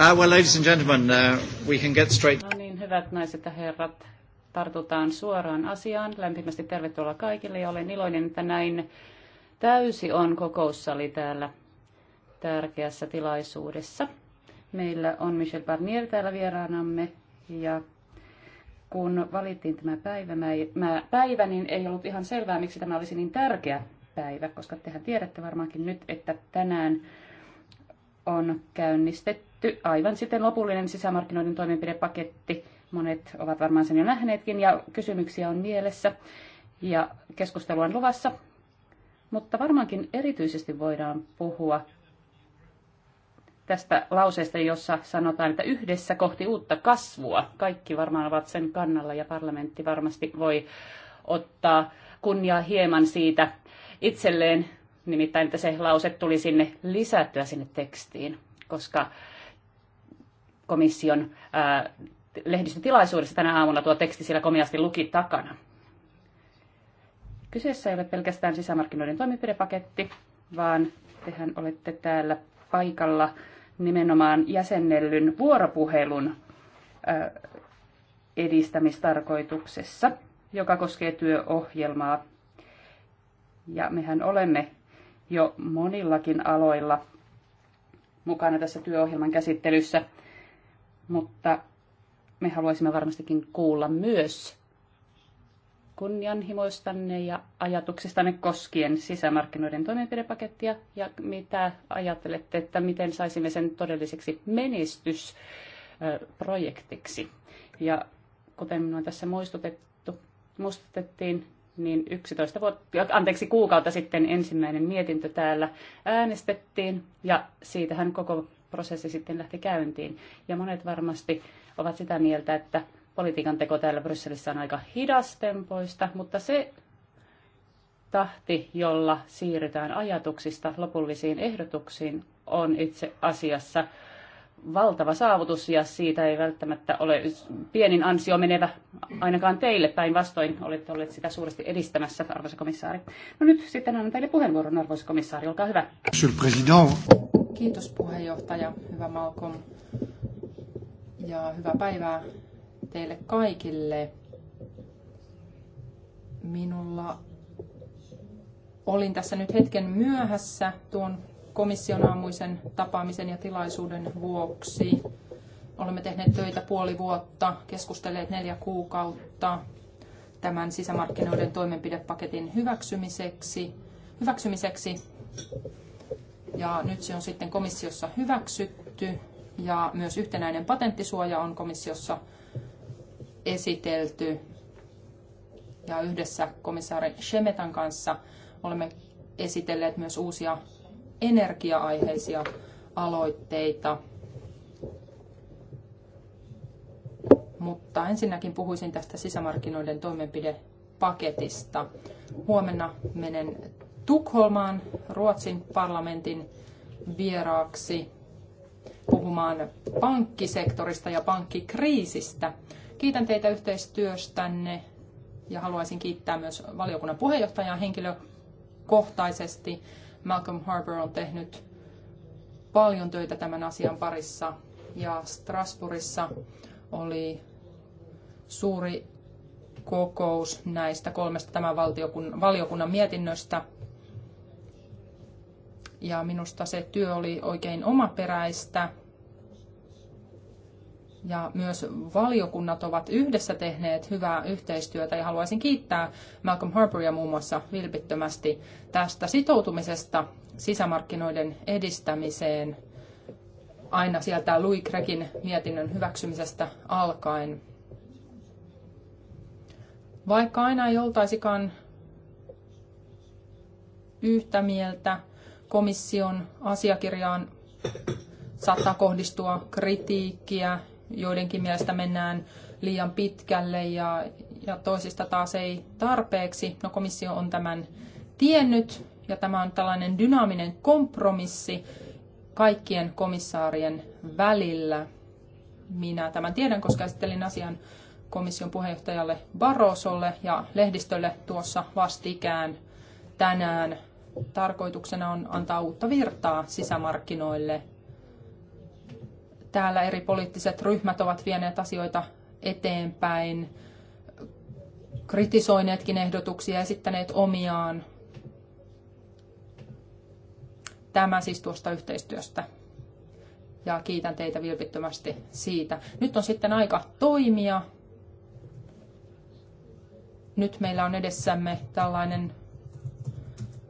Ah, ladies and gentlemen, uh, we can get straight... No niin, hyvät naiset ja herrat, tartutaan suoraan asiaan. Lämpimästi tervetuloa kaikille ja olen iloinen, että näin täysi on kokoussali täällä tärkeässä tilaisuudessa. Meillä on Michel Barnier täällä vieraanamme ja kun valittiin tämä päivä, mä, päivä, niin ei ollut ihan selvää, miksi tämä olisi niin tärkeä päivä, koska tehän tiedätte varmaankin nyt, että tänään on käynnistetty ty aivan sitten lopullinen sisämarkkinoiden toimenpidepaketti. Monet ovat varmaan sen jo nähneetkin ja kysymyksiä on mielessä ja keskustelu on luvassa. Mutta varmaankin erityisesti voidaan puhua tästä lauseesta, jossa sanotaan, että yhdessä kohti uutta kasvua. Kaikki varmaan ovat sen kannalla ja parlamentti varmasti voi ottaa kunniaa hieman siitä itselleen, nimittäin että se lause tuli sinne lisättyä sinne tekstiin, koska komission ää, lehdistötilaisuudessa tänä aamuna tuo teksti siellä komiasti luki takana. Kyseessä ei ole pelkästään sisämarkkinoiden toimenpidepaketti, vaan tehän olette täällä paikalla nimenomaan jäsennellyn vuoropuhelun ää, edistämistarkoituksessa, joka koskee työohjelmaa. Ja mehän olemme jo monillakin aloilla mukana tässä työohjelman käsittelyssä mutta me haluaisimme varmastikin kuulla myös kunnianhimoistanne ja ajatuksistanne koskien sisämarkkinoiden toimenpidepakettia ja mitä ajattelette, että miten saisimme sen todelliseksi menestysprojektiksi. Ja kuten minua tässä muistutettu, muistutettiin, niin 11 vuotta, anteeksi, kuukautta sitten ensimmäinen mietintö täällä äänestettiin ja siitähän koko prosessi sitten lähti käyntiin. Ja monet varmasti ovat sitä mieltä, että politiikan teko täällä Brysselissä on aika hidastempoista, mutta se tahti, jolla siirrytään ajatuksista lopullisiin ehdotuksiin, on itse asiassa valtava saavutus ja siitä ei välttämättä ole pienin ansio menevä ainakaan teille päinvastoin. Olette olleet sitä suuresti edistämässä, arvoisa komissaari. No nyt sitten annan teille puheenvuoron, arvoisa komissaari. Olkaa hyvä. Monsieur le Président. Kiitos puheenjohtaja, hyvä Malcolm. Ja hyvää päivää teille kaikille. Minulla olin tässä nyt hetken myöhässä tuon komission aamuisen tapaamisen ja tilaisuuden vuoksi. Olemme tehneet töitä puoli vuotta, keskustelleet neljä kuukautta tämän sisämarkkinoiden toimenpidepaketin hyväksymiseksi. hyväksymiseksi ja nyt se on sitten komissiossa hyväksytty ja myös yhtenäinen patenttisuoja on komissiossa esitelty ja yhdessä komissaari Shemetan kanssa olemme esitelleet myös uusia energiaaiheisia aloitteita. Mutta ensinnäkin puhuisin tästä sisämarkkinoiden toimenpidepaketista. Huomenna menen Tukholmaan Ruotsin parlamentin vieraaksi puhumaan pankkisektorista ja pankkikriisistä. Kiitän teitä yhteistyöstänne ja haluaisin kiittää myös valiokunnan puheenjohtajaa henkilökohtaisesti. Malcolm Harbour on tehnyt paljon töitä tämän asian parissa ja Strasbourgissa oli suuri kokous näistä kolmesta tämän valiokunnan mietinnöstä – ja minusta se työ oli oikein omaperäistä. Ja myös valiokunnat ovat yhdessä tehneet hyvää yhteistyötä ja haluaisin kiittää Malcolm Harbouria muun muassa vilpittömästi tästä sitoutumisesta sisämarkkinoiden edistämiseen aina sieltä Louis Craigin mietinnön hyväksymisestä alkaen. Vaikka aina ei oltaisikaan yhtä mieltä, komission asiakirjaan saattaa kohdistua kritiikkiä, joidenkin mielestä mennään liian pitkälle ja, ja toisista taas ei tarpeeksi. No komissio on tämän tiennyt ja tämä on tällainen dynaaminen kompromissi kaikkien komissaarien välillä. Minä tämän tiedän, koska esittelin asian komission puheenjohtajalle Barrosolle ja lehdistölle tuossa vastikään tänään tarkoituksena on antaa uutta virtaa sisämarkkinoille. Täällä eri poliittiset ryhmät ovat vieneet asioita eteenpäin, kritisoineetkin ehdotuksia ja esittäneet omiaan. Tämä siis tuosta yhteistyöstä. Ja kiitän teitä vilpittömästi siitä. Nyt on sitten aika toimia. Nyt meillä on edessämme tällainen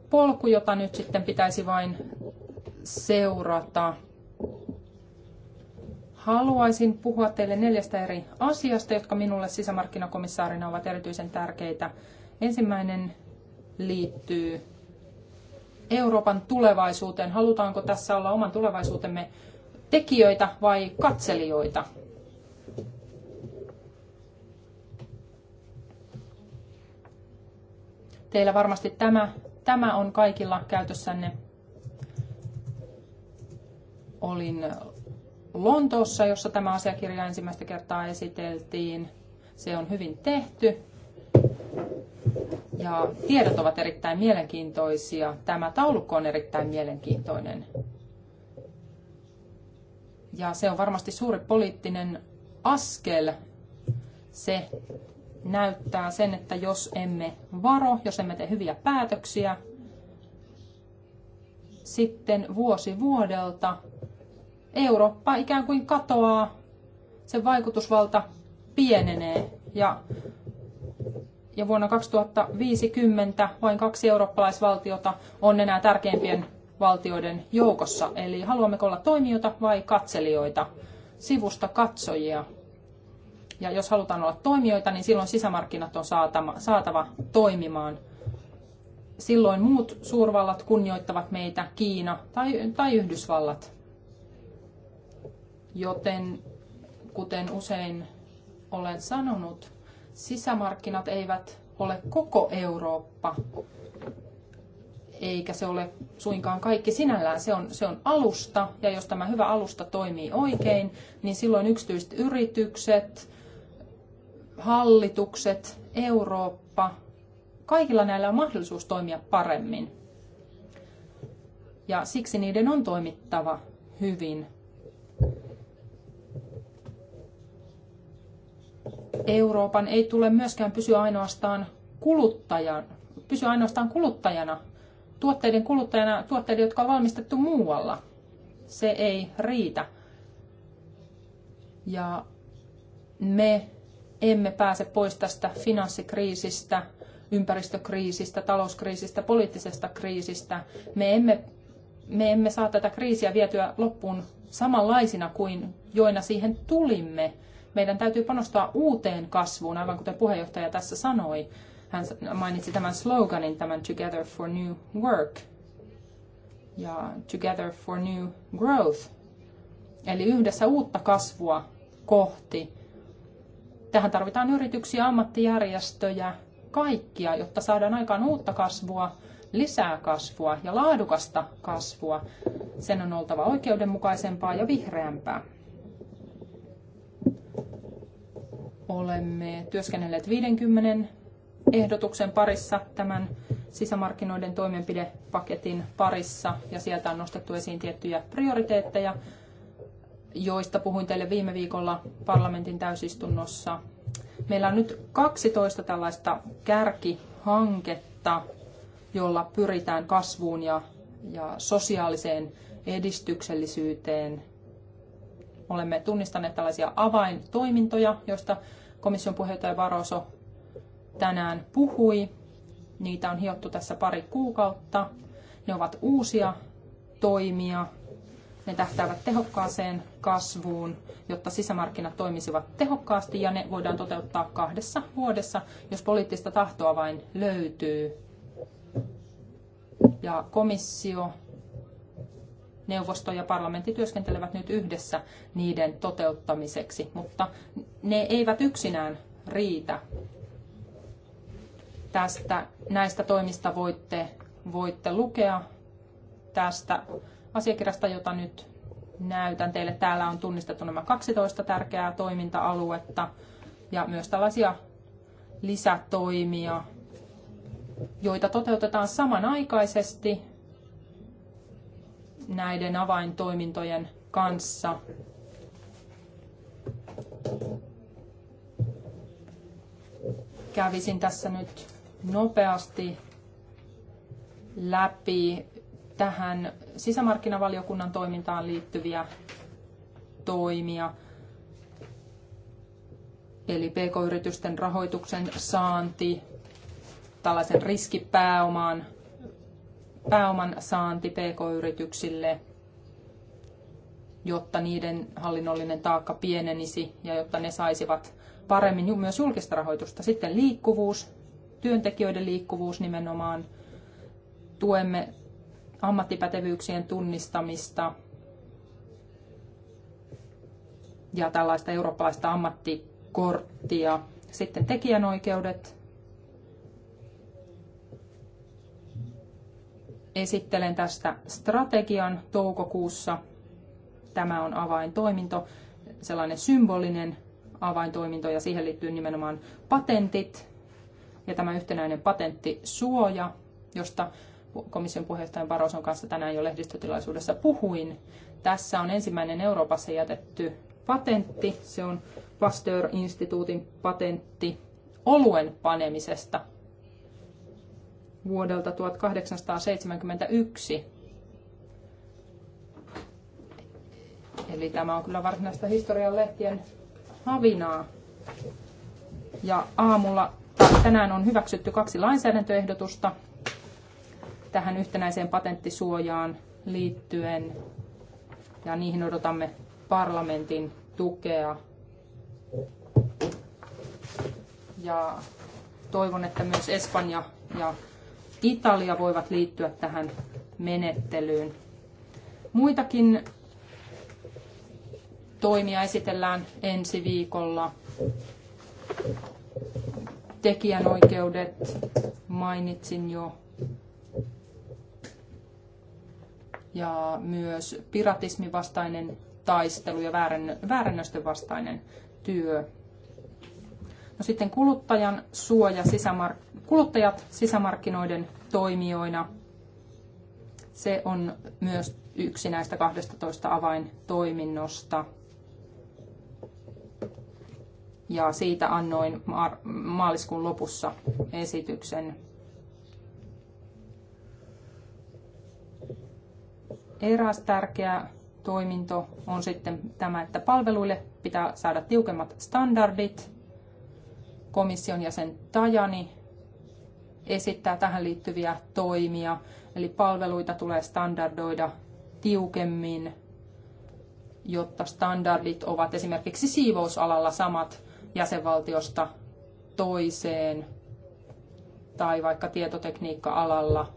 polku, jota nyt sitten pitäisi vain seurata. Haluaisin puhua teille neljästä eri asiasta, jotka minulle sisämarkkinakomissaarina ovat erityisen tärkeitä. Ensimmäinen liittyy Euroopan tulevaisuuteen. Halutaanko tässä olla oman tulevaisuutemme tekijöitä vai katselijoita? Teillä varmasti tämä Tämä on kaikilla käytössänne. Olin Lontoossa, jossa tämä asiakirja ensimmäistä kertaa esiteltiin. Se on hyvin tehty. Ja tiedot ovat erittäin mielenkiintoisia. Tämä taulukko on erittäin mielenkiintoinen. Ja se on varmasti suuri poliittinen askel se, näyttää sen, että jos emme varo, jos emme tee hyviä päätöksiä, sitten vuosi vuodelta Eurooppa ikään kuin katoaa, sen vaikutusvalta pienenee ja, ja vuonna 2050 vain kaksi eurooppalaisvaltiota on enää tärkeimpien valtioiden joukossa. Eli haluammeko olla toimijoita vai katselijoita, sivusta katsojia? Ja jos halutaan olla toimijoita, niin silloin sisämarkkinat on saatava, saatava toimimaan. Silloin muut suurvallat kunnioittavat meitä, Kiina tai, tai Yhdysvallat. Joten kuten usein olen sanonut, sisämarkkinat eivät ole koko Eurooppa, eikä se ole suinkaan kaikki sinällään. Se on, se on alusta, ja jos tämä hyvä alusta toimii oikein, niin silloin yksityiset yritykset, hallitukset, Eurooppa, kaikilla näillä on mahdollisuus toimia paremmin. Ja siksi niiden on toimittava hyvin. Euroopan ei tule myöskään pysyä ainoastaan kuluttajan, pysyä ainoastaan kuluttajana, tuotteiden kuluttajana, tuotteiden, jotka on valmistettu muualla. Se ei riitä. Ja me emme pääse pois tästä finanssikriisistä, ympäristökriisistä, talouskriisistä, poliittisesta kriisistä. Me emme, me emme saa tätä kriisiä vietyä loppuun samanlaisina kuin joina siihen tulimme. Meidän täytyy panostaa uuteen kasvuun, aivan kuten puheenjohtaja tässä sanoi. Hän mainitsi tämän sloganin, tämän Together for New Work ja Together for New Growth. Eli yhdessä uutta kasvua kohti Tähän tarvitaan yrityksiä, ammattijärjestöjä, kaikkia, jotta saadaan aikaan uutta kasvua, lisää kasvua ja laadukasta kasvua. Sen on oltava oikeudenmukaisempaa ja vihreämpää. Olemme työskennelleet 50 ehdotuksen parissa tämän sisämarkkinoiden toimenpidepaketin parissa ja sieltä on nostettu esiin tiettyjä prioriteetteja joista puhuin teille viime viikolla parlamentin täysistunnossa. Meillä on nyt 12 tällaista kärkihanketta, jolla pyritään kasvuun ja, ja sosiaaliseen edistyksellisyyteen. Olemme tunnistaneet tällaisia avaintoimintoja, joista komission puheenjohtaja varoso tänään puhui. Niitä on hiottu tässä pari kuukautta. Ne ovat uusia toimia, ne tähtäävät tehokkaaseen kasvuun, jotta sisämarkkinat toimisivat tehokkaasti ja ne voidaan toteuttaa kahdessa vuodessa, jos poliittista tahtoa vain löytyy. Ja komissio, neuvosto ja parlamentti työskentelevät nyt yhdessä niiden toteuttamiseksi, mutta ne eivät yksinään riitä. Tästä, näistä toimista voitte, voitte lukea tästä asiakirjasta, jota nyt näytän teille. Täällä on tunnistettu nämä 12 tärkeää toiminta-aluetta ja myös tällaisia lisätoimia, joita toteutetaan samanaikaisesti näiden avaintoimintojen kanssa. Kävisin tässä nyt nopeasti läpi tähän sisämarkkinavaliokunnan toimintaan liittyviä toimia, eli pk-yritysten rahoituksen saanti, tällaisen riskipääoman pääoman saanti pk-yrityksille, jotta niiden hallinnollinen taakka pienenisi ja jotta ne saisivat paremmin myös julkista rahoitusta. Sitten liikkuvuus, työntekijöiden liikkuvuus nimenomaan. Tuemme ammattipätevyyksien tunnistamista ja tällaista eurooppalaista ammattikorttia. Sitten tekijänoikeudet. Esittelen tästä strategian toukokuussa. Tämä on avaintoiminto, sellainen symbolinen avaintoiminto ja siihen liittyy nimenomaan patentit ja tämä yhtenäinen patenttisuoja, josta komission puheenjohtajan Baroson kanssa tänään jo lehdistötilaisuudessa puhuin. Tässä on ensimmäinen Euroopassa jätetty patentti. Se on Pasteur-instituutin patentti oluen panemisesta vuodelta 1871. Eli tämä on kyllä varsinaista historian lehtien havinaa. Ja aamulla tänään on hyväksytty kaksi lainsäädäntöehdotusta, tähän yhtenäiseen patenttisuojaan liittyen ja niihin odotamme parlamentin tukea. Ja toivon, että myös Espanja ja Italia voivat liittyä tähän menettelyyn. Muitakin toimia esitellään ensi viikolla. Tekijänoikeudet mainitsin jo ja myös piratismin vastainen taistelu ja väärännösten vastainen työ. No sitten kuluttajan suoja, sisämark- kuluttajat sisämarkkinoiden toimijoina. Se on myös yksi näistä 12 avaintoiminnosta. Ja siitä annoin maaliskuun lopussa esityksen Eräs tärkeä toiminto on sitten tämä, että palveluille pitää saada tiukemmat standardit. Komission jäsen Tajani esittää tähän liittyviä toimia, eli palveluita tulee standardoida tiukemmin, jotta standardit ovat esimerkiksi siivousalalla samat jäsenvaltiosta toiseen tai vaikka tietotekniikka-alalla,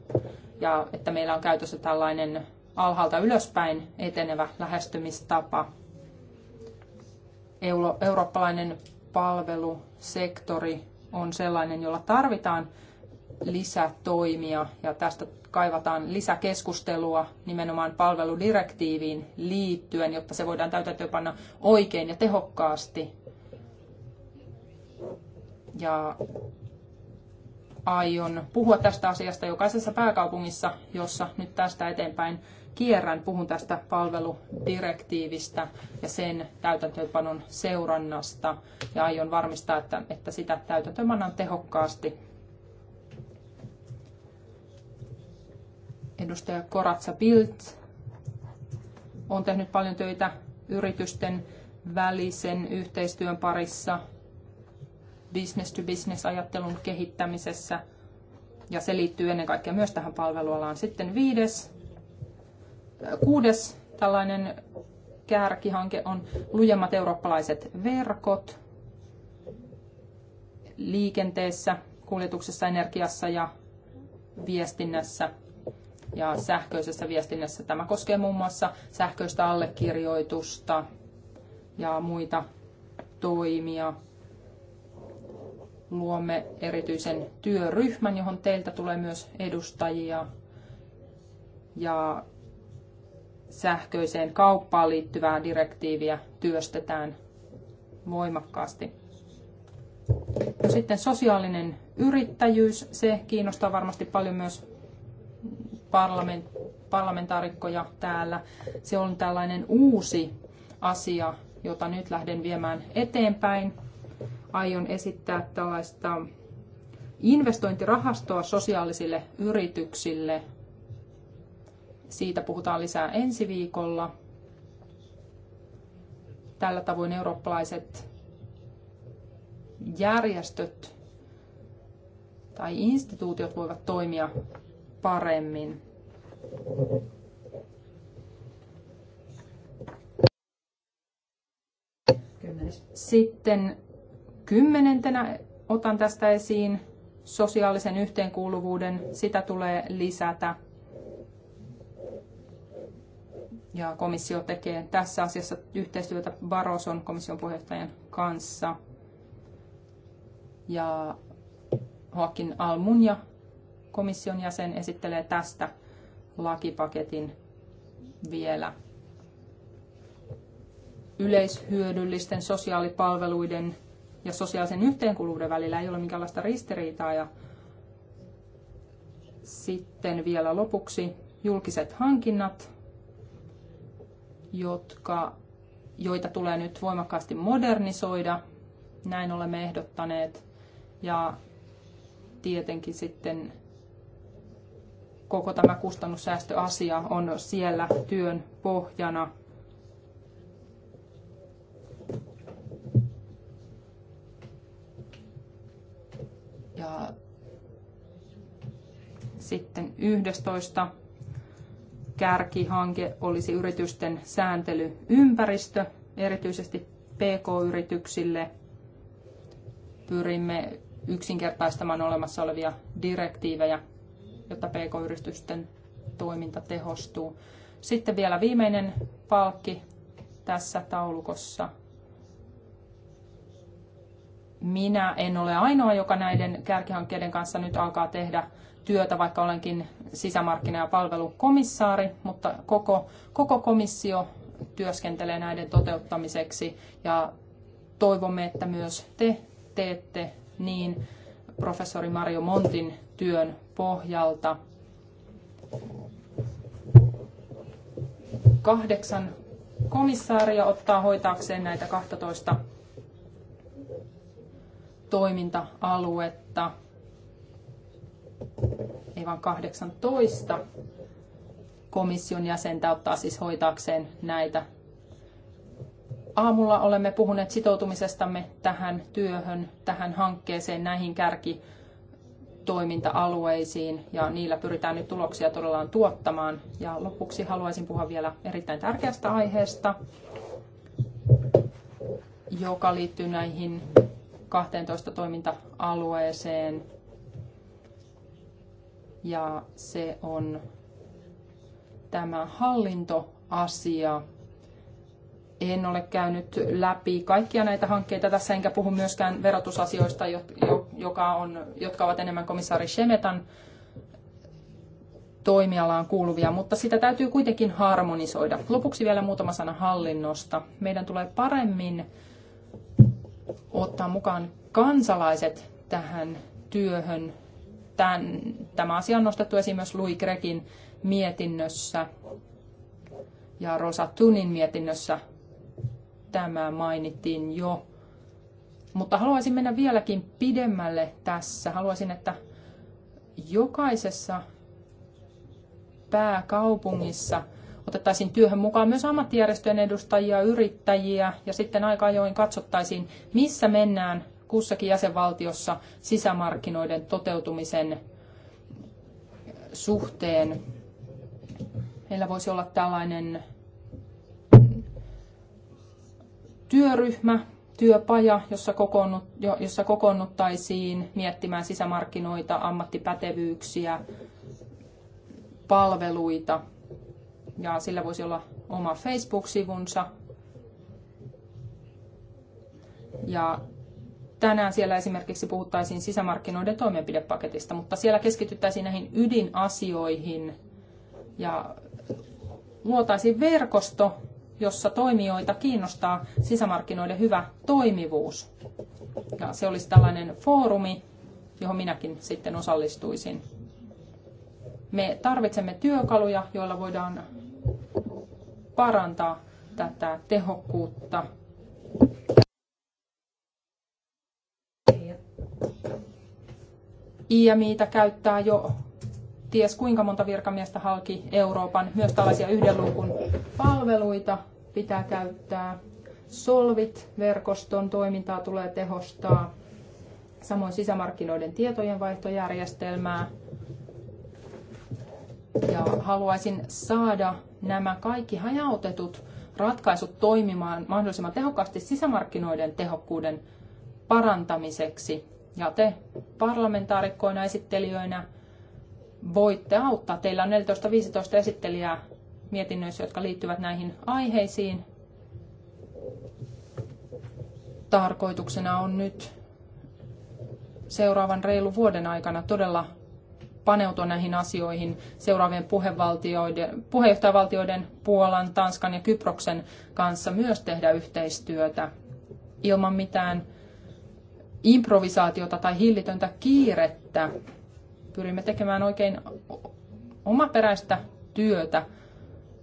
ja että meillä on käytössä tällainen alhaalta ylöspäin etenevä lähestymistapa. Euro- eurooppalainen palvelusektori on sellainen, jolla tarvitaan lisätoimia ja tästä kaivataan lisäkeskustelua nimenomaan palveludirektiiviin liittyen, jotta se voidaan täytäntöönpanna oikein ja tehokkaasti. Ja aion puhua tästä asiasta jokaisessa pääkaupungissa, jossa nyt tästä eteenpäin kierrän. Puhun tästä palveludirektiivistä ja sen täytäntöönpanon seurannasta ja aion varmistaa, että, että sitä täytäntöönpanon tehokkaasti. Edustaja Koratsa Bilt on tehnyt paljon töitä yritysten välisen yhteistyön parissa, business-to-business-ajattelun kehittämisessä, ja se liittyy ennen kaikkea myös tähän palvelualaan. Sitten viides kuudes tällainen kärkihanke on lujemmat eurooppalaiset verkot liikenteessä, kuljetuksessa, energiassa ja viestinnässä ja sähköisessä viestinnässä. Tämä koskee muun muassa sähköistä allekirjoitusta ja muita toimia. Luomme erityisen työryhmän, johon teiltä tulee myös edustajia. Ja sähköiseen kauppaan liittyvää direktiiviä työstetään voimakkaasti. No sitten sosiaalinen yrittäjyys, se kiinnostaa varmasti paljon myös parlament, parlamentaarikkoja täällä. Se on tällainen uusi asia, jota nyt lähden viemään eteenpäin. Aion esittää tällaista investointirahastoa sosiaalisille yrityksille, siitä puhutaan lisää ensi viikolla. Tällä tavoin eurooppalaiset järjestöt tai instituutiot voivat toimia paremmin. Sitten kymmenentenä otan tästä esiin sosiaalisen yhteenkuuluvuuden. Sitä tulee lisätä ja komissio tekee tässä asiassa yhteistyötä Baroson komission puheenjohtajan kanssa. Ja Joaquin Almunia, komission jäsen, esittelee tästä lakipaketin vielä yleishyödyllisten sosiaalipalveluiden ja sosiaalisen yhteenkuuluvuuden välillä ei ole minkäänlaista ristiriitaa. Ja sitten vielä lopuksi julkiset hankinnat jotka, joita tulee nyt voimakkaasti modernisoida. Näin olemme ehdottaneet. Ja tietenkin sitten koko tämä kustannussäästöasia on siellä työn pohjana. Ja sitten 11 kärkihanke olisi yritysten sääntelyympäristö, erityisesti PK-yrityksille. Pyrimme yksinkertaistamaan olemassa olevia direktiivejä, jotta PK-yritysten toiminta tehostuu. Sitten vielä viimeinen palkki tässä taulukossa. Minä en ole ainoa, joka näiden kärkihankkeiden kanssa nyt alkaa tehdä työtä, vaikka olenkin sisämarkkina- ja palvelukomissaari, mutta koko, koko komissio työskentelee näiden toteuttamiseksi ja toivomme, että myös te teette niin professori Mario Montin työn pohjalta. Kahdeksan komissaaria ottaa hoitaakseen näitä 12 toiminta-aluetta – ei vaan 18 komission jäsentä ottaa siis hoitaakseen näitä. Aamulla olemme puhuneet sitoutumisestamme tähän työhön, tähän hankkeeseen, näihin kärki toiminta-alueisiin ja niillä pyritään nyt tuloksia todellaan tuottamaan. Ja lopuksi haluaisin puhua vielä erittäin tärkeästä aiheesta, joka liittyy näihin 12 toiminta-alueeseen ja se on tämä hallintoasia. En ole käynyt läpi kaikkia näitä hankkeita tässä, enkä puhu myöskään verotusasioista, joka on, jotka ovat enemmän komissaari Shemetan toimialaan kuuluvia, mutta sitä täytyy kuitenkin harmonisoida. Lopuksi vielä muutama sana hallinnosta. Meidän tulee paremmin ottaa mukaan kansalaiset tähän työhön Tämän, tämä asia on nostettu esiin myös Louis Gregin mietinnössä ja Rosa Tunin mietinnössä tämä mainittiin jo. Mutta haluaisin mennä vieläkin pidemmälle tässä. Haluaisin, että jokaisessa pääkaupungissa otettaisiin työhön mukaan myös ammattijärjestöjen edustajia, yrittäjiä ja sitten aika ajoin katsottaisiin, missä mennään kussakin jäsenvaltiossa sisämarkkinoiden toteutumisen suhteen. Meillä voisi olla tällainen työryhmä, työpaja, jossa, kokoonnut, jossa kokoonnuttaisiin miettimään sisämarkkinoita, ammattipätevyyksiä, palveluita. Ja sillä voisi olla oma Facebook-sivunsa. Ja Tänään siellä esimerkiksi puhuttaisiin sisämarkkinoiden toimenpidepaketista, mutta siellä keskityttäisiin näihin ydinasioihin ja luotaisiin verkosto, jossa toimijoita kiinnostaa sisämarkkinoiden hyvä toimivuus. Ja se olisi tällainen foorumi, johon minäkin sitten osallistuisin. Me tarvitsemme työkaluja, joilla voidaan parantaa tätä tehokkuutta IMItä käyttää jo ties kuinka monta virkamiestä halki Euroopan. Myös tällaisia yhden luukun palveluita pitää käyttää. Solvit-verkoston toimintaa tulee tehostaa. Samoin sisämarkkinoiden tietojenvaihtojärjestelmää. Ja haluaisin saada nämä kaikki hajautetut ratkaisut toimimaan mahdollisimman tehokkaasti sisämarkkinoiden tehokkuuden parantamiseksi ja te parlamentaarikkoina esittelijöinä voitte auttaa. Teillä on 14-15 esittelijää mietinnöissä, jotka liittyvät näihin aiheisiin. Tarkoituksena on nyt seuraavan reilu vuoden aikana todella paneutua näihin asioihin seuraavien puheenjohtajavaltioiden Puolan, Tanskan ja Kyproksen kanssa myös tehdä yhteistyötä ilman mitään improvisaatiota tai hillitöntä kiirettä. Pyrimme tekemään oikein omaperäistä työtä,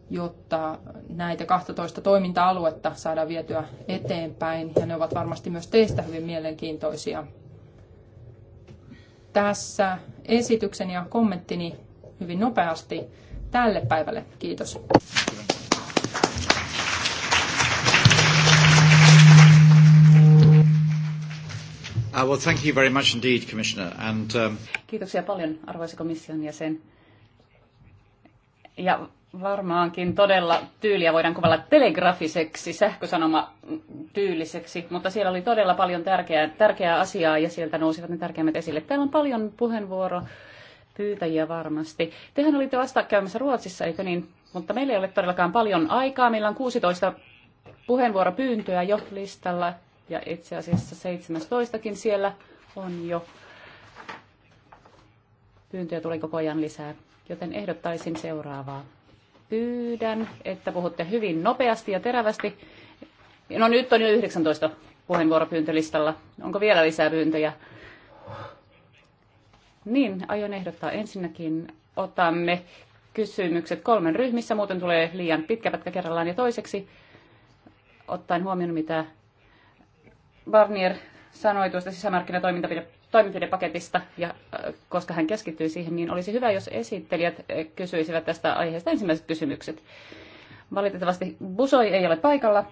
jotta näitä 12 toiminta-aluetta saadaan vietyä eteenpäin, ja ne ovat varmasti myös teistä hyvin mielenkiintoisia. Tässä esityksen ja kommenttini hyvin nopeasti tälle päivälle. Kiitos. Uh, well, thank you very much indeed, Commissioner. And, um... Kiitoksia paljon, arvoisa komission jäsen. Ja varmaankin todella tyyliä voidaan kuvata telegrafiseksi, sähkösanoma tyyliseksi, mutta siellä oli todella paljon tärkeää, tärkeää asiaa ja sieltä nousivat ne tärkeimmät esille. Täällä on paljon puheenvuoro pyytäjiä varmasti. Tehän olitte vasta käymässä Ruotsissa, eikö niin? Mutta meillä ei ole todellakaan paljon aikaa. Meillä on 16 puheenvuoropyyntöä jo listalla ja itse asiassa 17kin siellä on jo. Pyyntöjä tuli koko ajan lisää, joten ehdottaisin seuraavaa. Pyydän, että puhutte hyvin nopeasti ja terävästi. No nyt on jo 19 puheenvuoropyyntölistalla. Onko vielä lisää pyyntöjä? Niin, aion ehdottaa. Ensinnäkin otamme kysymykset kolmen ryhmissä, muuten tulee liian pitkä pätkä kerrallaan. Ja toiseksi, ottaen huomioon, mitä Barnier sanoi tuosta sisämarkkinatoimenpidepaketista, ja koska hän keskittyi siihen, niin olisi hyvä, jos esittelijät kysyisivät tästä aiheesta ensimmäiset kysymykset. Valitettavasti Busoi ei ole paikalla,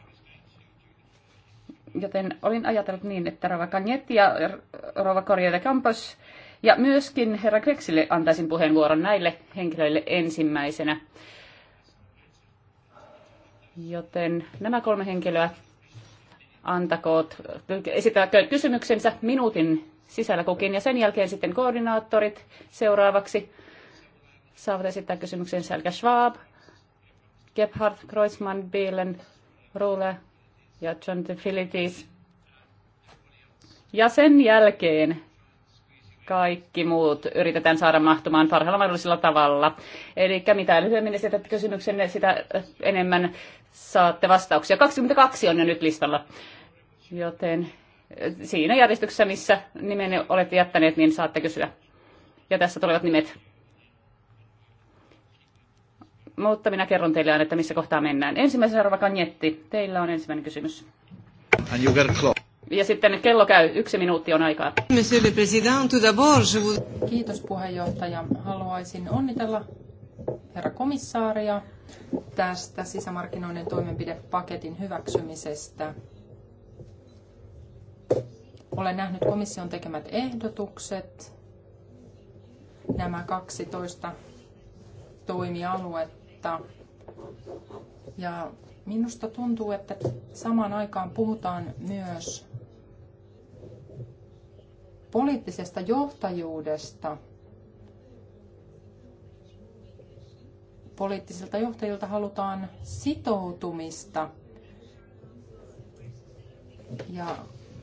joten olin ajatellut niin, että Rova Kanjetti ja Rova Corriere de Campos ja myöskin herra Greksille antaisin puheenvuoron näille henkilöille ensimmäisenä. Joten nämä kolme henkilöä antakoot, esittäkööt kysymyksensä minuutin sisällä kukin, ja sen jälkeen sitten koordinaattorit seuraavaksi saavat esittää kysymyksen Selke Schwab, Gebhardt, Kreuzmann, Bielen, Rule ja John Filitis. Ja sen jälkeen kaikki muut yritetään saada mahtumaan parhaalla mahdollisella tavalla. Eli mitä lyhyemmin esität kysymyksen sitä enemmän saatte vastauksia. 22 on jo nyt listalla. Joten eh, siinä järjestyksessä, missä nimen olette jättäneet, niin saatte kysyä. Ja tässä tulevat nimet. Mutta minä kerron teille aina, että missä kohtaa mennään. Ensimmäisenä Rova Kanjetti, teillä on ensimmäinen kysymys. Ja sitten kello käy, yksi minuutti on aikaa. Kiitos puheenjohtaja. Haluaisin onnitella herra komissaaria tästä sisämarkkinoiden toimenpidepaketin hyväksymisestä. Olen nähnyt komission tekemät ehdotukset. Nämä 12 toimialuetta. Ja minusta tuntuu, että samaan aikaan puhutaan myös poliittisesta johtajuudesta. Poliittisilta johtajilta halutaan sitoutumista ja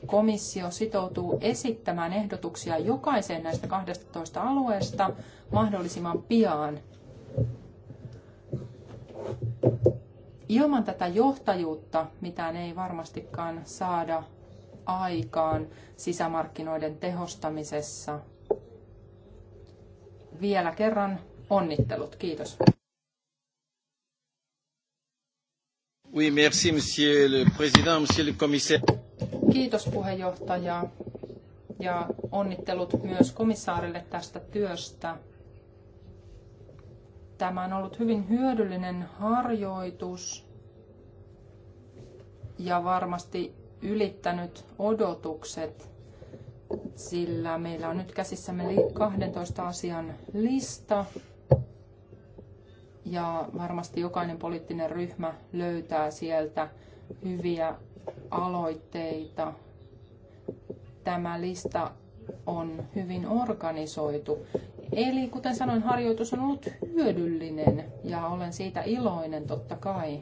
komissio sitoutuu esittämään ehdotuksia jokaiseen näistä 12 alueesta mahdollisimman pian. Ilman tätä johtajuutta mitään ei varmastikaan saada aikaan sisämarkkinoiden tehostamisessa. Vielä kerran onnittelut. Kiitos. Oui, merci, monsieur le président, monsieur le commissaire. Kiitos puheenjohtaja ja onnittelut myös komissaarille tästä työstä. Tämä on ollut hyvin hyödyllinen harjoitus ja varmasti ylittänyt odotukset, sillä meillä on nyt käsissämme 12 asian lista, ja varmasti jokainen poliittinen ryhmä löytää sieltä hyviä aloitteita. Tämä lista on hyvin organisoitu. Eli kuten sanoin, harjoitus on ollut hyödyllinen ja olen siitä iloinen totta kai.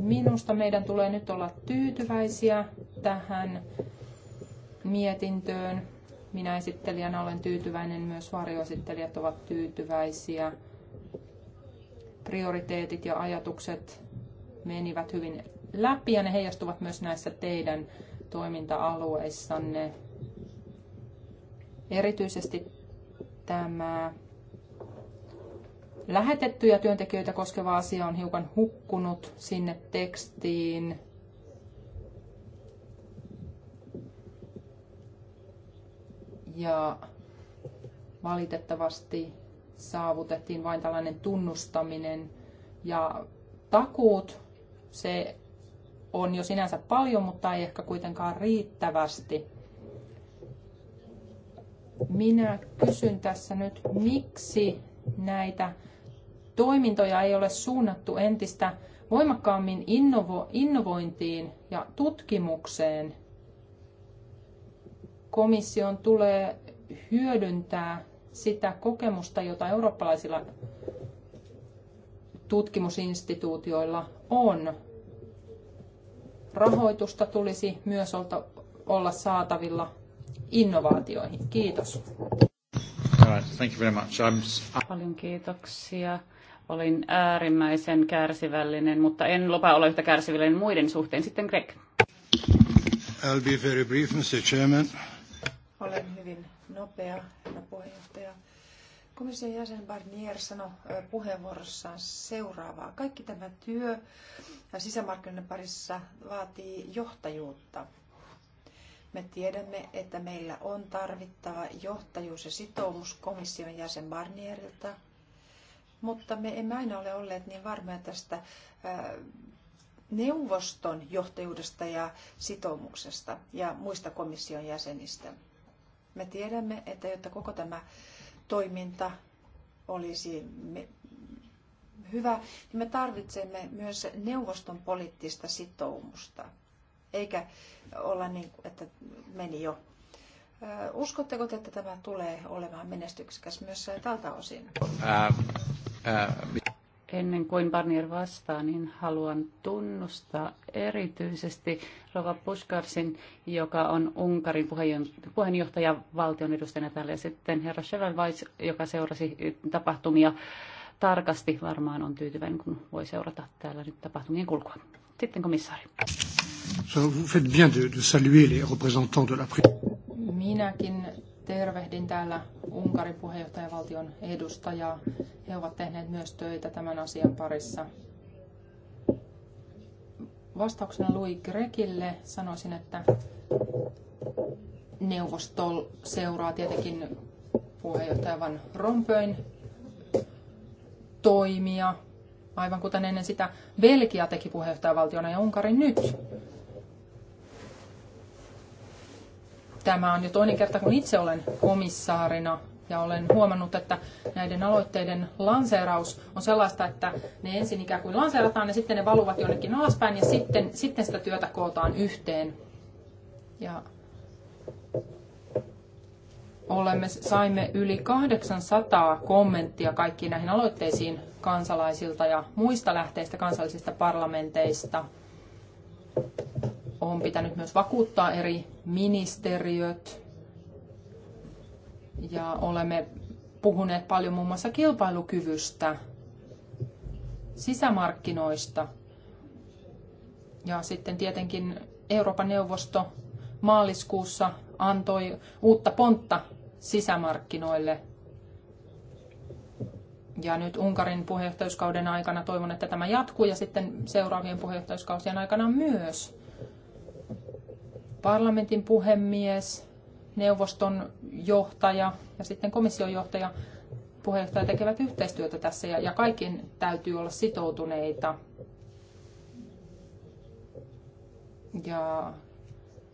Minusta meidän tulee nyt olla tyytyväisiä tähän mietintöön. Minä esittelijänä olen tyytyväinen, myös varjoesittelijät ovat tyytyväisiä. Prioriteetit ja ajatukset menivät hyvin läpi ja ne heijastuvat myös näissä teidän toiminta-alueissanne. Erityisesti tämä lähetettyjä työntekijöitä koskeva asia on hiukan hukkunut sinne tekstiin. ja valitettavasti saavutettiin vain tällainen tunnustaminen ja takuut, se on jo sinänsä paljon, mutta ei ehkä kuitenkaan riittävästi. Minä kysyn tässä nyt, miksi näitä toimintoja ei ole suunnattu entistä voimakkaammin innovo- innovointiin ja tutkimukseen – komission tulee hyödyntää sitä kokemusta, jota eurooppalaisilla tutkimusinstituutioilla on. Rahoitusta tulisi myös olla saatavilla innovaatioihin. Kiitos. Thank you very much. I'm... Paljon kiitoksia. Olin äärimmäisen kärsivällinen, mutta en lopaa olla yhtä kärsivällinen muiden suhteen. Sitten Greg. I'll be very brief, Mr. Chairman. Olen hyvin nopea, herra puheenjohtaja. Komission jäsen Barnier sanoi puheenvuorossaan seuraavaa. Kaikki tämä työ sisämarkkinoiden parissa vaatii johtajuutta. Me tiedämme, että meillä on tarvittava johtajuus ja sitoumus komission jäsen Barnierilta, mutta me emme aina ole olleet niin varmoja tästä neuvoston johtajuudesta ja sitoumuksesta ja muista komission jäsenistä. Me tiedämme, että jotta koko tämä toiminta olisi hyvä, niin me tarvitsemme myös neuvoston poliittista sitoumusta, eikä olla niin, että meni jo. Uskotteko te, että tämä tulee olemaan menestyksekäs myös tältä osin? Ää, ää, ennen kuin Barnier vastaa, niin haluan tunnustaa erityisesti Rova Puskarsin, joka on Unkarin puheenjohtaja valtion edustajana täällä, ja sitten herra Chevalvais, joka seurasi tapahtumia tarkasti, varmaan on tyytyväinen, kun voi seurata täällä nyt tapahtumien kulkua. Sitten komissaari. Minäkin tervehdin täällä Unkarin puheenjohtajavaltion edustajaa. He ovat tehneet myös töitä tämän asian parissa. Vastauksena Louis Grekille sanoisin, että neuvosto seuraa tietenkin puheenjohtaja Van Rompöin toimia, aivan kuten ennen sitä Belgia teki puheenjohtajavaltiona ja Unkari nyt. Tämä on jo toinen kerta, kun itse olen komissaarina ja olen huomannut, että näiden aloitteiden lanseeraus on sellaista, että ne ensin ikään kuin lanseerataan ja sitten ne valuvat jonnekin alaspäin ja sitten, sitten sitä työtä kootaan yhteen. Ja olemme, saimme yli 800 kommenttia kaikkiin näihin aloitteisiin kansalaisilta ja muista lähteistä kansallisista parlamenteista on pitänyt myös vakuuttaa eri ministeriöt. Ja olemme puhuneet paljon muun muassa kilpailukyvystä, sisämarkkinoista. Ja sitten tietenkin Euroopan neuvosto maaliskuussa antoi uutta pontta sisämarkkinoille. Ja nyt Unkarin puheenjohtajuuskauden aikana toivon, että tämä jatkuu ja sitten seuraavien puheenjohtajuuskausien aikana myös parlamentin puhemies, neuvoston johtaja ja sitten komission johtaja, puheenjohtaja tekevät yhteistyötä tässä ja, ja kaikin täytyy olla sitoutuneita. Ja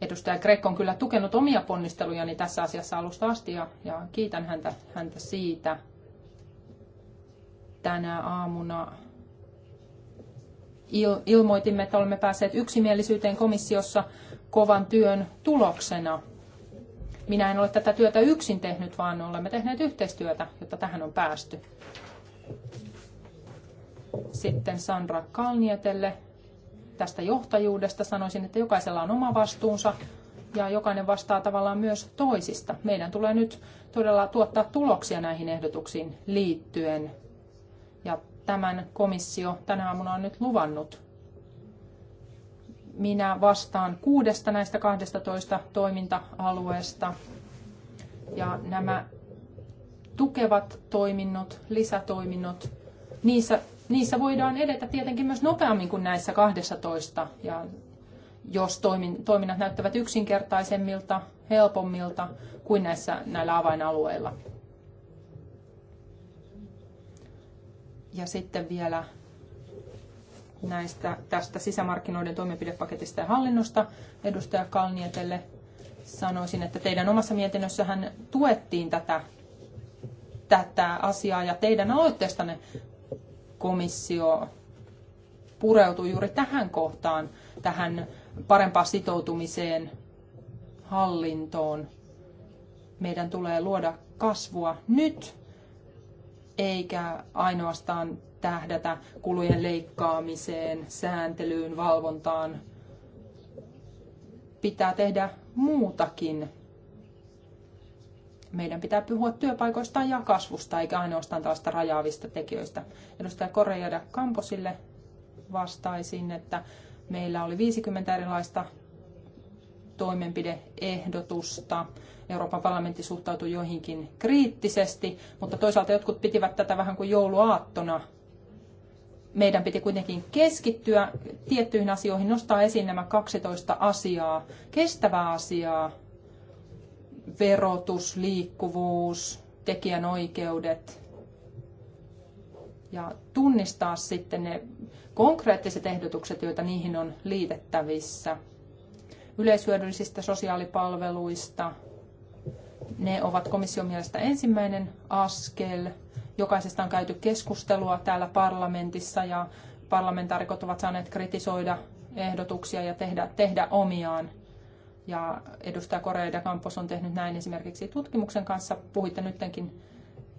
edustaja Grek on kyllä tukenut omia ponnistelujani tässä asiassa alusta asti ja, ja kiitän häntä, häntä siitä. Tänä aamuna il, ilmoitimme, että olemme päässeet yksimielisyyteen komissiossa kovan työn tuloksena. Minä en ole tätä työtä yksin tehnyt, vaan olemme tehneet yhteistyötä, jotta tähän on päästy. Sitten Sandra Kalnietelle tästä johtajuudesta sanoisin, että jokaisella on oma vastuunsa ja jokainen vastaa tavallaan myös toisista. Meidän tulee nyt todella tuottaa tuloksia näihin ehdotuksiin liittyen. Ja tämän komissio tänä aamuna on nyt luvannut. Minä vastaan kuudesta näistä 12 toiminta-alueesta. Ja nämä tukevat toiminnot, lisätoiminnot, niissä, niissä voidaan edetä tietenkin myös nopeammin kuin näissä 12. Ja jos toimin, toiminnat näyttävät yksinkertaisemmilta, helpommilta kuin näissä, näillä avainalueilla. Ja sitten vielä näistä, tästä sisämarkkinoiden toimenpidepaketista ja hallinnosta edustaja Kalnietelle. Sanoisin, että teidän omassa mietinnössähän tuettiin tätä, tätä asiaa ja teidän aloitteestanne komissio pureutui juuri tähän kohtaan, tähän parempaan sitoutumiseen hallintoon. Meidän tulee luoda kasvua nyt, eikä ainoastaan tähdätä kulujen leikkaamiseen, sääntelyyn, valvontaan. Pitää tehdä muutakin. Meidän pitää puhua työpaikoista ja kasvusta, eikä ainoastaan tällaista rajaavista tekijöistä. Edustaja Korejada Kamposille vastaisin, että meillä oli 50 erilaista toimenpideehdotusta. Euroopan parlamentti suhtautui joihinkin kriittisesti, mutta toisaalta jotkut pitivät tätä vähän kuin jouluaattona meidän piti kuitenkin keskittyä tiettyihin asioihin, nostaa esiin nämä 12 asiaa, kestävää asiaa, verotus, liikkuvuus, tekijänoikeudet ja tunnistaa sitten ne konkreettiset ehdotukset, joita niihin on liitettävissä. Yleishyödyllisistä sosiaalipalveluista, ne ovat komission mielestä ensimmäinen askel. Jokaisesta on käyty keskustelua täällä parlamentissa ja parlamentaarikot ovat saaneet kritisoida ehdotuksia ja tehdä, tehdä omiaan. Ja edustaja Korea de Campos on tehnyt näin esimerkiksi tutkimuksen kanssa. Puhuitte nytkin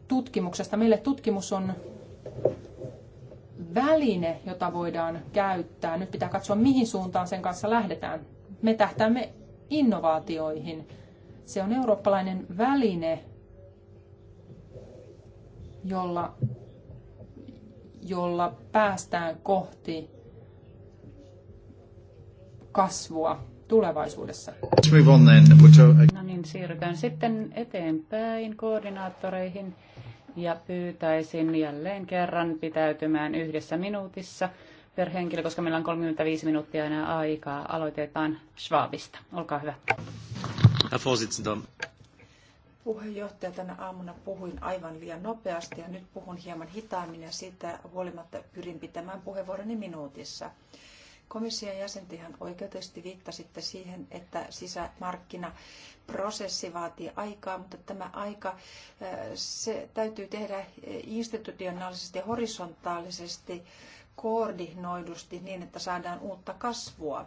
tutkimuksesta. Meille tutkimus on väline, jota voidaan käyttää. Nyt pitää katsoa, mihin suuntaan sen kanssa lähdetään. Me tähtäämme innovaatioihin. Se on eurooppalainen väline, jolla, jolla päästään kohti kasvua tulevaisuudessa. No niin, siirrytään sitten eteenpäin koordinaattoreihin ja pyytäisin jälleen kerran pitäytymään yhdessä minuutissa per henkilö, koska meillä on 35 minuuttia enää aikaa. Aloitetaan Schwabista. Olkaa hyvä. Herr Vorsitzender puheenjohtaja tänä aamuna puhuin aivan liian nopeasti ja nyt puhun hieman hitaammin ja siitä huolimatta pyrin pitämään puheenvuoroni minuutissa. Komission jäsentihan oikeutesti viittasitte siihen, että sisämarkkinaprosessi vaatii aikaa, mutta tämä aika äh, se täytyy tehdä institutionaalisesti ja horisontaalisesti koordinoidusti niin, että saadaan uutta kasvua.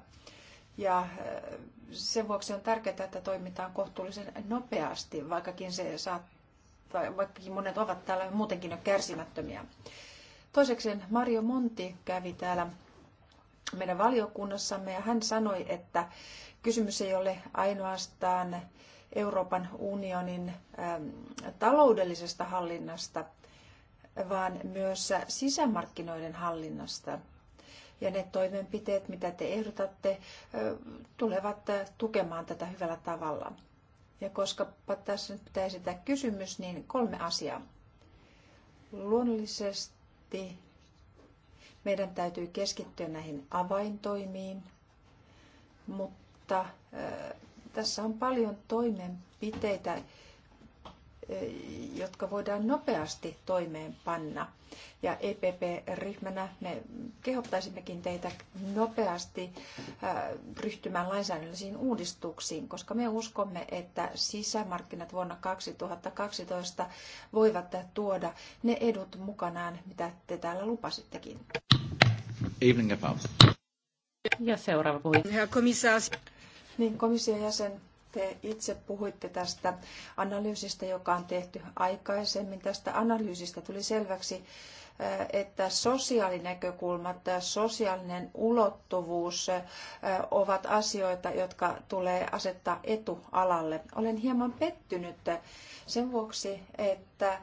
Ja äh, sen vuoksi on tärkeää, että toimitaan kohtuullisen nopeasti, vaikkakin, se tai vaikkakin monet ovat täällä muutenkin jo kärsimättömiä. Toiseksi Mario Monti kävi täällä meidän valiokunnassamme ja hän sanoi, että kysymys ei ole ainoastaan Euroopan unionin ähm, taloudellisesta hallinnasta, vaan myös sisämarkkinoiden hallinnasta – ja ne toimenpiteet, mitä te ehdotatte, tulevat tukemaan tätä hyvällä tavalla. Ja koska tässä nyt pitää esittää kysymys, niin kolme asiaa. Luonnollisesti meidän täytyy keskittyä näihin avaintoimiin, mutta tässä on paljon toimenpiteitä, Eh, jotka voidaan nopeasti toimeenpanna. Ja EPP-ryhmänä me kehottaisimmekin teitä nopeasti eh, ryhtymään lainsäädännöllisiin uudistuksiin, koska me uskomme, että sisämarkkinat vuonna 2012 voivat tuoda ne edut mukanaan, mitä te täällä lupasittekin. Evening Ja seuraava puhuja. Niin, komission jäsen te itse puhuitte tästä analyysistä, joka on tehty aikaisemmin. Tästä analyysistä tuli selväksi, eh, että sosiaalinäkökulmat ja eh, sosiaalinen ulottuvuus eh, ovat asioita, jotka tulee asettaa etualalle. Olen hieman pettynyt sen vuoksi, että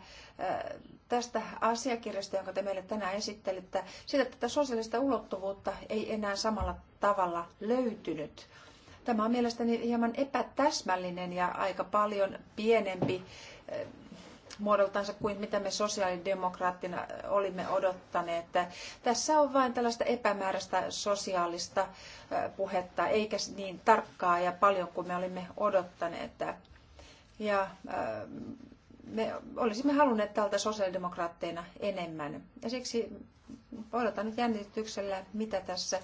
tästä asiakirjasta, jonka te meille tänään esittelitte, sitä tätä sosiaalista ulottuvuutta ei enää samalla tavalla löytynyt. Tämä on mielestäni hieman epätäsmällinen ja aika paljon pienempi eh, muodoltansa kuin mitä me sosiaalidemokraattina olimme odottaneet. Tässä on vain tällaista epämääräistä sosiaalista eh, puhetta, eikä niin tarkkaa ja paljon kuin me olimme odottaneet. Ja eh, me olisimme halunneet tältä sosiaalidemokraatteina enemmän. Ja siksi odotan nyt jännityksellä, mitä tässä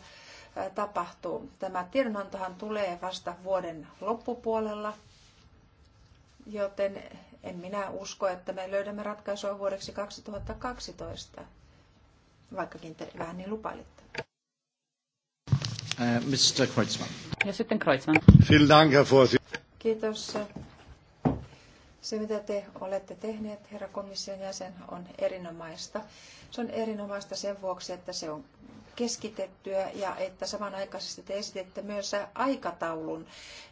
tapahtuu. Tämä tiedonantohan tulee vasta vuoden loppupuolella, joten en minä usko, että me löydämme ratkaisua vuodeksi 2012, vaikkakin te vähän niin lupailitte. Äh, Mr. Kreutzmann. Ja sitten Kreutzmann. Vielen Dank, Herr Kiitos. Se, mitä te olette tehneet, herra komission jäsen, on erinomaista. Se on erinomaista sen vuoksi, että se on keskitettyä ja että samanaikaisesti te esitette myös aikataulun,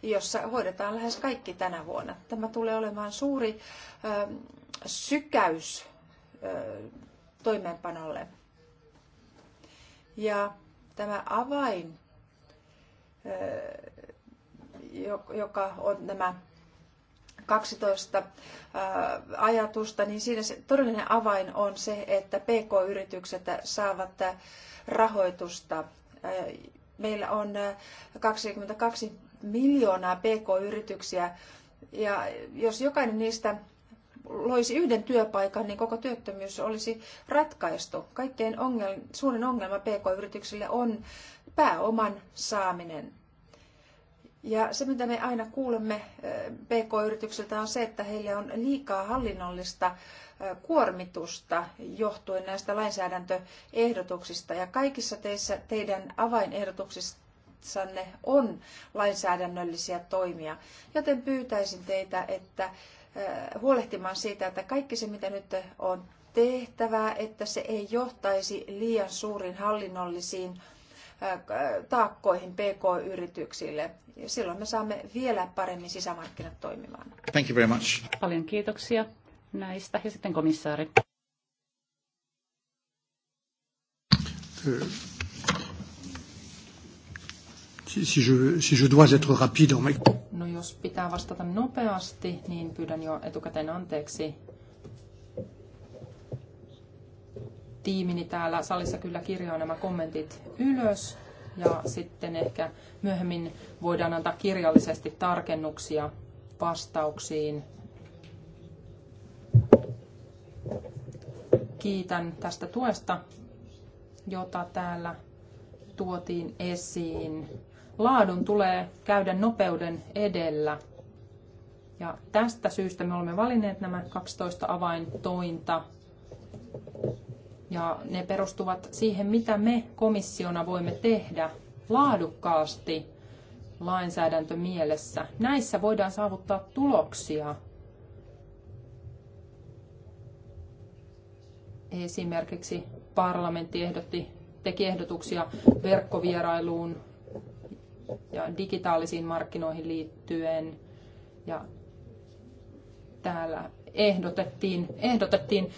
jossa hoidetaan lähes kaikki tänä vuonna. Tämä tulee olemaan suuri ö, sykäys ö, toimeenpanolle. Ja tämä avain, joka on nämä 12 ajatusta, niin siinä se todellinen avain on se, että PK-yritykset saavat rahoitusta. Äh, meillä on 22 äh, miljoonaa pk-yrityksiä ja jos jokainen niistä loisi yhden työpaikan, niin koko työttömyys olisi ratkaistu. Kaikkein ongelma, suurin ongelma pk-yrityksille on pääoman saaminen. Ja se, mitä me aina kuulemme äh, pk-yrityksiltä, on se, että heillä on liikaa hallinnollista kuormitusta johtuen näistä lainsäädäntöehdotuksista. Ja kaikissa teissä, teidän avainehdotuksissanne on lainsäädännöllisiä toimia, joten pyytäisin teitä, että eh, huolehtimaan siitä, että kaikki se, mitä nyt on tehtävää, että se ei johtaisi liian suuriin hallinnollisiin eh, taakkoihin PK-yrityksille. Silloin me saamme vielä paremmin sisämarkkinat toimimaan. Thank you very much. Paljon kiitoksia näistä ja sitten komissaari. Euh, si je, si je dois être rapide en No jos pitää vastata nopeasti, niin pyydän jo etukäteen anteeksi. Tiimini täällä salissa kyllä kirjaa nämä kommentit ylös ja sitten ehkä myöhemmin voidaan antaa kirjallisesti tarkennuksia vastauksiin kiitän tästä tuesta, jota täällä tuotiin esiin. Laadun tulee käydä nopeuden edellä. Ja tästä syystä me olemme valinneet nämä 12 avaintointa. Ja ne perustuvat siihen, mitä me komissiona voimme tehdä laadukkaasti lainsäädäntömielessä. Näissä voidaan saavuttaa tuloksia Esimerkiksi parlamentti ehdotti, teki ehdotuksia verkkovierailuun ja digitaalisiin markkinoihin liittyen. Ja täällä ehdotettiin, ehdotettiin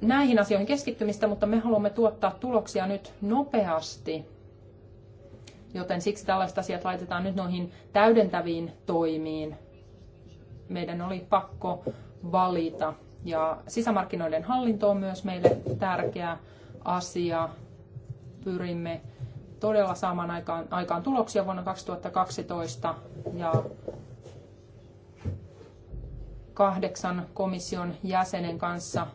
näihin asioihin keskittymistä, mutta me haluamme tuottaa tuloksia nyt nopeasti. Joten siksi tällaiset asiat laitetaan nyt noihin täydentäviin toimiin. Meidän oli pakko valita ja sisämarkkinoiden hallinto on myös meille tärkeä asia. Pyrimme todella saamaan aikaan, aikaan tuloksia vuonna 2012 ja kahdeksan komission jäsenen kanssa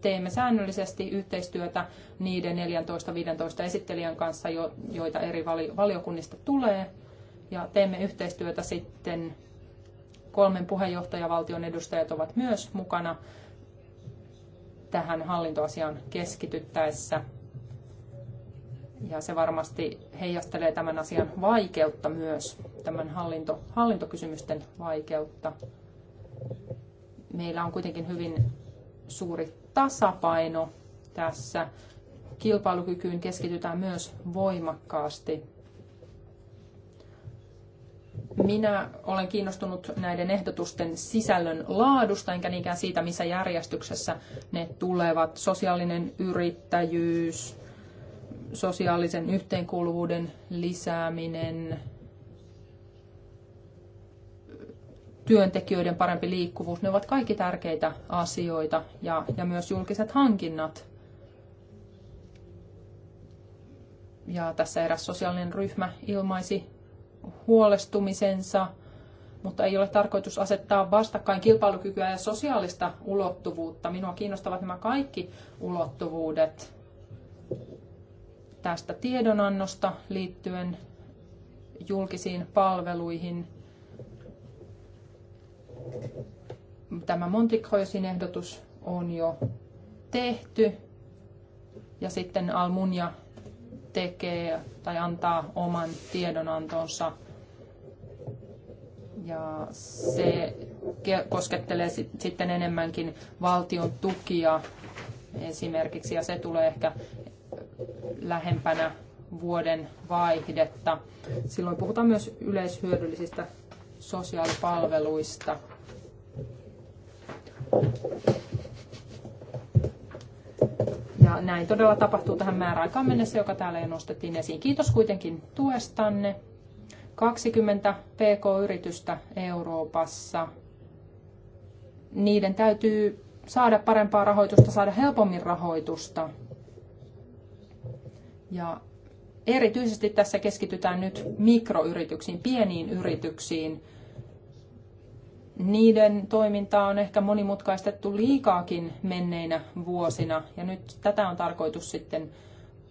teemme säännöllisesti yhteistyötä niiden 14-15 esittelijän kanssa, joita eri valiokunnista tulee. Ja teemme yhteistyötä sitten Kolmen puheenjohtajavaltion edustajat ovat myös mukana tähän hallintoasiaan keskityttäessä. Ja se varmasti heijastelee tämän asian vaikeutta myös, tämän hallinto, hallintokysymysten vaikeutta. Meillä on kuitenkin hyvin suuri tasapaino tässä. Kilpailukykyyn keskitytään myös voimakkaasti minä olen kiinnostunut näiden ehdotusten sisällön laadusta, enkä niinkään siitä, missä järjestyksessä ne tulevat. Sosiaalinen yrittäjyys, sosiaalisen yhteenkuuluvuuden lisääminen, työntekijöiden parempi liikkuvuus, ne ovat kaikki tärkeitä asioita ja, ja myös julkiset hankinnat. Ja tässä eräs sosiaalinen ryhmä ilmaisi huolestumisensa, mutta ei ole tarkoitus asettaa vastakkain kilpailukykyä ja sosiaalista ulottuvuutta. Minua kiinnostavat nämä kaikki ulottuvuudet tästä tiedonannosta liittyen julkisiin palveluihin. Tämä Montikhoisin ehdotus on jo tehty ja sitten Almunia tekee tai antaa oman tiedonantonsa. Ja se koskettelee sitten enemmänkin valtion tukia esimerkiksi, ja se tulee ehkä lähempänä vuoden vaihdetta. Silloin puhutaan myös yleishyödyllisistä sosiaalipalveluista. Ja näin todella tapahtuu tähän määräaikaan mennessä, joka täällä jo nostettiin esiin. Kiitos kuitenkin tuestanne. 20 PK-yritystä Euroopassa. Niiden täytyy saada parempaa rahoitusta, saada helpommin rahoitusta. Ja erityisesti tässä keskitytään nyt mikroyrityksiin, pieniin yrityksiin, niiden toimintaa on ehkä monimutkaistettu liikaakin menneinä vuosina. Ja nyt tätä on tarkoitus sitten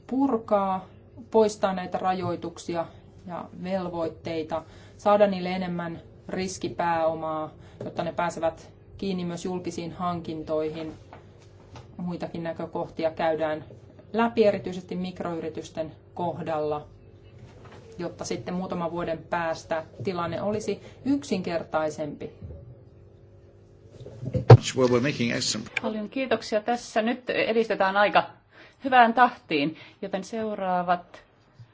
purkaa, poistaa näitä rajoituksia ja velvoitteita, saada niille enemmän riskipääomaa, jotta ne pääsevät kiinni myös julkisiin hankintoihin. Muitakin näkökohtia käydään läpi erityisesti mikroyritysten kohdalla jotta sitten muutaman vuoden päästä tilanne olisi yksinkertaisempi. Paljon kiitoksia. Tässä nyt edistetään aika hyvään tahtiin, joten seuraavat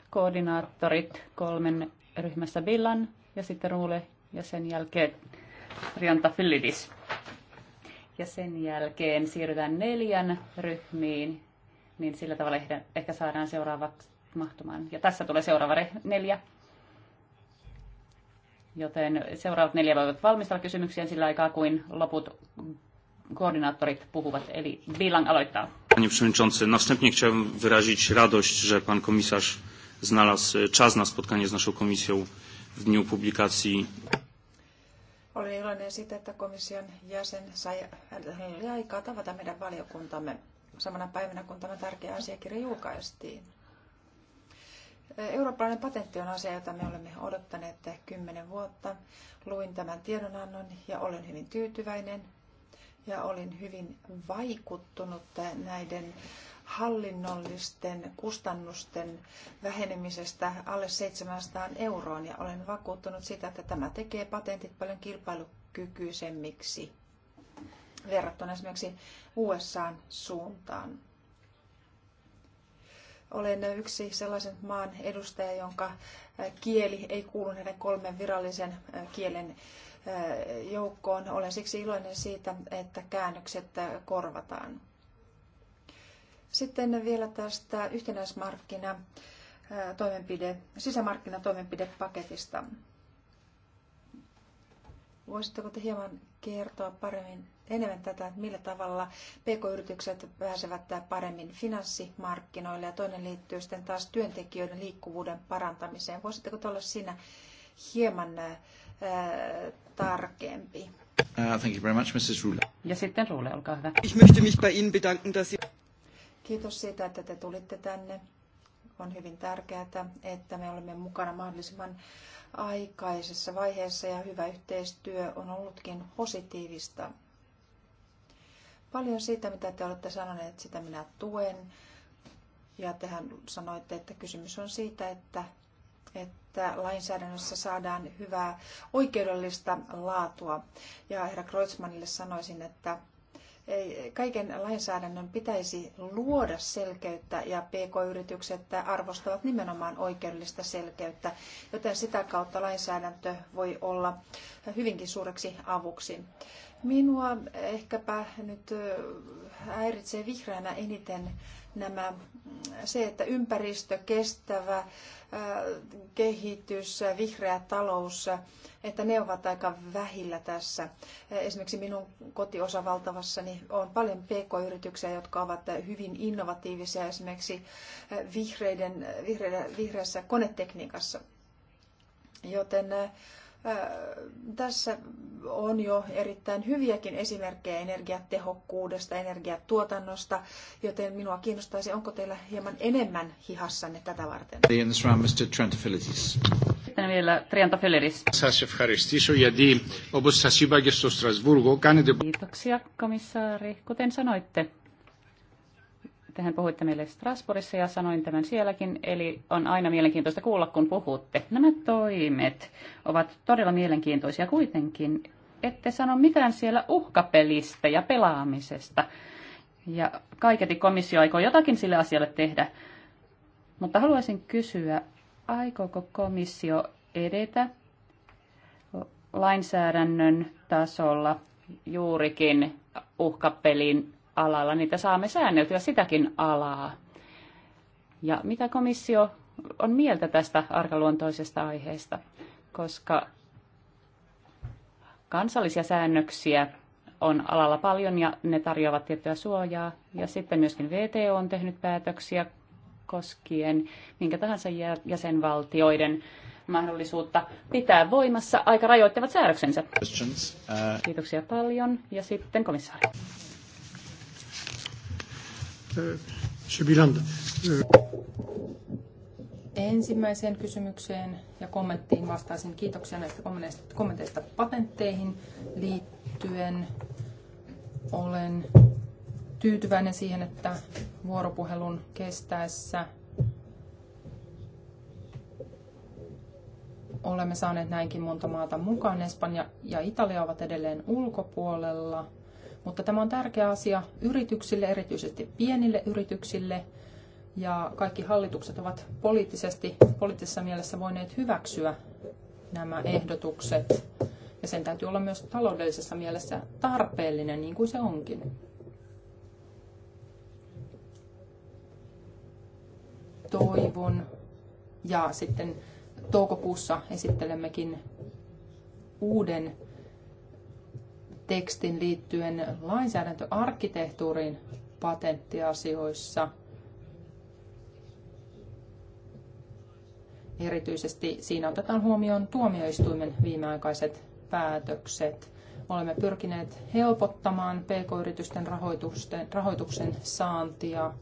koordinaattorit kolmen ryhmässä Villan ja sitten Ruule ja sen jälkeen Rianta Fyllidis. Ja sen jälkeen siirrytään neljän ryhmiin, niin sillä tavalla ehkä saadaan seuraavaksi mahtumaan. Ja tässä tulee seuraava neljä. Joten seuraavat neljä voivat valmistella kysymyksiä sillä aikaa, kuin loput koordinaattorit puhuvat. Eli Bilang aloittaa. Panie Przewodniczący, następnie chciałem wyrazić radość, że Pan Komisarz znalazł e, czas na spotkanie z naszą Komisją w dniu publikacji. Olen iloinen siitä, että komission jäsen sai aikaa tavata meidän valiokuntamme samana päivänä, kun tämä tärkeä asiakirja julkaistiin. Eurooppalainen patentti on asia, jota me olemme odottaneet kymmenen vuotta. Luin tämän tiedonannon ja olen hyvin tyytyväinen ja olin hyvin vaikuttunut näiden hallinnollisten kustannusten vähenemisestä alle 700 euroon ja olen vakuuttunut siitä, että tämä tekee patentit paljon kilpailukykyisemmiksi verrattuna esimerkiksi USA suuntaan. Olen yksi sellaisen maan edustaja, jonka kieli ei kuulu näiden kolmen virallisen kielen joukkoon. Olen siksi iloinen siitä, että käännökset korvataan. Sitten vielä tästä yhtenäismarkkina toimenpide, sisämarkkinatoimenpidepaketista. Voisitteko te hieman kertoa paremmin enemmän tätä, että millä tavalla pk-yritykset pääsevät paremmin finanssimarkkinoille. Ja toinen liittyy sitten taas työntekijöiden liikkuvuuden parantamiseen. Voisitteko olla siinä hieman ää, äh, tarkempi? Uh, thank you very much, Mrs. Rule. Ja sitten Rule, olkaa hyvä. Ich möchte mich bei Ihnen bedanken, dass Sie... Kiitos siitä, että te tulitte tänne. On hyvin tärkeää, että me olemme mukana mahdollisimman aikaisessa vaiheessa ja hyvä yhteistyö on ollutkin positiivista. Paljon siitä, mitä te olette sanoneet, sitä minä tuen. Ja tehän sanoitte, että kysymys on siitä, että, että lainsäädännössä saadaan hyvää oikeudellista laatua. Ja herra Kreutzmannille sanoisin, että kaiken lainsäädännön pitäisi luoda selkeyttä ja PK-yritykset arvostavat nimenomaan oikeudellista selkeyttä, joten sitä kautta lainsäädäntö voi olla hyvinkin suureksi avuksi. Minua ehkäpä nyt häiritsee vihreänä eniten nämä, se, että ympäristö, kestävä kehitys, vihreä talous, että ne ovat aika vähillä tässä. Esimerkiksi minun kotiosavaltavassani on paljon pk-yrityksiä, jotka ovat hyvin innovatiivisia esimerkiksi vihreiden, vihreiden, vihreässä konetekniikassa. Joten tässä on jo erittäin hyviäkin esimerkkejä energiatehokkuudesta, energiatuotannosta, joten minua kiinnostaisi, onko teillä hieman enemmän hihassanne tätä varten. vielä Kiitoksia komissaari. Kuten sanoitte, hän puhuitte meille Strasbourgissa ja sanoin tämän sielläkin, eli on aina mielenkiintoista kuulla, kun puhutte. Nämä toimet ovat todella mielenkiintoisia kuitenkin. Ette sano mitään siellä uhkapelistä ja pelaamisesta. Ja kaiketi komissio aikoo jotakin sille asialle tehdä. Mutta haluaisin kysyä, aikooko komissio edetä lainsäädännön tasolla juurikin uhkapelin alalla, niitä saamme säänneltyä sitäkin alaa. Ja mitä komissio on mieltä tästä arkaluontoisesta aiheesta, koska kansallisia säännöksiä on alalla paljon ja ne tarjoavat tiettyä suojaa. Ja sitten myöskin VTO on tehnyt päätöksiä koskien minkä tahansa jäsenvaltioiden mahdollisuutta pitää voimassa aika rajoittavat säädöksensä. Uh, Kiitoksia paljon ja sitten komissaari. Ensimmäiseen kysymykseen ja kommenttiin vastaisin kiitoksia näistä kommenteista patentteihin liittyen. Olen tyytyväinen siihen, että vuoropuhelun kestäessä olemme saaneet näinkin monta maata mukaan. Espanja ja Italia ovat edelleen ulkopuolella – mutta tämä on tärkeä asia yrityksille, erityisesti pienille yrityksille, ja kaikki hallitukset ovat poliittisesti, poliittisessa mielessä voineet hyväksyä nämä ehdotukset. Ja sen täytyy olla myös taloudellisessa mielessä tarpeellinen, niin kuin se onkin. Toivon. Ja sitten toukokuussa esittelemmekin uuden tekstin liittyen lainsäädäntöarkkitehtuuriin patenttiasioissa. Erityisesti siinä otetaan huomioon tuomioistuimen viimeaikaiset päätökset. Olemme pyrkineet helpottamaan pk-yritysten rahoituksen saantia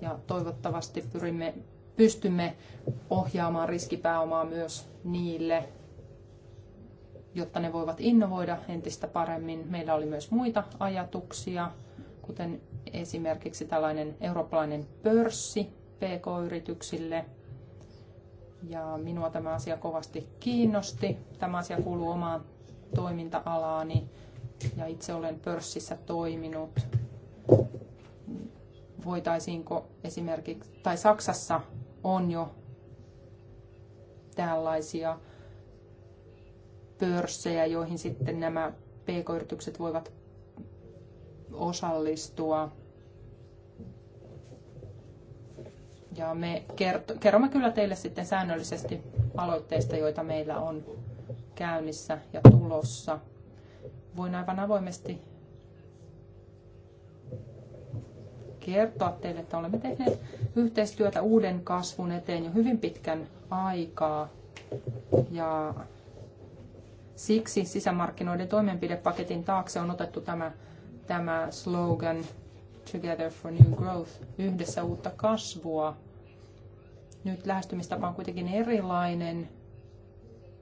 ja toivottavasti pyrimme, pystymme ohjaamaan riskipääomaa myös niille jotta ne voivat innovoida entistä paremmin. Meillä oli myös muita ajatuksia, kuten esimerkiksi tällainen eurooppalainen pörssi PK-yrityksille. Ja minua tämä asia kovasti kiinnosti. Tämä asia kuuluu omaan toiminta-alaani ja itse olen pörssissä toiminut. Voitaisiinko esimerkiksi, tai Saksassa on jo tällaisia pörssejä, joihin sitten nämä pk-yritykset voivat osallistua. Ja me kerromme kyllä teille sitten säännöllisesti aloitteista, joita meillä on käynnissä ja tulossa. Voin aivan avoimesti kertoa teille, että olemme tehneet yhteistyötä uuden kasvun eteen jo hyvin pitkän aikaa. Ja Siksi sisämarkkinoiden toimenpidepaketin taakse on otettu tämä, tämä slogan Together for New Growth, yhdessä uutta kasvua. Nyt lähestymistapa on kuitenkin erilainen,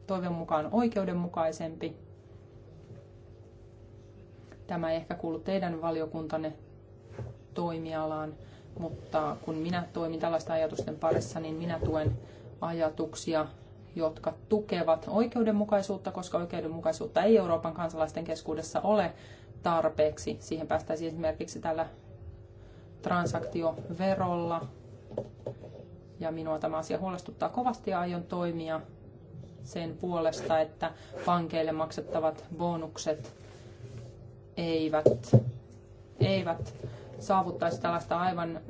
toivon mukaan oikeudenmukaisempi. Tämä ei ehkä kuulu teidän valiokuntanne toimialaan, mutta kun minä toimin tällaisten ajatusten parissa, niin minä tuen ajatuksia jotka tukevat oikeudenmukaisuutta, koska oikeudenmukaisuutta ei Euroopan kansalaisten keskuudessa ole tarpeeksi. Siihen päästäisiin esimerkiksi tällä transaktioverolla. Ja minua tämä asia huolestuttaa kovasti ja aion toimia sen puolesta, että pankeille maksettavat bonukset eivät, eivät saavuttaisi tällaista aivan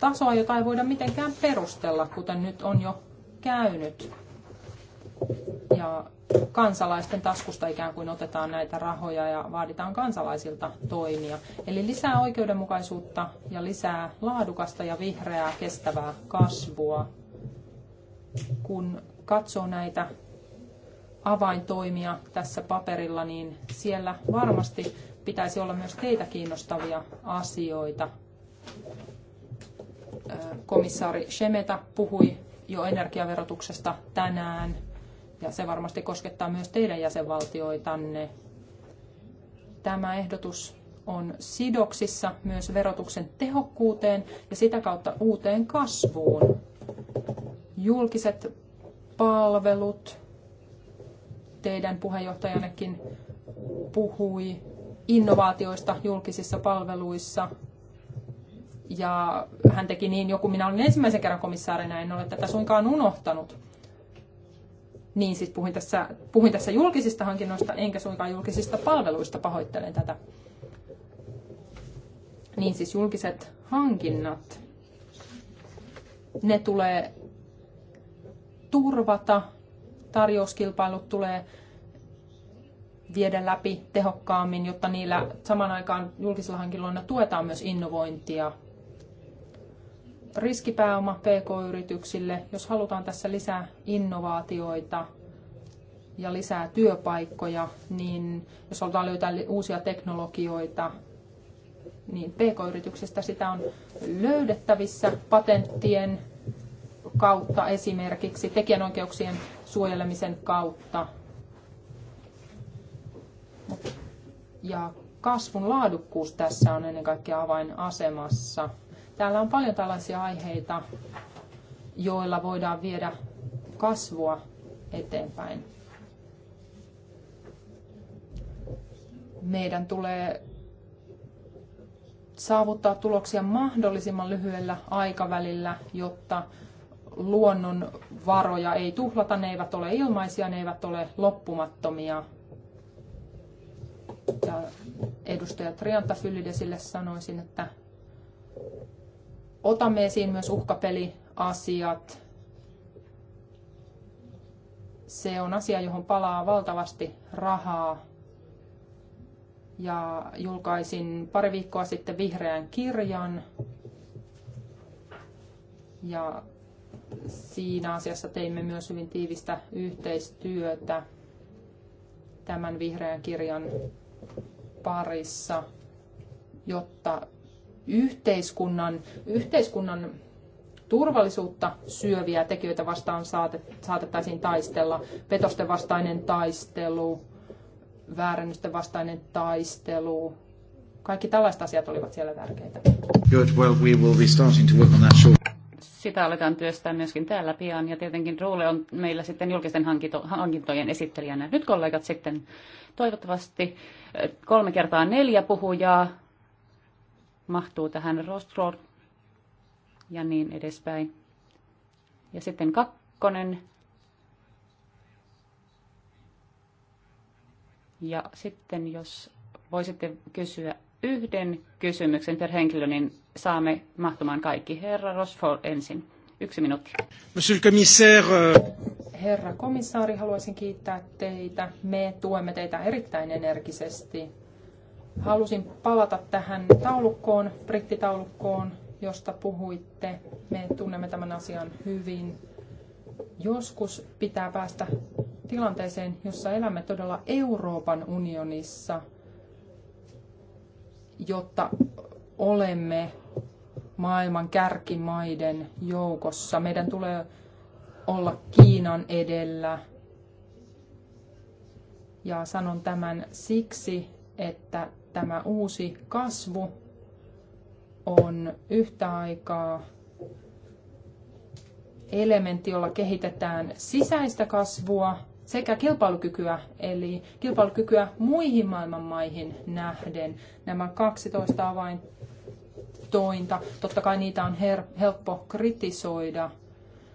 tasoa, jota ei voida mitenkään perustella, kuten nyt on jo käynyt. Ja kansalaisten taskusta ikään kuin otetaan näitä rahoja ja vaaditaan kansalaisilta toimia. Eli lisää oikeudenmukaisuutta ja lisää laadukasta ja vihreää kestävää kasvua. Kun katsoo näitä avaintoimia tässä paperilla, niin siellä varmasti pitäisi olla myös teitä kiinnostavia asioita komissaari Shemeta puhui jo energiaverotuksesta tänään, ja se varmasti koskettaa myös teidän jäsenvaltioitanne. Tämä ehdotus on sidoksissa myös verotuksen tehokkuuteen ja sitä kautta uuteen kasvuun. Julkiset palvelut, teidän puheenjohtajannekin puhui innovaatioista julkisissa palveluissa – ja hän teki niin joku, minä olin ensimmäisen kerran komissaarina, en ole tätä suinkaan unohtanut. Niin siis puhuin tässä, puhuin tässä julkisista hankinnoista, enkä suinkaan julkisista palveluista, pahoittelen tätä. Niin siis julkiset hankinnat, ne tulee turvata, tarjouskilpailut tulee viedä läpi tehokkaammin, jotta niillä saman aikaan julkisilla hankinnoilla tuetaan myös innovointia riskipääoma PK-yrityksille, jos halutaan tässä lisää innovaatioita ja lisää työpaikkoja, niin jos halutaan löytää uusia teknologioita, niin pk yrityksestä sitä on löydettävissä patenttien kautta esimerkiksi, tekijänoikeuksien suojelemisen kautta. Ja kasvun laadukkuus tässä on ennen kaikkea avainasemassa. asemassa Täällä on paljon tällaisia aiheita, joilla voidaan viedä kasvua eteenpäin. Meidän tulee saavuttaa tuloksia mahdollisimman lyhyellä aikavälillä, jotta luonnon varoja ei tuhlata, ne eivät ole ilmaisia, ne eivät ole loppumattomia. Ja edustaja Triantafyllidesille sanoisin, että Otamme esiin myös uhkapeliasiat. Se on asia, johon palaa valtavasti rahaa. Ja julkaisin pari viikkoa sitten vihreän kirjan. Ja siinä asiassa teimme myös hyvin tiivistä yhteistyötä tämän vihreän kirjan parissa, jotta yhteiskunnan, yhteiskunnan turvallisuutta syöviä tekijöitä vastaan saatettaisiin taistella. Petosten vastainen taistelu, väärännysten vastainen taistelu, kaikki tällaiset asiat olivat siellä tärkeitä. Good. Well, we will be starting to work on that short. Sitä aletaan työstää myöskin täällä pian ja tietenkin Ruule on meillä sitten julkisten hankinto, hankintojen esittelijänä. Nyt kollegat sitten toivottavasti eh, kolme kertaa neljä puhujaa mahtuu tähän Rostror ja niin edespäin. Ja sitten kakkonen. Ja sitten jos voisitte kysyä yhden kysymyksen per henkilö, niin saamme mahtumaan kaikki. Herra Rosford ensin. Yksi minuutti. Monsieur le commissaire. Euh, Herra komissaari, haluaisin kiittää teitä. Me tuemme teitä erittäin energisesti Halusin palata tähän taulukkoon, brittitaulukkoon, josta puhuitte. Me tunnemme tämän asian hyvin. Joskus pitää päästä tilanteeseen, jossa elämme todella Euroopan unionissa, jotta olemme maailman kärkimaiden joukossa. Meidän tulee olla Kiinan edellä. Ja sanon tämän siksi, että tämä uusi kasvu on yhtä aikaa elementti, jolla kehitetään sisäistä kasvua sekä kilpailukykyä, eli kilpailukykyä muihin maailman maihin nähden. Nämä 12 avaintointa, totta kai niitä on her- helppo kritisoida,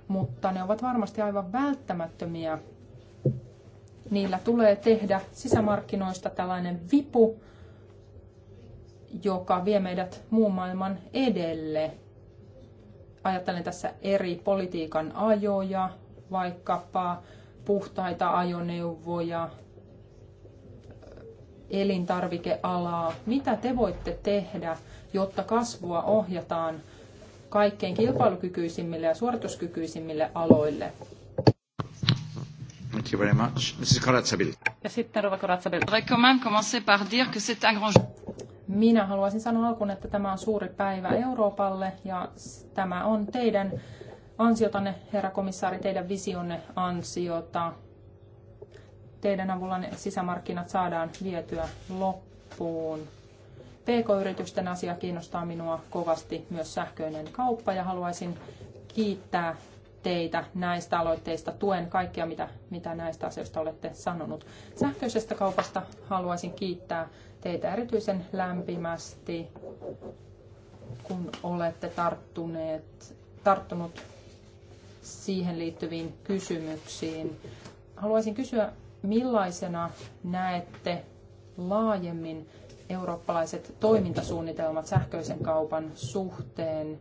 mutta ne ovat varmasti aivan välttämättömiä. Niillä tulee tehdä sisämarkkinoista tällainen vipu, joka vie meidät muun maailman edelle. Ajattelen tässä eri politiikan ajoja, vaikkapa puhtaita ajoneuvoja, elintarvikealaa. Mitä te voitte tehdä, jotta kasvua ohjataan kaikkein kilpailukykyisimmille ja suorituskykyisimmille aloille? Thank you very much. Mrs. Ja sitten Rova Koratsabil. Recommend commencer par dire que c'est un grand minä haluaisin sanoa alkuun, että tämä on suuri päivä Euroopalle ja tämä on teidän ansiotanne, herra komissaari, teidän visionne ansiota. Teidän avullanne sisämarkkinat saadaan vietyä loppuun. PK-yritysten asia kiinnostaa minua kovasti myös sähköinen kauppa ja haluaisin kiittää teitä näistä aloitteista. Tuen kaikkia, mitä, mitä näistä asioista olette sanonut. Sähköisestä kaupasta haluaisin kiittää teitä erityisen lämpimästi, kun olette tarttuneet, tarttunut siihen liittyviin kysymyksiin. Haluaisin kysyä, millaisena näette laajemmin eurooppalaiset toimintasuunnitelmat sähköisen kaupan suhteen?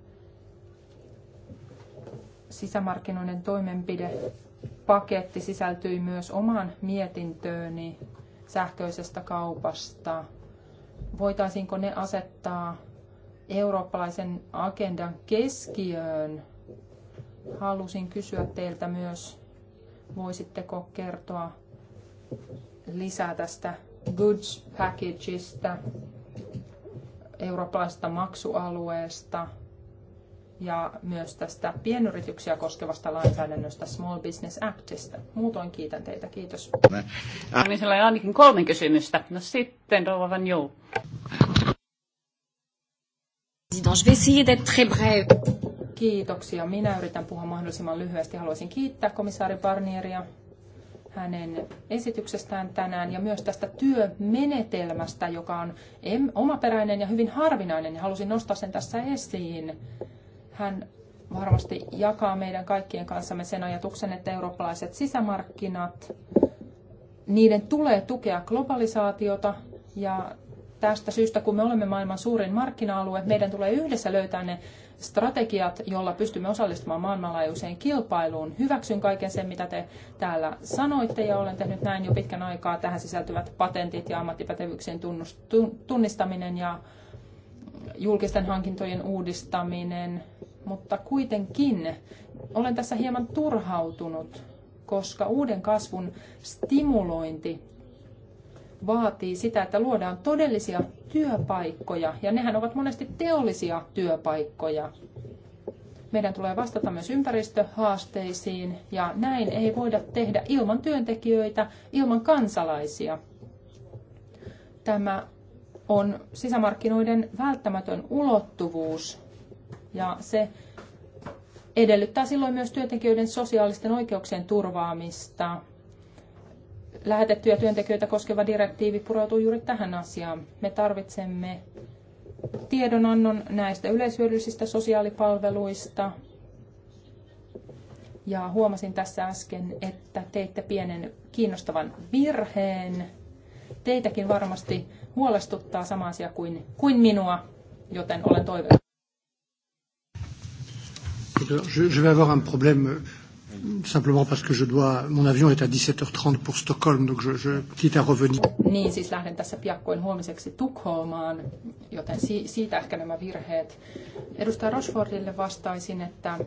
Sisämarkkinoiden toimenpidepaketti sisältyi myös omaan mietintööni sähköisestä kaupasta. Voitaisiinko ne asettaa eurooppalaisen agendan keskiöön? Halusin kysyä teiltä myös, voisitteko kertoa lisää tästä goods packageista, eurooppalaisesta maksualueesta – ja myös tästä pienyrityksiä koskevasta lainsäädännöstä Small Business Actista. Muutoin kiitän teitä, kiitos. Agnisella äh. niin on ainakin kolme kysymystä. No sitten Rova Van Jou. Kiitoksia. Minä yritän puhua mahdollisimman lyhyesti. Haluaisin kiittää komissaari Barnieria hänen esityksestään tänään ja myös tästä työmenetelmästä, joka on omaperäinen ja hyvin harvinainen. Halusin nostaa sen tässä esiin. Hän varmasti jakaa meidän kaikkien me sen ajatuksen, että eurooppalaiset sisämarkkinat, niiden tulee tukea globalisaatiota ja tästä syystä, kun me olemme maailman suurin markkina-alue, meidän tulee yhdessä löytää ne strategiat, jolla pystymme osallistumaan maailmanlaajuiseen kilpailuun. Hyväksyn kaiken sen, mitä te täällä sanoitte, ja olen tehnyt näin jo pitkän aikaa. Tähän sisältyvät patentit ja ammattipätevyyksien tunnistaminen ja julkisten hankintojen uudistaminen mutta kuitenkin olen tässä hieman turhautunut, koska uuden kasvun stimulointi vaatii sitä, että luodaan todellisia työpaikkoja, ja nehän ovat monesti teollisia työpaikkoja. Meidän tulee vastata myös ympäristöhaasteisiin, ja näin ei voida tehdä ilman työntekijöitä, ilman kansalaisia. Tämä on sisämarkkinoiden välttämätön ulottuvuus, ja se edellyttää silloin myös työntekijöiden sosiaalisten oikeuksien turvaamista. Lähetettyjä työntekijöitä koskeva direktiivi pureutuu juuri tähän asiaan. Me tarvitsemme tiedonannon näistä yleishyödyllisistä sosiaalipalveluista. Ja huomasin tässä äsken, että teitte pienen kiinnostavan virheen. Teitäkin varmasti huolestuttaa sama asia kuin, kuin minua, joten olen toiveikas ambassadeur. Je, je vais avoir un problème euh, simplement parce que je dois, mon avion est à 17h30 pour Stockholm, donc je, je quitte à revenir. Niin, siis lähden tässä piakkoin huomiseksi Tukholmaan, joten si, siitä ehkä nämä virheet. Edustaja Rosfordille vastaisin, että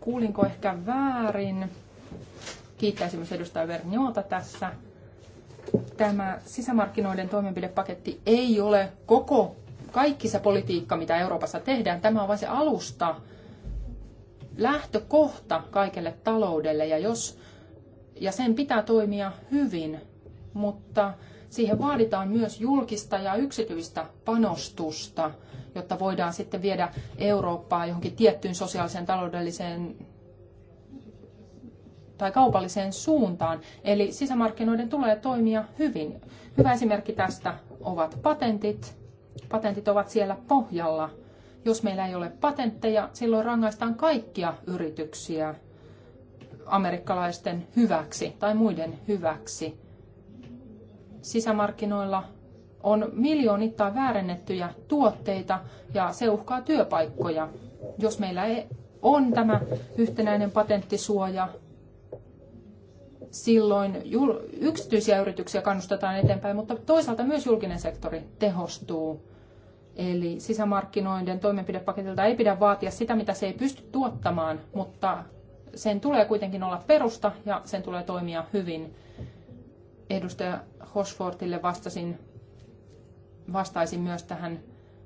kuulinko ehkä väärin. Kiittäisin myös edustaja Verniota tässä. Tämä sisämarkkinoiden toimenpidepaketti ei ole koko kaikki se politiikka, mitä Euroopassa tehdään. Tämä on vain se alusta lähtökohta kaikelle taloudelle ja, jos, ja sen pitää toimia hyvin, mutta siihen vaaditaan myös julkista ja yksityistä panostusta, jotta voidaan sitten viedä Eurooppaa johonkin tiettyyn sosiaaliseen, taloudelliseen tai kaupalliseen suuntaan. Eli sisämarkkinoiden tulee toimia hyvin. Hyvä esimerkki tästä ovat patentit. Patentit ovat siellä pohjalla – jos meillä ei ole patentteja, silloin rangaistaan kaikkia yrityksiä amerikkalaisten hyväksi tai muiden hyväksi. Sisämarkkinoilla on miljoonittain väärennettyjä tuotteita ja se uhkaa työpaikkoja. Jos meillä ei on tämä yhtenäinen patenttisuoja, silloin yksityisiä yrityksiä kannustetaan eteenpäin, mutta toisaalta myös julkinen sektori tehostuu. Eli sisämarkkinoiden toimenpidepaketilta ei pidä vaatia sitä, mitä se ei pysty tuottamaan, mutta sen tulee kuitenkin olla perusta ja sen tulee toimia hyvin. Edustaja Hosfortille vastasin, vastaisin myös tähän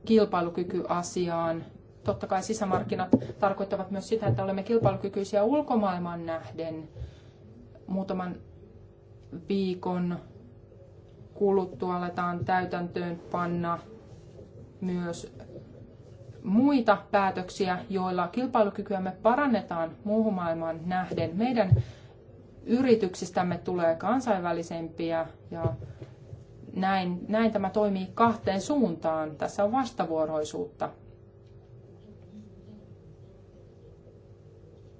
kilpailukykyasiaan. Totta kai sisämarkkinat tarkoittavat myös sitä, että olemme kilpailukykyisiä ulkomaailman nähden. Muutaman viikon kuluttua aletaan täytäntöön panna myös muita päätöksiä, joilla kilpailukykyämme parannetaan muuhun maailmaan nähden. Meidän yrityksistämme tulee kansainvälisempiä ja näin, näin tämä toimii kahteen suuntaan. Tässä on vastavuoroisuutta.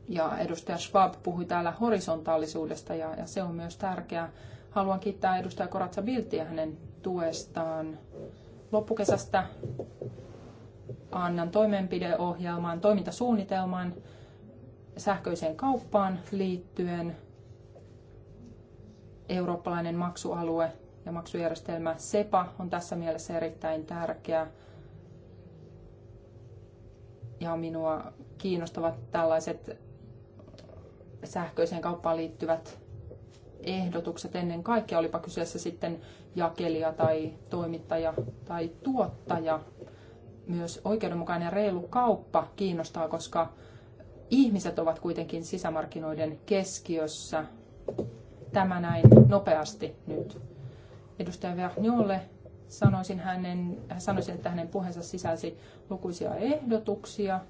Ja edustaja Schwab puhui täällä horisontaalisuudesta ja, ja se on myös tärkeää. Haluan kiittää edustaja Koratsa Biltiä hänen tuestaan loppukesästä annan toimenpideohjelman, toimintasuunnitelman sähköiseen kauppaan liittyen eurooppalainen maksualue ja maksujärjestelmä SEPA on tässä mielessä erittäin tärkeä. Ja minua kiinnostavat tällaiset sähköiseen kauppaan liittyvät ehdotukset ennen kaikkea, olipa kyseessä sitten jakelija tai toimittaja tai tuottaja. Myös oikeudenmukainen ja reilu kauppa kiinnostaa, koska ihmiset ovat kuitenkin sisämarkkinoiden keskiössä. Tämä näin nopeasti nyt. Edustaja Vergnolle sanoisin, hänen, sanoisin, että hänen puheensa sisälsi lukuisia ehdotuksia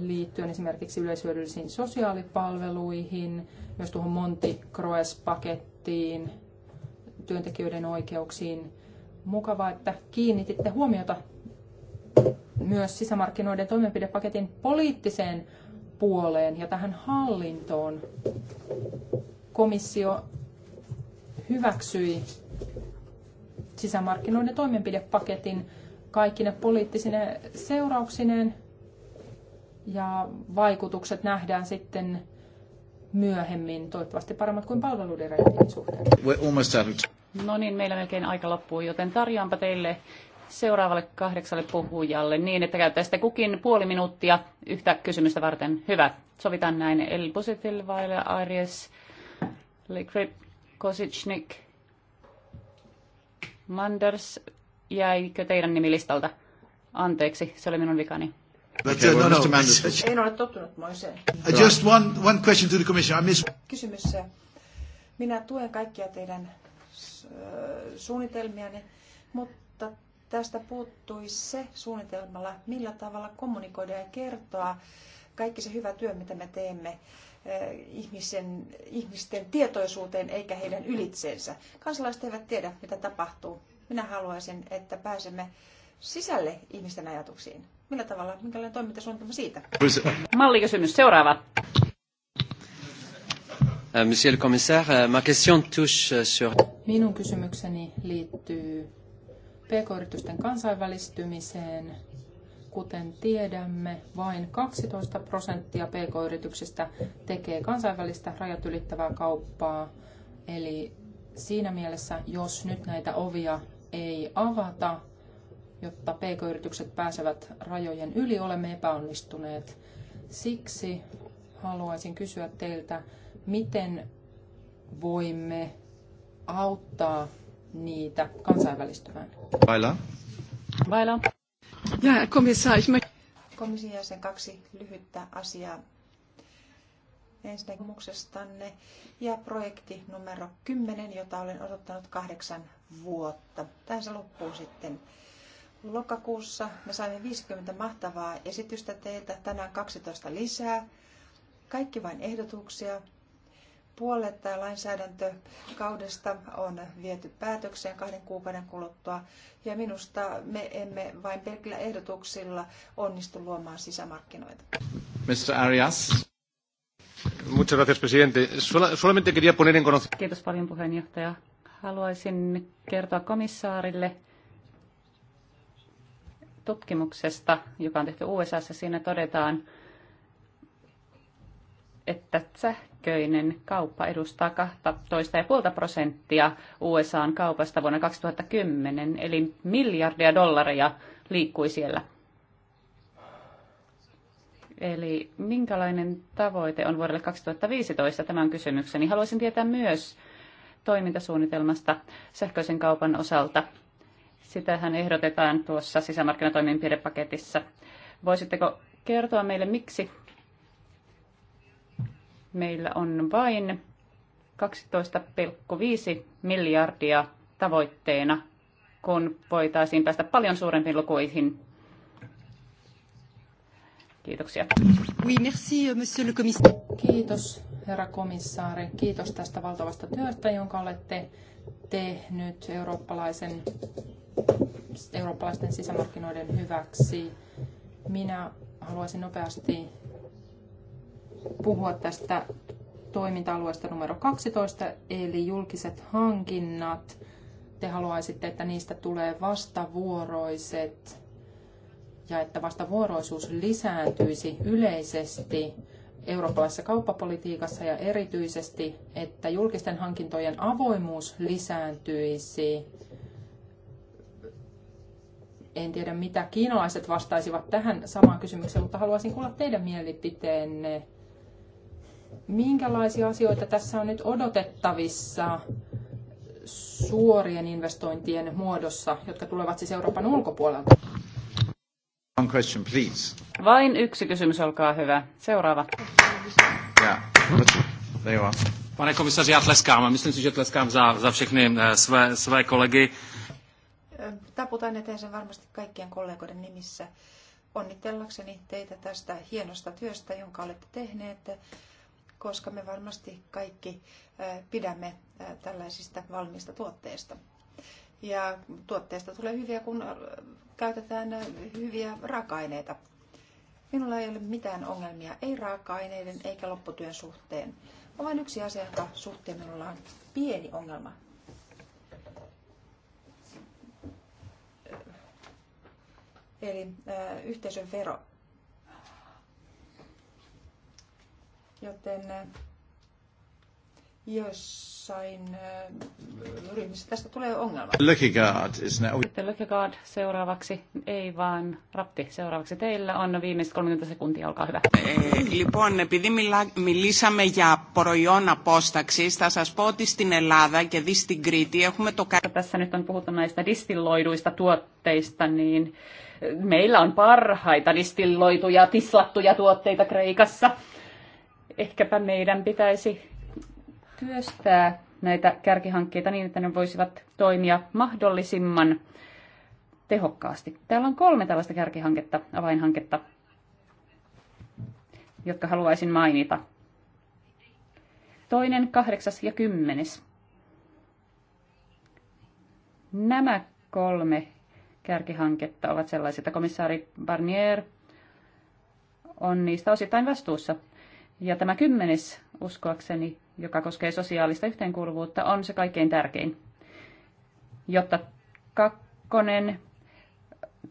liittyen esimerkiksi yleishyödyllisiin sosiaalipalveluihin, myös tuohon Monti Croes-pakettiin, työntekijöiden oikeuksiin. Mukavaa, että kiinnititte huomiota myös sisämarkkinoiden toimenpidepaketin poliittiseen puoleen ja tähän hallintoon. Komissio hyväksyi sisämarkkinoiden toimenpidepaketin kaikkine poliittisine seurauksineen ja vaikutukset nähdään sitten myöhemmin, toivottavasti paremmat kuin palveludirektiivin suhteen. No niin, meillä melkein aika loppuu, joten tarjoanpa teille seuraavalle kahdeksalle puhujalle niin, että käyttäisitte kukin puoli minuuttia yhtä kysymystä varten. Hyvä, sovitaan näin. El Busitil, Vaile, Aries, Likrit, Kosicnik, Manders, jäikö teidän nimilistalta? Anteeksi, se oli minun vikani. But, okay, well, uh, no, no. Manders. En ole tottunut moiseen. Uh, just one, one question to the commission. I miss... Kysymys. Uh, minä tuen kaikkia teidän suunnitelmianne, mutta tästä puuttui se suunnitelmalla, millä tavalla kommunikoida ja kertoa kaikki se hyvä työ, mitä me teemme ihmisen, ihmisten tietoisuuteen eikä heidän ylitseensä. Kansalaiset eivät tiedä, mitä tapahtuu. Minä haluaisin, että pääsemme sisälle ihmisten ajatuksiin. Millä tavalla, minkälainen toimintasuunnitelma siitä? Mallikysymys seuraava. Euh, monsieur le commissaire, euh, ma question touche euh, sur... Minun kysymykseni liittyy pk-yritysten kansainvälistymiseen Kuten tiedämme, vain 12 prosenttia pk-yrityksistä tekee kansainvälistä rajat ylittävää kauppaa. Eli siinä mielessä, jos nyt näitä ovia ei avata, jotta pk-yritykset pääsevät rajojen yli, olemme epäonnistuneet. Siksi haluaisin kysyä teiltä, miten voimme auttaa niitä kansainvälistymään? Vaila. Vaila. Ja, komissaari, Komission jäsen kaksi lyhyttä asiaa ensinnäkin ja projekti numero 10, jota olen odottanut kahdeksan vuotta. Tähän se loppuu sitten lokakuussa. Me saimme 50 mahtavaa esitystä teiltä, tänään 12 lisää. Kaikki vain ehdotuksia, puolet lainsäädäntökaudesta on viety päätökseen kahden kuukauden kuluttua, ja minusta me emme vain pelkillä ehdotuksilla onnistu luomaan sisämarkkinoita. Mr. Arias. Muchas gracias, presidente. Solamente quería poner en conocimiento. Kiitos paljon puheenjohtaja. Haluaisin kertoa komissaarille tutkimuksesta, joka on tehty USA. Siinä todetaan, että sähköinen kauppa edustaa 12,5 prosenttia USAn kaupasta vuonna 2010, eli miljardia dollaria liikkui siellä. Eli minkälainen tavoite on vuodelle 2015? tämän kysymyksen? kysymykseni. Haluaisin tietää myös toimintasuunnitelmasta sähköisen kaupan osalta. Sitähän ehdotetaan tuossa sisämarkkinatoimenpidepaketissa. Voisitteko kertoa meille, miksi meillä on vain 12,5 miljardia tavoitteena, kun voitaisiin päästä paljon suurempiin lukuihin. Kiitoksia. Oui, merci, euh, le Kiitos, herra komissaari. Kiitos tästä valtavasta työstä, jonka olette tehnyt eurooppalaisen, eurooppalaisten sisämarkkinoiden hyväksi. Minä haluaisin nopeasti puhua tästä toiminta-alueesta numero 12, eli julkiset hankinnat. Te haluaisitte, että niistä tulee vastavuoroiset ja että vastavuoroisuus lisääntyisi yleisesti eurooppalaisessa kauppapolitiikassa ja erityisesti, että julkisten hankintojen avoimuus lisääntyisi. En tiedä, mitä kiinalaiset vastaisivat tähän samaan kysymykseen, mutta haluaisin kuulla teidän mielipiteenne minkälaisia asioita tässä on nyt odotettavissa suorien investointien muodossa, jotka tulevat siis Euroopan ulkopuolelta? One question, please. Vain yksi kysymys, olkaa hyvä. Seuraava. Yeah. Pane komisaři, já tleskám a myslím si, že tleskám za, za všechny eh, své, své kolegy. Taputan varmasti kaikkien kollegoiden nimissä onnitellakseni teitä tästä hienosta työstä, jonka olette tehneet koska me varmasti kaikki pidämme tällaisista valmiista tuotteista. Ja tuotteista tulee hyviä, kun käytetään hyviä raaka-aineita. Minulla ei ole mitään ongelmia, ei raaka-aineiden eikä lopputyön suhteen. On vain yksi asia, jonka suhteen minulla on pieni ongelma. Eli äh, yhteisön vero Joten äh, jossain äh, ryhmissä tästä tulee ongelma. Lucky Lökigard is now. Sitten Lucky Lökigard seuraavaksi, ei vaan Rapti seuraavaksi. Teillä on viimeiset 30 sekuntia, olkaa hyvä. Eh, λοιπόν, επειδή μιλά, μιλήσαμε για προϊόν απόσταξης, θα σας πω ότι στην Ελλάδα και δει στην Κρήτη έχουμε το... Tässä nyt on puhuttu näistä distilloiduista tuotteista, niin meillä on parhaita distilloituja, tislattuja tuotteita Kreikassa ehkäpä meidän pitäisi työstää näitä kärkihankkeita niin, että ne voisivat toimia mahdollisimman tehokkaasti. Täällä on kolme tällaista kärkihanketta, avainhanketta, jotka haluaisin mainita. Toinen, kahdeksas ja kymmenes. Nämä kolme kärkihanketta ovat sellaisia, että komissaari Barnier on niistä osittain vastuussa. Ja tämä kymmenes, uskoakseni, joka koskee sosiaalista yhteenkuuluvuutta, on se kaikkein tärkein, jotta kakkonen,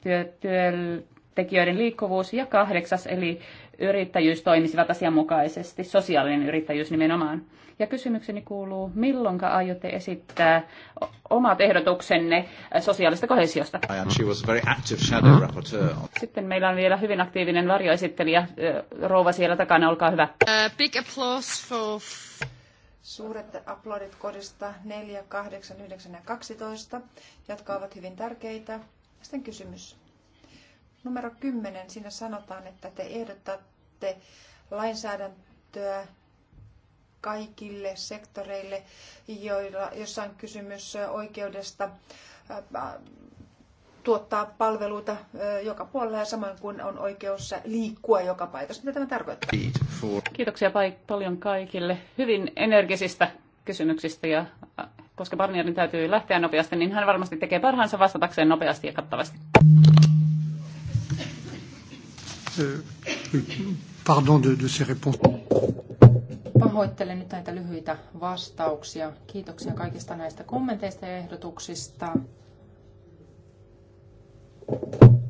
työ, työntekijöiden liikkuvuus ja kahdeksas, eli yrittäjyys toimisivat asianmukaisesti, sosiaalinen yrittäjyys nimenomaan. Ja kysymykseni kuuluu, milloin aiotte esittää omat ehdotuksenne sosiaalista kohesiosta? Sitten meillä on vielä hyvin aktiivinen varjoesittelijä, rouva siellä takana, olkaa hyvä. Uh, big applause for... Suuret aplodit kodista 4, 8, 9 ja 12, jotka ovat hyvin tärkeitä. Sitten kysymys numero 10, siinä sanotaan, että te ehdotatte lainsäädäntöä kaikille sektoreille, joilla, jossa on kysymys oikeudesta tuottaa palveluita joka puolella ja samoin kuin on oikeus liikkua joka paikassa. Mitä tämä tarkoittaa? Kiitoksia paljon kaikille hyvin energisistä kysymyksistä ja koska Barnierin täytyy lähteä nopeasti, niin hän varmasti tekee parhaansa vastatakseen nopeasti ja kattavasti. Euh, pardon de, de ces réponses. Pahoittelen nyt näitä lyhyitä vastauksia. Kiitoksia kaikista näistä kommenteista ja ehdotuksista.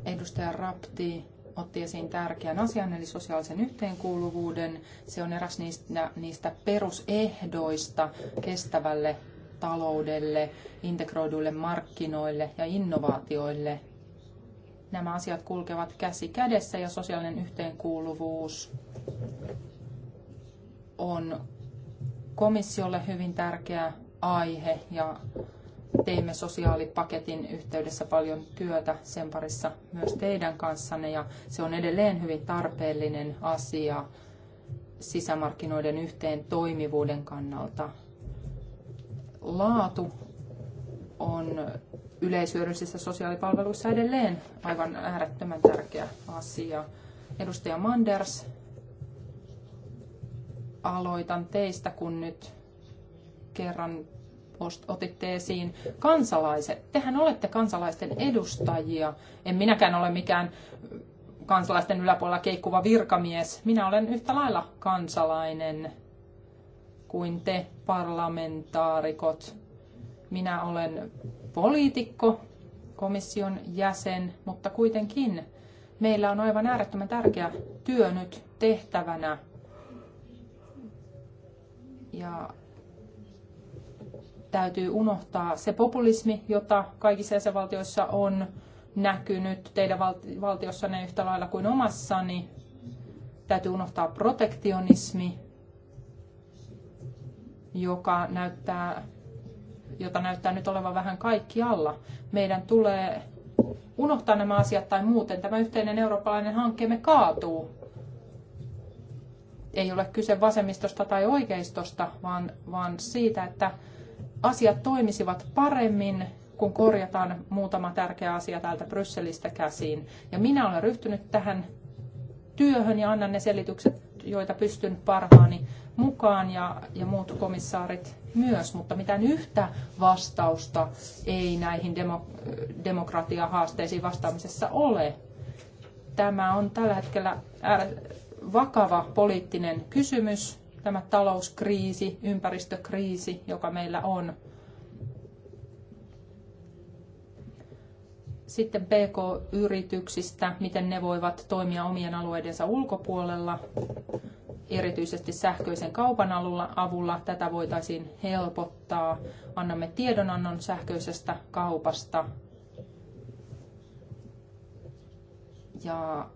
Edustaja Rapti otti esiin tärkeän asian, eli sosiaalisen yhteenkuuluvuuden. Se on eräs niistä, niistä perusehdoista kestävälle taloudelle, integroiduille markkinoille ja innovaatioille. Nämä asiat kulkevat käsi kädessä ja sosiaalinen yhteenkuuluvuus on komissiolle hyvin tärkeä aihe ja teimme sosiaalipaketin yhteydessä paljon työtä sen parissa myös teidän kanssanne ja se on edelleen hyvin tarpeellinen asia sisämarkkinoiden yhteen toimivuuden kannalta. Laatu on yleisyydellisissä sosiaalipalveluissa edelleen aivan äärettömän tärkeä asia. Edustaja Manders, aloitan teistä, kun nyt kerran otitte esiin kansalaiset. Tehän olette kansalaisten edustajia. En minäkään ole mikään kansalaisten yläpuolella keikkuva virkamies. Minä olen yhtä lailla kansalainen kuin te parlamentaarikot. Minä olen poliitikko, komission jäsen, mutta kuitenkin meillä on aivan äärettömän tärkeä työ nyt tehtävänä. Ja täytyy unohtaa se populismi, jota kaikissa jäsenvaltioissa on näkynyt teidän valtiossanne yhtä lailla kuin omassani. Täytyy unohtaa protektionismi, joka näyttää jota näyttää nyt olevan vähän kaikkialla. Meidän tulee unohtaa nämä asiat tai muuten tämä yhteinen eurooppalainen hankkeemme kaatuu. Ei ole kyse vasemmistosta tai oikeistosta, vaan, vaan siitä, että asiat toimisivat paremmin, kun korjataan muutama tärkeä asia täältä Brysselistä käsiin. Ja minä olen ryhtynyt tähän työhön ja annan ne selitykset joita pystyn parhaani mukaan ja, ja muut komissaarit myös, mutta mitään yhtä vastausta ei näihin demo, demokratiahaasteisiin vastaamisessa ole. Tämä on tällä hetkellä vakava poliittinen kysymys, tämä talouskriisi, ympäristökriisi, joka meillä on. Sitten PK-yrityksistä, miten ne voivat toimia omien alueidensa ulkopuolella, erityisesti sähköisen kaupan avulla. Tätä voitaisiin helpottaa. Annamme tiedonannon sähköisestä kaupasta. Ja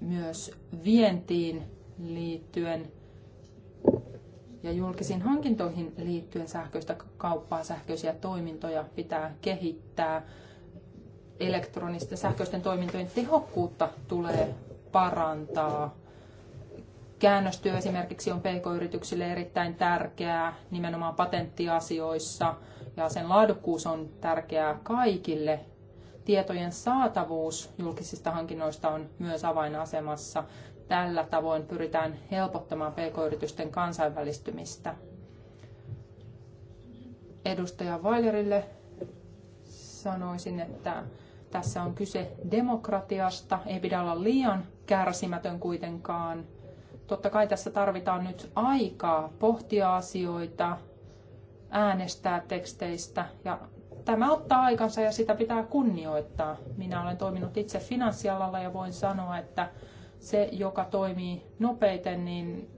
myös vientiin liittyen ja julkisiin hankintoihin liittyen sähköistä kauppaa, sähköisiä toimintoja pitää kehittää elektronisten sähköisten toimintojen tehokkuutta tulee parantaa. Käännöstyö esimerkiksi on pk-yrityksille erittäin tärkeää nimenomaan patenttiasioissa ja sen laadukkuus on tärkeää kaikille. Tietojen saatavuus julkisista hankinnoista on myös avainasemassa. Tällä tavoin pyritään helpottamaan pk-yritysten kansainvälistymistä. Edustaja Vailerille sanoisin, että tässä on kyse demokratiasta, ei pidä olla liian kärsimätön kuitenkaan. Totta kai tässä tarvitaan nyt aikaa pohtia asioita, äänestää teksteistä ja tämä ottaa aikansa ja sitä pitää kunnioittaa. Minä olen toiminut itse finanssialalla ja voin sanoa, että se, joka toimii nopeiten, niin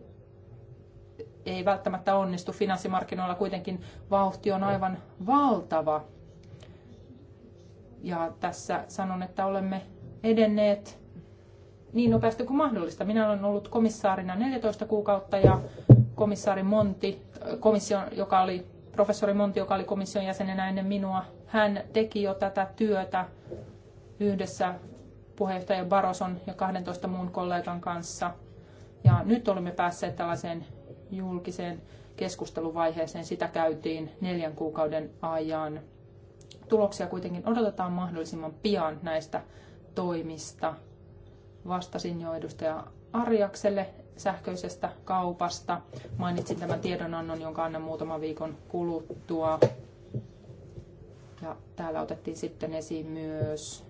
ei välttämättä onnistu. Finanssimarkkinoilla kuitenkin vauhti on aivan valtava. Ja tässä sanon, että olemme edenneet niin nopeasti kuin mahdollista. Minä olen ollut komissaarina 14 kuukautta ja komissaari Monti, komission, joka oli professori Monti, joka oli komission jäsenenä ennen minua, hän teki jo tätä työtä yhdessä puheenjohtaja Baroson ja 12 muun kollegan kanssa. Ja nyt olemme päässeet tällaiseen julkiseen keskusteluvaiheeseen. Sitä käytiin neljän kuukauden ajan tuloksia kuitenkin odotetaan mahdollisimman pian näistä toimista. Vastasin jo edustaja Arjakselle sähköisestä kaupasta. Mainitsin tämän tiedonannon, jonka annan muutaman viikon kuluttua. Ja täällä otettiin sitten esiin myös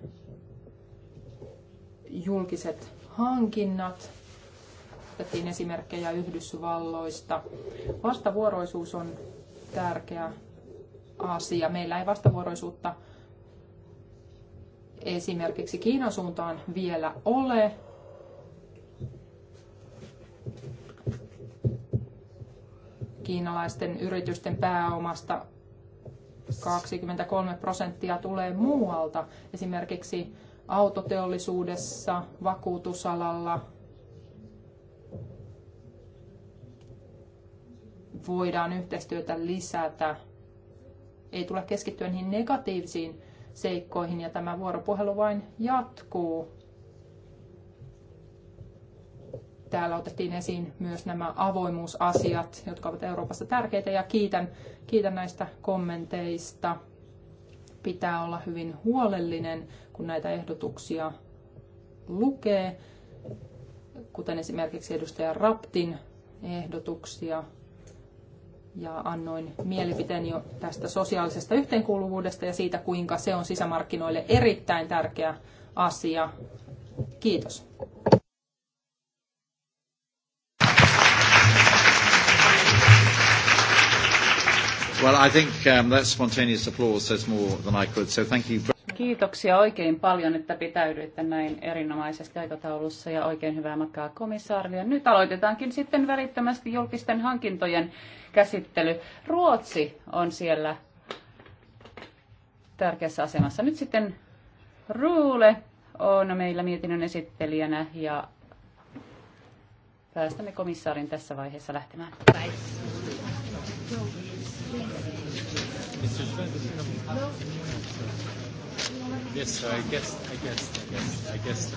julkiset hankinnat. Otettiin esimerkkejä Yhdysvalloista. Vastavuoroisuus on tärkeä asia. Meillä ei vastavuoroisuutta esimerkiksi Kiinan suuntaan vielä ole. Kiinalaisten yritysten pääomasta 23 prosenttia tulee muualta, esimerkiksi autoteollisuudessa, vakuutusalalla, voidaan yhteistyötä lisätä ei tule keskittyä niihin negatiivisiin seikkoihin ja tämä vuoropuhelu vain jatkuu. Täällä otettiin esiin myös nämä avoimuusasiat, jotka ovat Euroopassa tärkeitä ja kiitän, kiitän näistä kommenteista. Pitää olla hyvin huolellinen, kun näitä ehdotuksia lukee, kuten esimerkiksi edustaja Raptin ehdotuksia ja annoin mielipiteen jo tästä sosiaalisesta yhteenkuuluvuudesta ja siitä, kuinka se on sisämarkkinoille erittäin tärkeä asia. Kiitos. Well, I think um, that spontaneous applause says more than I could, so thank you kiitoksia oikein paljon, että pitäydyitte näin erinomaisesti aikataulussa ja oikein hyvää matkaa komissaarille. Nyt aloitetaankin sitten välittömästi julkisten hankintojen käsittely. Ruotsi on siellä tärkeässä asemassa. Nyt sitten Ruule on meillä mietinnön esittelijänä ja päästämme komissaarin tässä vaiheessa lähtemään. Mr. Schwendt, guess so. I guess, I guess, I guess, I guess.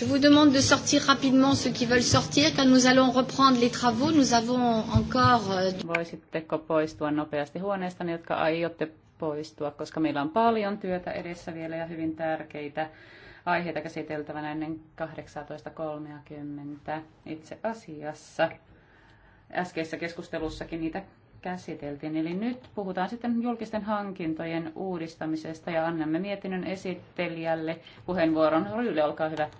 Je vous demande de sortir rapidement ceux qui veulent sortir, car nous allons reprendre les travaux. Nous avons encore... Euh, Voisitteko poistua nopeasti huoneesta, jotka aiotte poistua, koska meillä on paljon työtä edessä vielä ja hyvin tärkeitä aiheita käsiteltävänä ennen 18.30 itse asiassa. Äskeisessä keskustelussakin niitä käsiteltiin. Eli nyt puhutaan sitten julkisten hankintojen uudistamisesta ja annamme mietinnön esittelijälle puheenvuoron. Ryyli, olkaa hyvä.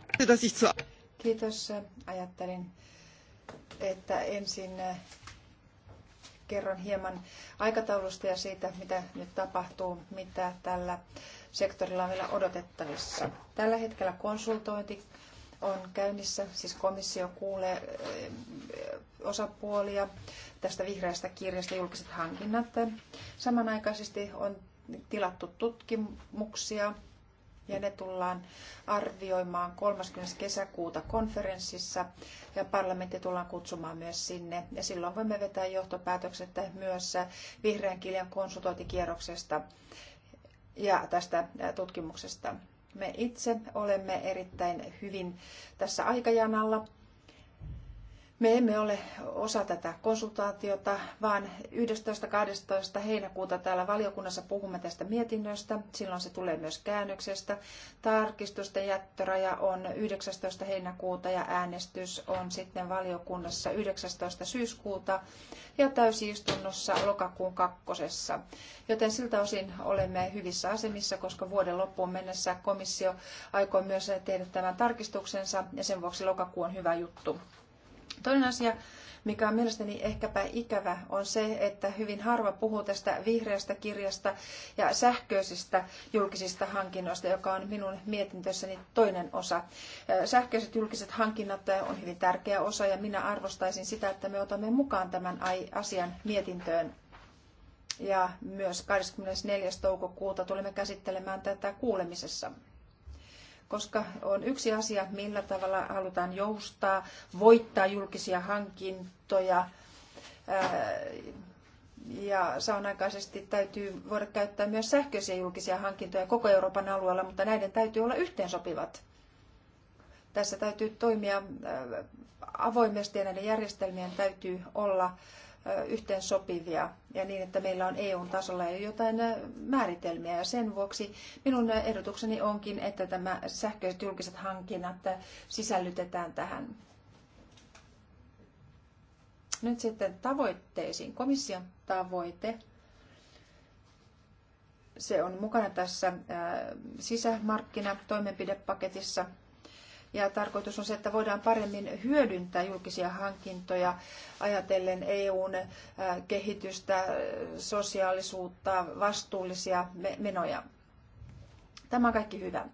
Kiitos. Ajattelin, että ensin eh, kerron hieman aikataulusta ja siitä, mitä nyt tapahtuu, mitä tällä sektorilla on vielä odotettavissa. Tällä hetkellä konsultointi on käynnissä, siis komissio kuulee eh, osapuolia tästä vihreästä kirjasta julkiset hankinnat. Samanaikaisesti on tilattu tutkimuksia ja ne tullaan arvioimaan 30. kesäkuuta konferenssissa ja parlamentti tullaan kutsumaan myös sinne. Ja silloin voimme vetää johtopäätökset myös vihreän kirjan konsultointikierroksesta ja tästä tutkimuksesta. Me itse olemme erittäin hyvin tässä aikajanalla me emme ole osa tätä konsultaatiota, vaan 11.12. heinäkuuta täällä valiokunnassa puhumme tästä mietinnöstä. Silloin se tulee myös käännöksestä. Tarkistusten jättöraja on 19. heinäkuuta ja äänestys on sitten valiokunnassa 19. syyskuuta ja täysistunnossa lokakuun kakkosessa. Joten siltä osin olemme hyvissä asemissa, koska vuoden loppuun mennessä komissio aikoo myös tehdä tämän tarkistuksensa ja sen vuoksi lokakuu on hyvä juttu. Toinen asia, mikä on mielestäni ehkäpä ikävä, on se, että hyvin harva puhuu tästä vihreästä kirjasta ja sähköisistä julkisista hankinnoista, joka on minun mietintössäni toinen osa. Sähköiset julkiset hankinnat on hyvin tärkeä osa ja minä arvostaisin sitä, että me otamme mukaan tämän asian mietintöön. Ja myös 24. toukokuuta tulemme käsittelemään tätä kuulemisessa koska on yksi asia, millä tavalla halutaan joustaa, voittaa julkisia hankintoja ja samanaikaisesti täytyy voida käyttää myös sähköisiä julkisia hankintoja koko Euroopan alueella, mutta näiden täytyy olla yhteensopivat. Tässä täytyy toimia avoimesti ja näiden järjestelmien täytyy olla yhteen sopivia ja niin, että meillä on EU-tasolla jo jotain määritelmiä. Ja sen vuoksi minun ehdotukseni onkin, että tämä sähköiset julkiset hankinnat sisällytetään tähän. Nyt sitten tavoitteisiin. Komission tavoite. Se on mukana tässä sisämarkkinatoimenpidepaketissa. toimenpidepaketissa ja tarkoitus on se, että voidaan paremmin hyödyntää julkisia hankintoja ajatellen EUn kehitystä, sosiaalisuutta, vastuullisia menoja. Tämä on kaikki hyvä.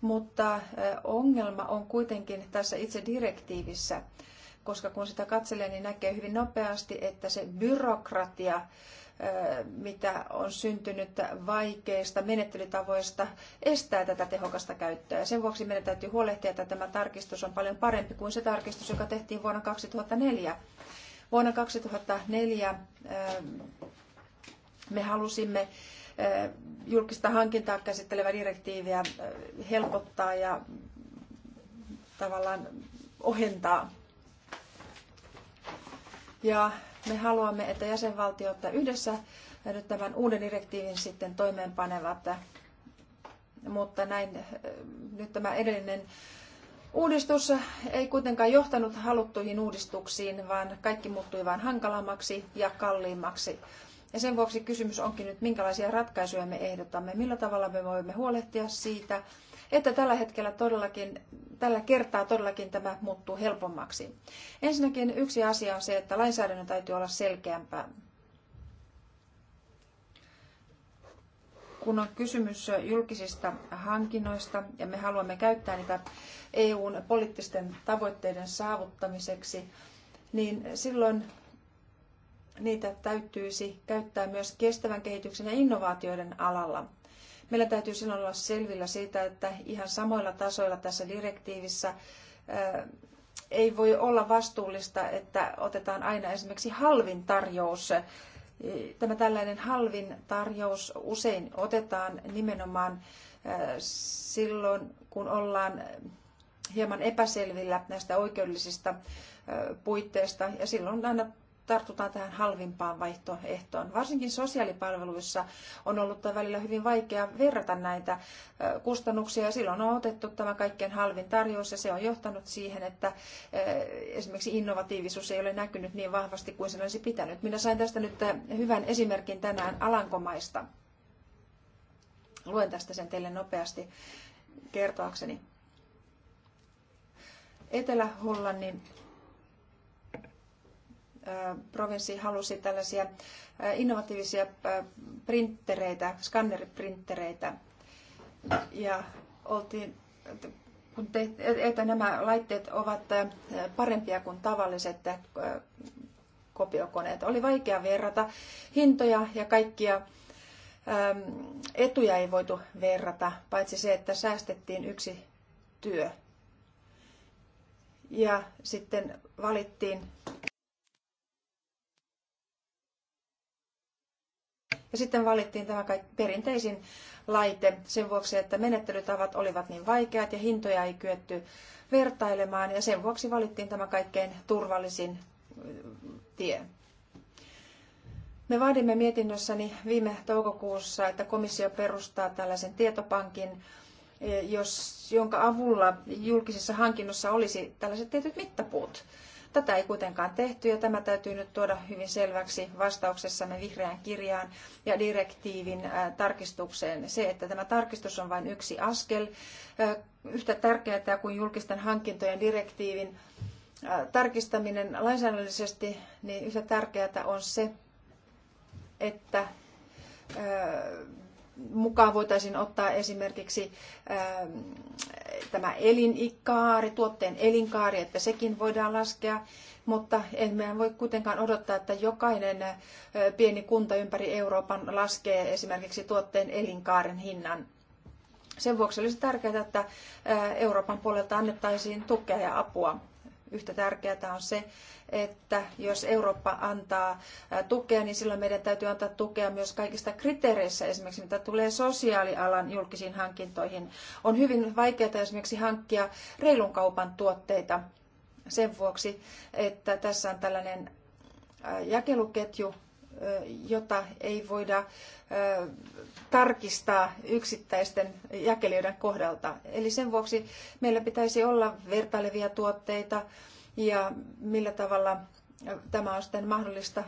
Mutta ongelma on kuitenkin tässä itse direktiivissä, koska kun sitä katselee, niin näkee hyvin nopeasti, että se byrokratia mitä on syntynyt vaikeista menettelytavoista, estää tätä tehokasta käyttöä. sen vuoksi meidän täytyy huolehtia, että tämä tarkistus on paljon parempi kuin se tarkistus, joka tehtiin vuonna 2004. Vuonna 2004 me halusimme julkista hankintaa käsittelevää direktiiviä helpottaa ja tavallaan ohentaa. Ja me haluamme, että jäsenvaltiot yhdessä nyt tämän uuden direktiivin sitten toimeenpanevat, mutta näin eh, nyt tämä edellinen Uudistus ei kuitenkaan johtanut haluttuihin uudistuksiin, vaan kaikki muuttui vain hankalammaksi ja kalliimmaksi. Ja sen vuoksi kysymys onkin nyt, minkälaisia ratkaisuja me ehdotamme, millä tavalla me voimme huolehtia siitä, että tällä hetkellä todellakin, tällä kertaa todellakin tämä muuttuu helpommaksi. Ensinnäkin yksi asia on se, että lainsäädännön täytyy olla selkeämpää. kun on kysymys julkisista hankinnoista ja me haluamme käyttää niitä EUn poliittisten tavoitteiden saavuttamiseksi, niin silloin niitä täytyisi käyttää myös kestävän kehityksen ja innovaatioiden alalla – Meillä täytyy silloin olla selvillä siitä, että ihan samoilla tasoilla tässä direktiivissä ei voi olla vastuullista, että otetaan aina esimerkiksi halvin tarjous. E, tämä tällainen halvin tarjous usein otetaan nimenomaan silloin, kun ollaan hieman epäselvillä näistä oikeudellisista puitteista ja silloin aina tartutaan tähän halvimpaan vaihtoehtoon. Varsinkin sosiaalipalveluissa on ollut välillä hyvin vaikea verrata näitä kustannuksia ja silloin on otettu tämä kaikkein halvin tarjous ja se on johtanut siihen, että esimerkiksi innovatiivisuus ei ole näkynyt niin vahvasti kuin sen olisi pitänyt. Minä sain tästä nyt hyvän esimerkin tänään Alankomaista. Luen tästä sen teille nopeasti kertoakseni. Etelä-Hollannin provinssi halusi tällaisia innovatiivisia printtereitä, skanneriprinttereitä. Ja oltiin, kun te, että nämä laitteet ovat parempia kuin tavalliset kopiokoneet. Oli vaikea verrata hintoja ja kaikkia etuja ei voitu verrata, paitsi se, että säästettiin yksi työ. Ja sitten valittiin Ja sitten valittiin tämä perinteisin laite sen vuoksi, että menettelytavat olivat niin vaikeat ja hintoja ei kyetty vertailemaan ja sen vuoksi valittiin tämä kaikkein turvallisin mm, tie. Me vaadimme mietinnössäni viime toukokuussa, että komissio perustaa tällaisen tietopankin, eh, jos, jonka avulla julkisissa hankinnoissa olisi tällaiset tietyt mittapuut. Tätä ei kuitenkaan tehty ja tämä täytyy nyt tuoda hyvin selväksi vastauksessamme vihreään kirjaan ja direktiivin äh, tarkistukseen. Se, että tämä tarkistus on vain yksi askel, äh, yhtä tärkeää kuin julkisten hankintojen direktiivin äh, tarkistaminen lainsäädännöllisesti, niin yhtä tärkeää on se, että mukaan voitaisiin ottaa esimerkiksi ähm, tämä elinikaari, tuotteen elinkaari, että sekin voidaan laskea, mutta emme voi kuitenkaan odottaa, että jokainen äh, pieni kunta ympäri Euroopan laskee esimerkiksi tuotteen elinkaaren hinnan. Sen vuoksi olisi tärkeää, että äh, Euroopan puolelta annettaisiin tukea ja apua. Yhtä tärkeää on se, että jos Eurooppa antaa tukea, niin silloin meidän täytyy antaa tukea myös kaikista kriteereissä, esimerkiksi mitä tulee sosiaalialan julkisiin hankintoihin. On hyvin vaikeaa esimerkiksi hankkia reilun kaupan tuotteita sen vuoksi, että tässä on tällainen jakeluketju jota ei voida tarkistaa yksittäisten jakelijoiden kohdalta. Eli sen vuoksi meillä pitäisi olla vertailevia tuotteita ja millä tavalla tämä on sitten mahdollista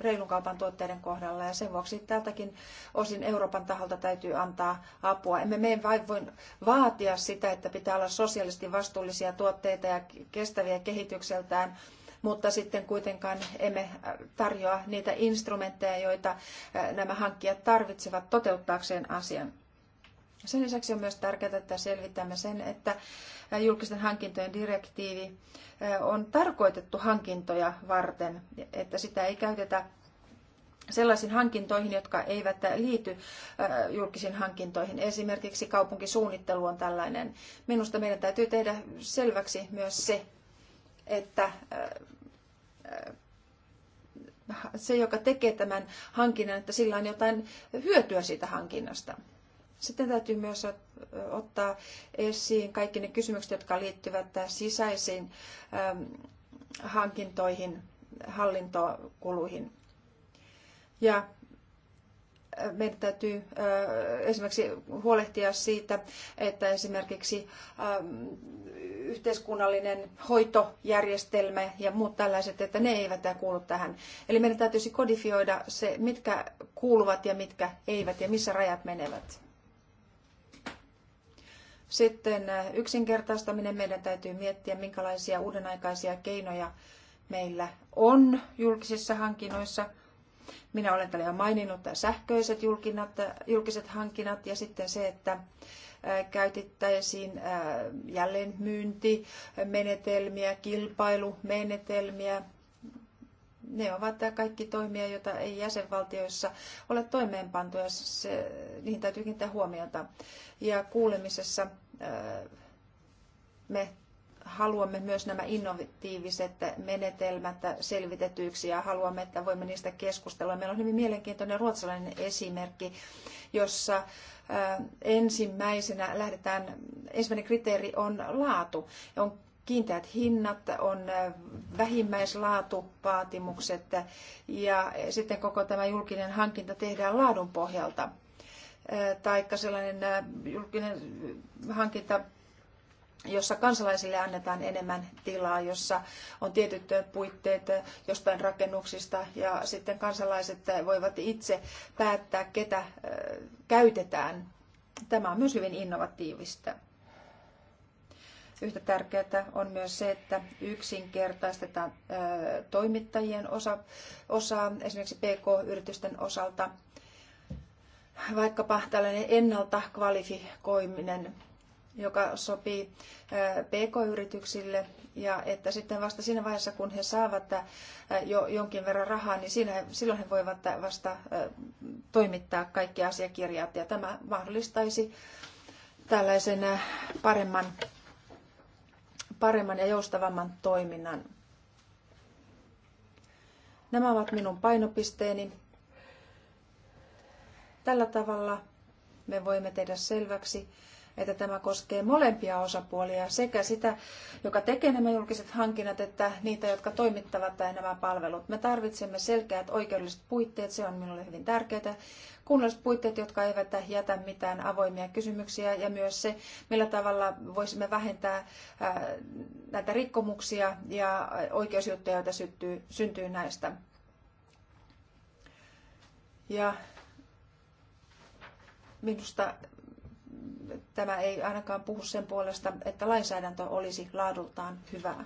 reilun kaupan tuotteiden kohdalla ja sen vuoksi tältäkin osin Euroopan taholta täytyy antaa apua. Emme me vain voi vaatia sitä, että pitää olla sosiaalisesti vastuullisia tuotteita ja kestäviä kehitykseltään mutta sitten kuitenkaan emme tarjoa niitä instrumentteja, joita nämä hankkijat tarvitsevat toteuttaakseen asian. Sen lisäksi on myös tärkeää, että selvitämme sen, että julkisten hankintojen direktiivi on tarkoitettu hankintoja varten, että sitä ei käytetä sellaisiin hankintoihin, jotka eivät liity julkisiin hankintoihin. Esimerkiksi kaupunkisuunnittelu on tällainen. Minusta meidän täytyy tehdä selväksi myös se, että äh, äh, se, joka tekee tämän hankinnan, että sillä on jotain hyötyä siitä hankinnasta. Sitten täytyy myös ottaa esiin kaikki ne kysymykset, jotka liittyvät sisäisiin ähm, hankintoihin, hallintokuluihin. Ja meidän täytyy esimerkiksi huolehtia siitä, että esimerkiksi yhteiskunnallinen hoitojärjestelmä ja muut tällaiset, että ne eivät kuulu tähän. Eli meidän täytyisi kodifioida se, mitkä kuuluvat ja mitkä eivät ja missä rajat menevät. Sitten yksinkertaistaminen meidän täytyy miettiä, minkälaisia uudenaikaisia keinoja meillä on julkisissa hankinnoissa – minä olen täällä jo maininnut sähköiset julkinnat, julkiset hankinnat ja sitten se, että käytettäisiin jälleenmyyntimenetelmiä, kilpailumenetelmiä. Ne ovat kaikki toimia, joita ei jäsenvaltioissa ole toimeenpantu ja se, niihin täytyy kiinnittää huomiota. Ja kuulemisessa me haluamme myös nämä innovatiiviset menetelmät selvitetyiksi ja haluamme, että voimme niistä keskustella. Meillä on hyvin mielenkiintoinen ruotsalainen esimerkki, jossa äh, ensimmäisenä lähdetään, ensimmäinen kriteeri on laatu. On kiinteät hinnat, on äh, vähimmäislaatuvaatimukset ja sitten koko tämä julkinen hankinta tehdään laadun pohjalta äh, taikka sellainen julkinen hankinta jossa kansalaisille annetaan enemmän tilaa, jossa on tietyt puitteet jostain rakennuksista ja sitten kansalaiset voivat itse päättää, ketä käytetään. Tämä on myös hyvin innovatiivista. Yhtä tärkeää on myös se, että yksinkertaistetaan toimittajien osa, osaa esimerkiksi PK-yritysten osalta. Vaikkapa tällainen ennalta kvalifikoiminen joka sopii PK-yrityksille ja että sitten vasta siinä vaiheessa, kun he saavat jo jonkin verran rahaa, niin siinä, silloin he voivat vasta toimittaa kaikki asiakirjat ja tämä mahdollistaisi tällaisen paremman, paremman ja joustavamman toiminnan. Nämä ovat minun painopisteeni. Tällä tavalla me voimme tehdä selväksi, että tämä koskee molempia osapuolia, sekä sitä, joka tekee nämä julkiset hankinnat, että niitä, jotka toimittavat tai nämä palvelut. Me tarvitsemme selkeät oikeudelliset puitteet, se on minulle hyvin tärkeää. Kunnolliset puitteet, jotka eivät jätä mitään avoimia kysymyksiä, ja myös se, millä tavalla voisimme vähentää näitä rikkomuksia ja oikeusjuttuja, joita syntyy, syntyy näistä. Ja minusta tämä ei ainakaan puhu sen puolesta, että lainsäädäntö olisi laadultaan hyvää.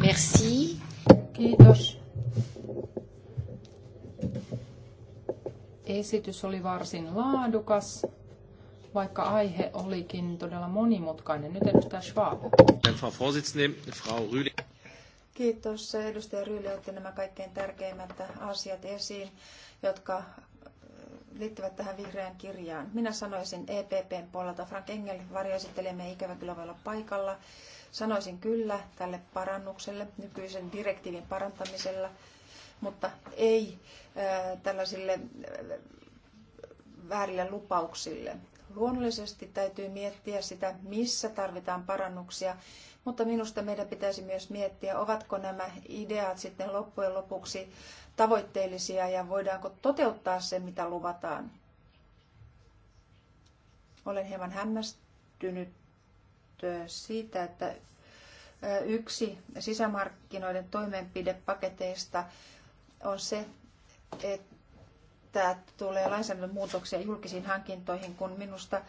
Merci. Kiitos. Esitys oli varsin laadukas, vaikka aihe olikin todella monimutkainen. Nyt edustaja Schwab. Kiitos. Edustaja Ryyli otti nämä kaikkein tärkeimmät asiat esiin, jotka liittyvät tähän vihreään kirjaan. Minä sanoisin EPPn puolelta, Frank Engel varjoesittelijämme ikävä kyllä voi olla paikalla, sanoisin kyllä tälle parannukselle, nykyisen direktiivin parantamisella, mutta ei äh, tällaisille äh, väärille lupauksille. Luonnollisesti täytyy miettiä sitä, missä tarvitaan parannuksia, mutta minusta meidän pitäisi myös miettiä, ovatko nämä ideat sitten loppujen lopuksi tavoitteellisia ja voidaanko toteuttaa se, mitä luvataan. Olen hieman hämmästynyt siitä, että yksi sisämarkkinoiden toimenpidepaketeista on se, että tulee lainsäädännön muutoksia julkisiin hankintoihin, kun minusta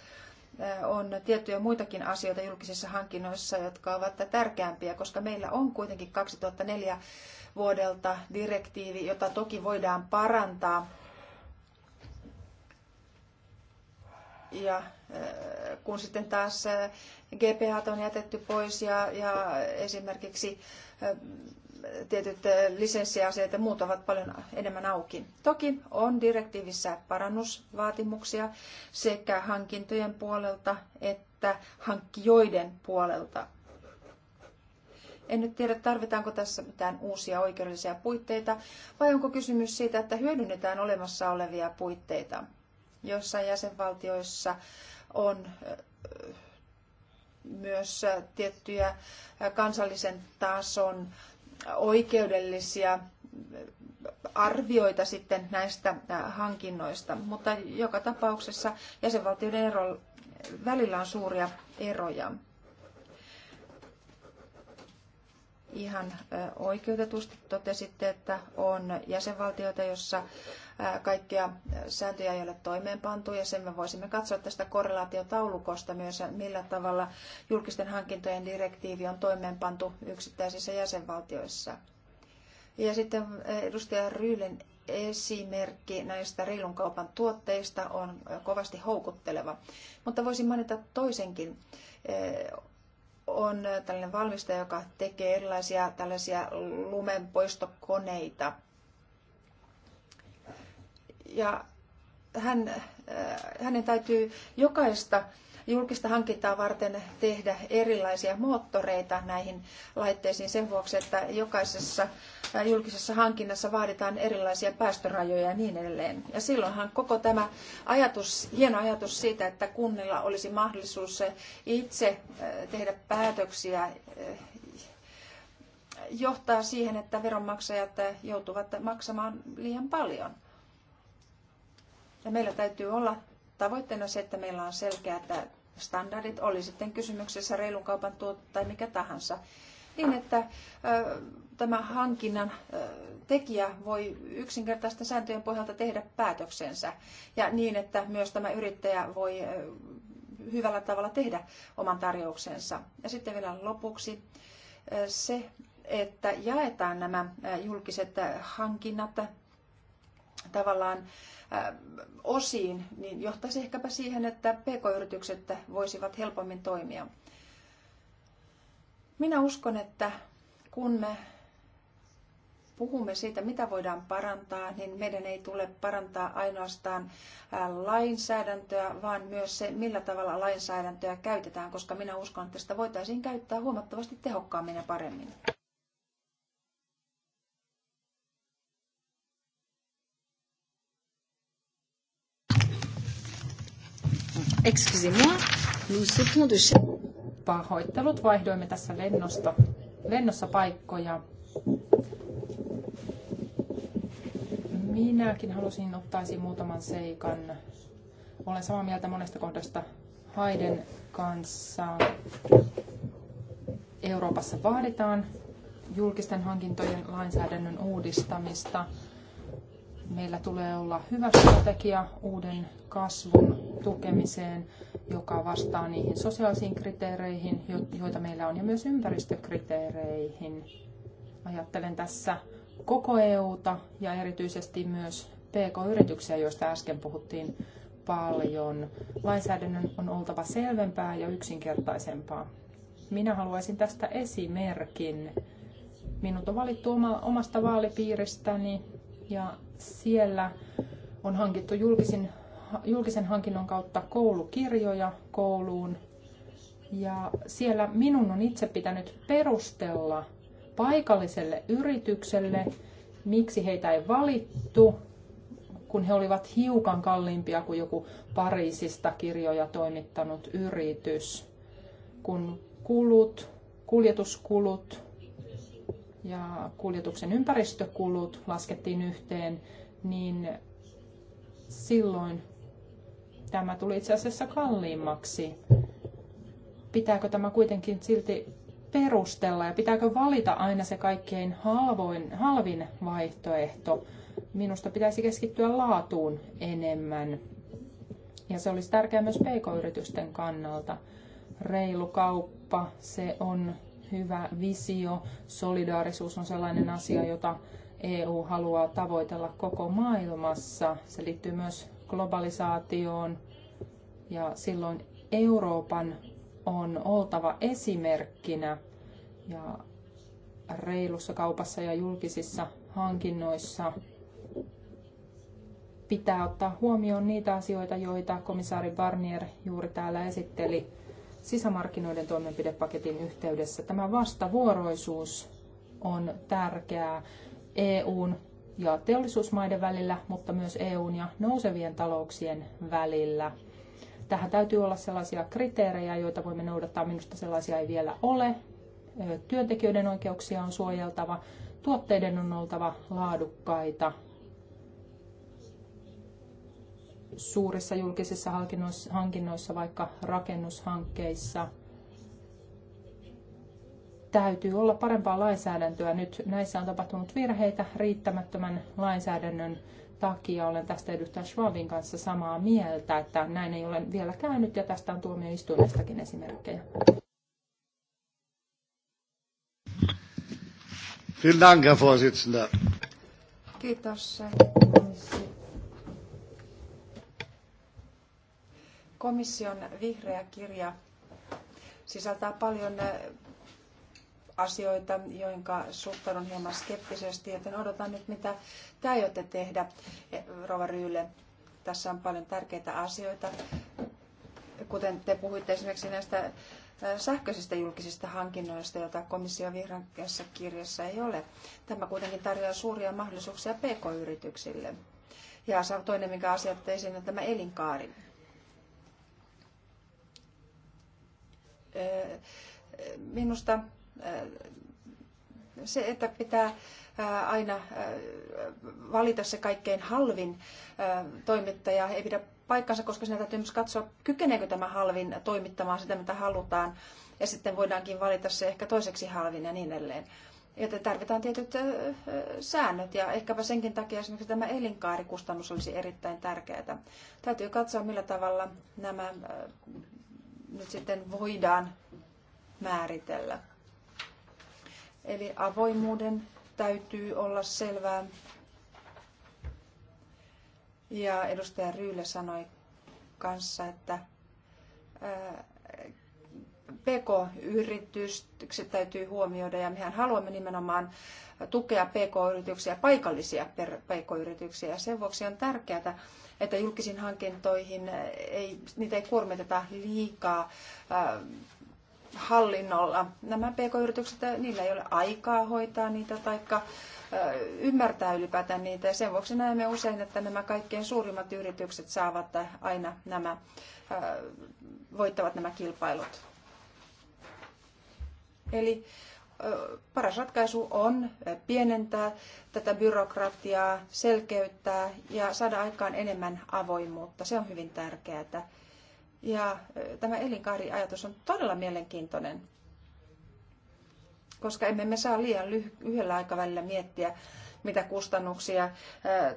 on tiettyjä muitakin asioita julkisissa hankinnoissa, jotka ovat tärkeämpiä, koska meillä on kuitenkin 2004 vuodelta direktiivi, jota toki voidaan parantaa. Ja eh, kun sitten taas eh, GPA on jätetty pois ja, ja esimerkiksi eh, tietyt lisenssiasiat ja muut ovat paljon enemmän auki. Toki on direktiivissä parannusvaatimuksia sekä hankintojen puolelta että hankkijoiden puolelta. En nyt tiedä, tarvitaanko tässä mitään uusia oikeudellisia puitteita vai onko kysymys siitä, että hyödynnetään olemassa olevia puitteita. Joissain jäsenvaltioissa on myös tiettyjä kansallisen tason oikeudellisia arvioita sitten näistä hankinnoista, mutta joka tapauksessa jäsenvaltioiden ero, välillä on suuria eroja. ihan oikeutetusti totesitte, että on jäsenvaltioita, jossa kaikkia sääntöjä ei ole toimeenpantu ja sen me voisimme katsoa tästä korrelaatiotaulukosta myös, millä tavalla julkisten hankintojen direktiivi on toimeenpantu yksittäisissä jäsenvaltioissa. Ja sitten edustaja Ryylen esimerkki näistä reilun kaupan tuotteista on kovasti houkutteleva. Mutta voisin mainita toisenkin on äh, tällainen valmistaja, joka tekee erilaisia tällaisia lumenpoistokoneita. Ja hän, äh, hänen täytyy jokaista julkista hankintaa varten tehdä erilaisia moottoreita näihin laitteisiin sen vuoksi, että jokaisessa julkisessa hankinnassa vaaditaan erilaisia päästörajoja ja niin edelleen. Ja silloinhan koko tämä ajatus, hieno ajatus siitä, että kunnilla olisi mahdollisuus itse tehdä päätöksiä johtaa siihen, että veronmaksajat joutuvat maksamaan liian paljon. Ja meillä täytyy olla tavoitteena se, että meillä on selkeät standardit, oli sitten kysymyksessä reilun kaupan tuote tai mikä tahansa, niin että tämä hankinnan tekijä voi yksinkertaisten sääntöjen pohjalta tehdä päätöksensä ja niin, että myös tämä yrittäjä voi hyvällä tavalla tehdä oman tarjouksensa. Ja sitten vielä lopuksi se, että jaetaan nämä julkiset hankinnat tavallaan osiin, niin johtaisi ehkäpä siihen, että pk-yritykset voisivat helpommin toimia. Minä uskon, että kun me puhumme siitä, mitä voidaan parantaa, niin meidän ei tule parantaa ainoastaan lainsäädäntöä, vaan myös se, millä tavalla lainsäädäntöä käytetään, koska minä uskon, että sitä voitaisiin käyttää huomattavasti tehokkaammin ja paremmin. Excusez-moi, nous sautons de chez... Pahoittelut, vaihdoimme tässä lennosta, lennossa paikkoja. Minäkin halusin ottaa esiin muutaman seikan. Olen samaa mieltä monesta kohdasta Haiden kanssa. Euroopassa vaaditaan julkisten hankintojen lainsäädännön uudistamista – Meillä tulee olla hyvä strategia uuden kasvun tukemiseen, joka vastaa niihin sosiaalisiin kriteereihin, joita meillä on, ja myös ympäristökriteereihin. Ajattelen tässä koko EUta ja erityisesti myös PK-yrityksiä, joista äsken puhuttiin paljon. Lainsäädännön on oltava selvempää ja yksinkertaisempaa. Minä haluaisin tästä esimerkin. Minut on valittu oma, omasta vaalipiiristäni ja siellä on hankittu julkisin, julkisen hankinnon kautta koulukirjoja kouluun. Ja siellä minun on itse pitänyt perustella paikalliselle yritykselle, miksi heitä ei valittu, kun he olivat hiukan kalliimpia kuin joku Pariisista kirjoja toimittanut yritys. Kun kulut, kuljetuskulut ja kuljetuksen ympäristökulut laskettiin yhteen, niin silloin tämä tuli itse asiassa kalliimmaksi. Pitääkö tämä kuitenkin silti perustella ja pitääkö valita aina se kaikkein halvoin, halvin vaihtoehto? Minusta pitäisi keskittyä laatuun enemmän. Ja se olisi tärkeää myös pk-yritysten kannalta. Reilu kauppa, se on hyvä visio. Solidaarisuus on sellainen asia, jota EU haluaa tavoitella koko maailmassa. Se liittyy myös globalisaatioon ja silloin Euroopan on oltava esimerkkinä ja reilussa kaupassa ja julkisissa hankinnoissa pitää ottaa huomioon niitä asioita, joita komissaari Barnier juuri täällä esitteli sisämarkkinoiden toimenpidepaketin yhteydessä. Tämä vastavuoroisuus on tärkeää EUn ja teollisuusmaiden välillä, mutta myös EUn ja nousevien talouksien välillä. Tähän täytyy olla sellaisia kriteerejä, joita voimme noudattaa. Minusta sellaisia ei vielä ole. Työntekijöiden oikeuksia on suojeltava, tuotteiden on oltava laadukkaita suurissa julkisissa hankinnoissa, vaikka rakennushankkeissa, täytyy olla parempaa lainsäädäntöä. Nyt näissä on tapahtunut virheitä riittämättömän lainsäädännön takia. Olen tästä edustaja Schwabin kanssa samaa mieltä, että näin ei ole vielä käynyt ja tästä on tuomioistuimestakin esimerkkejä. Vielen Dank, Herr Vorsitzender. Kiitos, Komission vihreä kirja sisältää paljon eh, asioita, joinka suhtaudun hieman skeptisesti, joten odotan nyt, mitä te aiotte tehdä, eh, Rova Ryyle. Tässä on paljon tärkeitä asioita, kuten te puhuitte esimerkiksi näistä eh, sähköisistä julkisista hankinnoista, joita komission vihreässä kirjassa ei ole. Tämä kuitenkin tarjoaa suuria mahdollisuuksia pk-yrityksille. Ja toinen, mikä asiat esiin, on tämä elinkaari. minusta äh, se, että pitää äh, aina äh, valita se kaikkein halvin toimittaja, ei pidä paikkansa, koska sinä täytyy myös katsoa, kykeneekö tämä halvin toimittamaan sitä, mitä halutaan, ja sitten voidaankin valita se ehkä toiseksi halvin ja niin edelleen. Joten tarvitaan tietyt säännöt ja ehkäpä senkin takia esimerkiksi tämä elinkaarikustannus olisi erittäin tärkeää. Täytyy katsoa, millä tavalla nämä nyt sitten voidaan määritellä. Eli avoimuuden täytyy olla selvää. Ja edustaja Ryyle sanoi kanssa, että PK-yritykset täytyy huomioida ja mehän haluamme nimenomaan tukea PK-yrityksiä, paikallisia PK-yrityksiä. Sen vuoksi on tärkeää, että julkisiin hankintoihin ei, niitä ei kuormiteta liikaa äh, hallinnolla. Nämä PK-yritykset, niillä ei ole aikaa hoitaa niitä taikka äh, ymmärtää ylipäätään niitä. Ja sen vuoksi näemme usein, että nämä kaikkein suurimmat yritykset saavat aina nämä, äh, voittavat nämä kilpailut. Eli paras ratkaisu on pienentää tätä byrokratiaa, selkeyttää ja saada aikaan enemmän avoimuutta. Se on hyvin tärkeää. Ja tämä elinkaariajatus on todella mielenkiintoinen, koska emme me saa liian lyhyellä aikavälillä miettiä mitä kustannuksia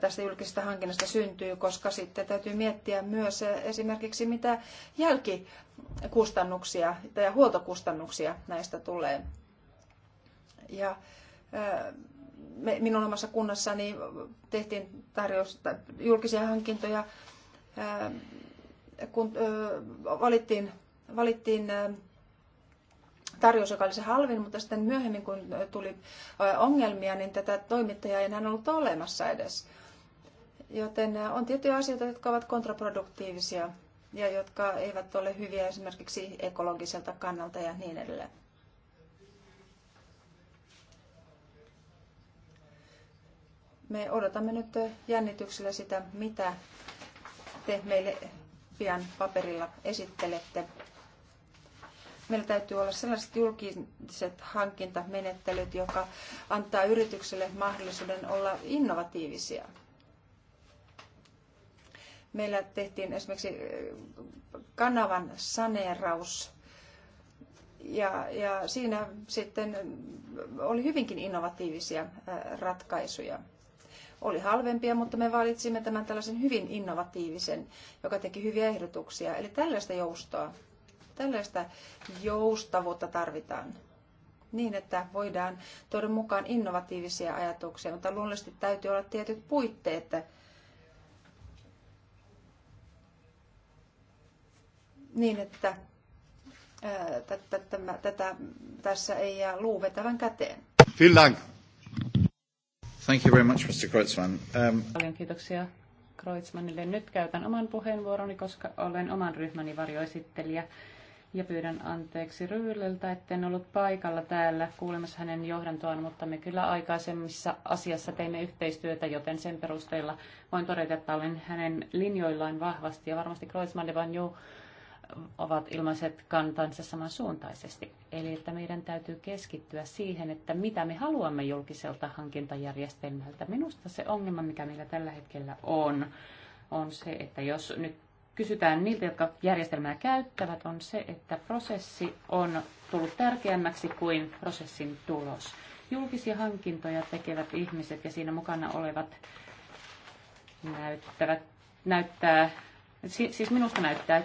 tästä julkisesta hankinnasta syntyy, koska sitten täytyy miettiä myös esimerkiksi mitä jälkikustannuksia tai huoltokustannuksia näistä tulee. Ja minun omassa kunnassani tehtiin tarjous, julkisia hankintoja, kun valittiin, valittiin tarjous, joka oli se halvin, mutta sitten myöhemmin, kun tuli ongelmia, niin tätä toimittajaa ei enää ollut olemassa edes. Joten on tiettyjä asioita, jotka ovat kontraproduktiivisia ja jotka eivät ole hyviä esimerkiksi ekologiselta kannalta ja niin edelleen. Me odotamme nyt jännityksellä sitä, mitä te meille pian paperilla esittelette Meillä täytyy olla sellaiset julkiset hankintamenettelyt, joka antaa yritykselle mahdollisuuden olla innovatiivisia. Meillä tehtiin esimerkiksi eh, kanavan saneeraus ja, ja siinä sitten oli hyvinkin innovatiivisia eh, ratkaisuja. Oli halvempia, mutta me valitsimme tämän tällaisen hyvin innovatiivisen, joka teki hyviä ehdotuksia. Eli tällaista joustoa Tällaista joustavuutta tarvitaan niin, että voidaan tuoda mukaan innovatiivisia ajatuksia, mutta luonnollisesti täytyy olla tietyt puitteet. Niin, että tätä, tässä ei jää luu vetävän käteen. Vielen Thank you very much, Mr. Kreutzmann. Um... Paljon kiitoksia Kreutzmannille. Nyt käytän oman puheenvuoroni, koska olen oman ryhmäni varjoesittelijä ja pyydän anteeksi Ryyliltä, etten ollut paikalla täällä kuulemassa hänen johdantoaan, mutta me kyllä aikaisemmissa asiassa teimme yhteistyötä, joten sen perusteella voin todeta, että olen hänen linjoillaan vahvasti ja varmasti Kreuzmann ja Vanju ovat ilmaiset kantansa samansuuntaisesti. Eli että meidän täytyy keskittyä siihen, että mitä me haluamme julkiselta hankintajärjestelmältä. Minusta se ongelma, mikä meillä tällä hetkellä on, on se, että jos nyt kysytään niiltä, jotka järjestelmää käyttävät, on se, että prosessi on tullut tärkeämmäksi kuin prosessin tulos. Julkisia hankintoja tekevät ihmiset ja siinä mukana olevat näyttävät, näyttää, siis minusta näyttää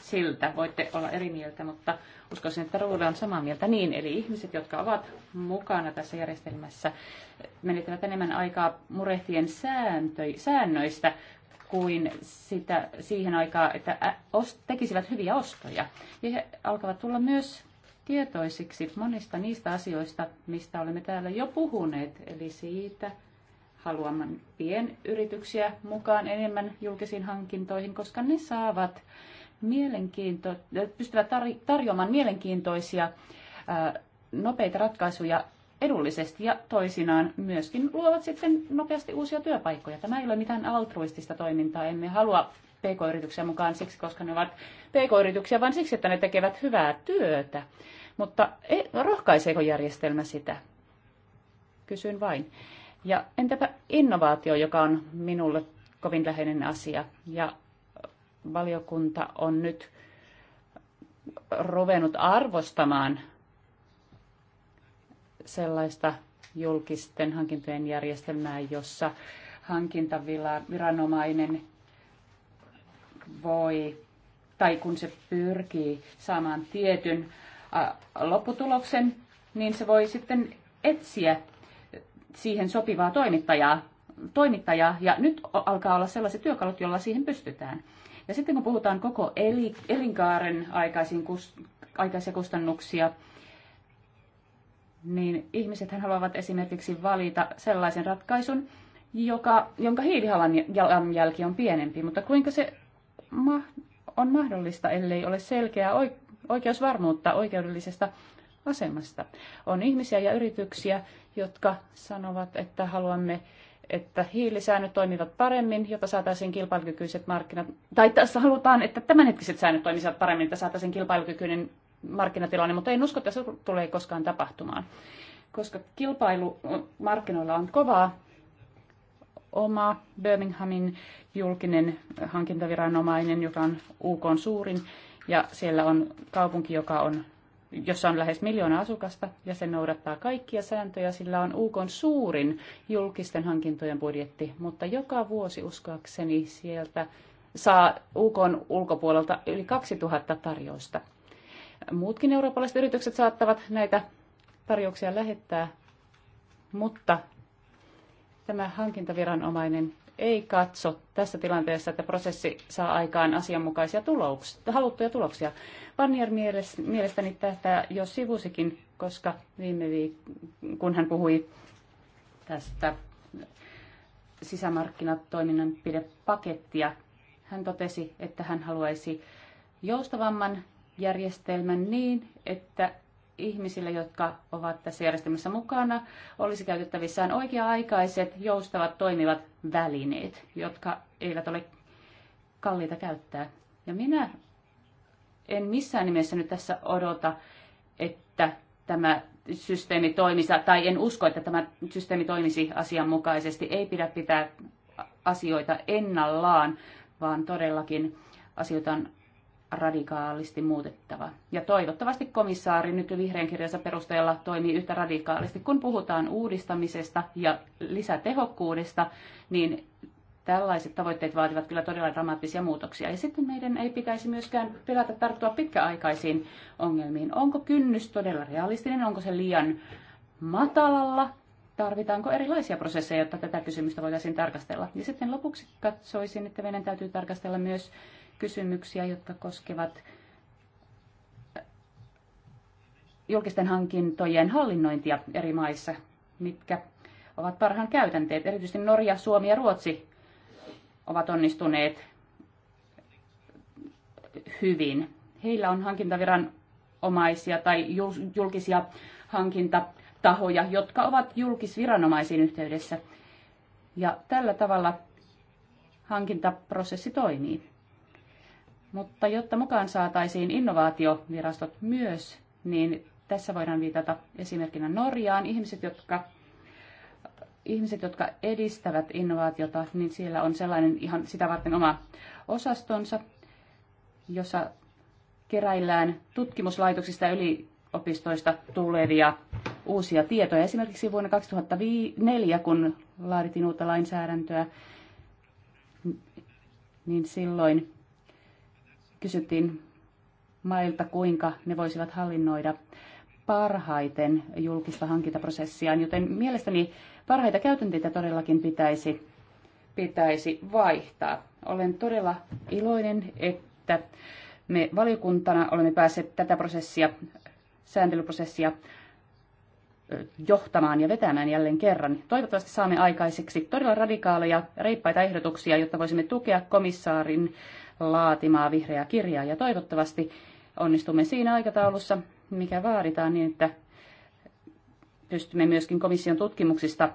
siltä, voitte olla eri mieltä, mutta uskoisin, että Ruuda on samaa mieltä niin. Eli ihmiset, jotka ovat mukana tässä järjestelmässä, menettävät enemmän aikaa murehtien sääntö, säännöistä kuin sitä, siihen aikaan, että tekisivät hyviä ostoja. Ja he alkavat tulla myös tietoisiksi monista niistä asioista, mistä olemme täällä jo puhuneet, eli siitä, haluamman pienyrityksiä mukaan enemmän julkisiin hankintoihin, koska ne saavat mielenkiinto, pystyvät tarjoamaan mielenkiintoisia nopeita ratkaisuja edullisesti ja toisinaan myöskin luovat sitten nopeasti uusia työpaikkoja. Tämä ei ole mitään altruistista toimintaa. Emme halua pk-yrityksiä mukaan siksi, koska ne ovat pk-yrityksiä, vaan siksi, että ne tekevät hyvää työtä. Mutta e, rohkaiseeko järjestelmä sitä? Kysyn vain. Ja entäpä innovaatio, joka on minulle kovin läheinen asia. Ja valiokunta on nyt ruvennut arvostamaan sellaista julkisten hankintojen järjestelmää, jossa hankintaviranomainen voi, tai kun se pyrkii saamaan tietyn lopputuloksen, niin se voi sitten etsiä siihen sopivaa toimittajaa, toimittajaa ja nyt alkaa olla sellaiset työkalut, joilla siihen pystytään. Ja sitten kun puhutaan koko elinkaaren aikaisiin, aikaisia kustannuksia niin ihmiset haluavat esimerkiksi valita sellaisen ratkaisun, joka, jonka hiilijalanjälki on pienempi. Mutta kuinka se on mahdollista, ellei ole selkeää oikeusvarmuutta oikeudellisesta asemasta? On ihmisiä ja yrityksiä, jotka sanovat, että haluamme että hiilisäännöt toimivat paremmin, jotta saataisiin kilpailukykyiset markkinat. Tai tässä halutaan, että tämänhetkiset säännöt toimisivat paremmin, että saataisiin kilpailukykyinen markkinatilanne, mutta en usko, että se tulee koskaan tapahtumaan. Koska kilpailu markkinoilla on kovaa, oma Birminghamin julkinen hankintaviranomainen, joka on UK on suurin, ja siellä on kaupunki, joka on, jossa on lähes miljoona asukasta, ja se noudattaa kaikkia sääntöjä. Sillä on UK on suurin julkisten hankintojen budjetti, mutta joka vuosi uskoakseni sieltä saa UK ulkopuolelta yli 2000 tarjousta muutkin eurooppalaiset yritykset saattavat näitä tarjouksia lähettää, mutta tämä hankintaviranomainen ei katso tässä tilanteessa, että prosessi saa aikaan asianmukaisia tuloksia, haluttuja tuloksia. Vanier mielestäni tätä jo sivusikin, koska viime viik- kun hän puhui tästä sisämarkkinatoiminnan pidepakettia, hän totesi, että hän haluaisi joustavamman järjestelmän niin, että ihmisille, jotka ovat tässä järjestelmässä mukana, olisi käytettävissään oikea-aikaiset, joustavat, toimivat välineet, jotka eivät ole kalliita käyttää. Ja minä en missään nimessä nyt tässä odota, että tämä systeemi toimisi, tai en usko, että tämä systeemi toimisi asianmukaisesti. Ei pidä pitää asioita ennallaan, vaan todellakin asioita on radikaalisti muutettava. Ja toivottavasti komissaari nyt vihreän kirjansa perusteella toimii yhtä radikaalisti. Kun puhutaan uudistamisesta ja lisätehokkuudesta, niin tällaiset tavoitteet vaativat kyllä todella dramaattisia muutoksia. Ja sitten meidän ei pitäisi myöskään pelätä tarttua pitkäaikaisiin ongelmiin. Onko kynnys todella realistinen? Onko se liian matalalla? Tarvitaanko erilaisia prosesseja, jotta tätä kysymystä voitaisiin tarkastella? Ja sitten lopuksi katsoisin, että meidän täytyy tarkastella myös kysymyksiä, jotka koskevat äh, julkisten hankintojen hallinnointia eri maissa, mitkä ovat parhaan käytänteet. Erityisesti Norja, Suomi ja Ruotsi ovat onnistuneet hyvin. Heillä on hankintaviran omaisia tai julkisia hankintatahoja, jotka ovat julkisviranomaisiin yhteydessä. Ja tällä tavalla hankintaprosessi toimii. Mutta jotta mukaan saataisiin innovaatiovirastot myös, niin tässä voidaan viitata esimerkkinä Norjaan. Ihmiset, jotka, ihmiset, jotka edistävät innovaatiota, niin siellä on sellainen ihan sitä varten oma osastonsa, jossa keräillään tutkimuslaitoksista ja yliopistoista tulevia uusia tietoja. Esimerkiksi vuonna 2004, kun laadittiin uutta lainsäädäntöä, niin silloin kysyttiin mailta, kuinka ne voisivat hallinnoida parhaiten julkista hankintaprosessia, joten mielestäni parhaita käytänteitä todellakin pitäisi, pitäisi vaihtaa. Olen todella iloinen, että me valiokuntana olemme päässeet tätä prosessia, sääntelyprosessia johtamaan ja vetämään jälleen kerran. Toivottavasti saamme aikaiseksi todella radikaaleja, reippaita ehdotuksia, jotta voisimme tukea komissaarin laatimaa vihreää kirjaa ja toivottavasti onnistumme siinä aikataulussa, mikä vaaditaan niin, että pystymme myöskin komission tutkimuksista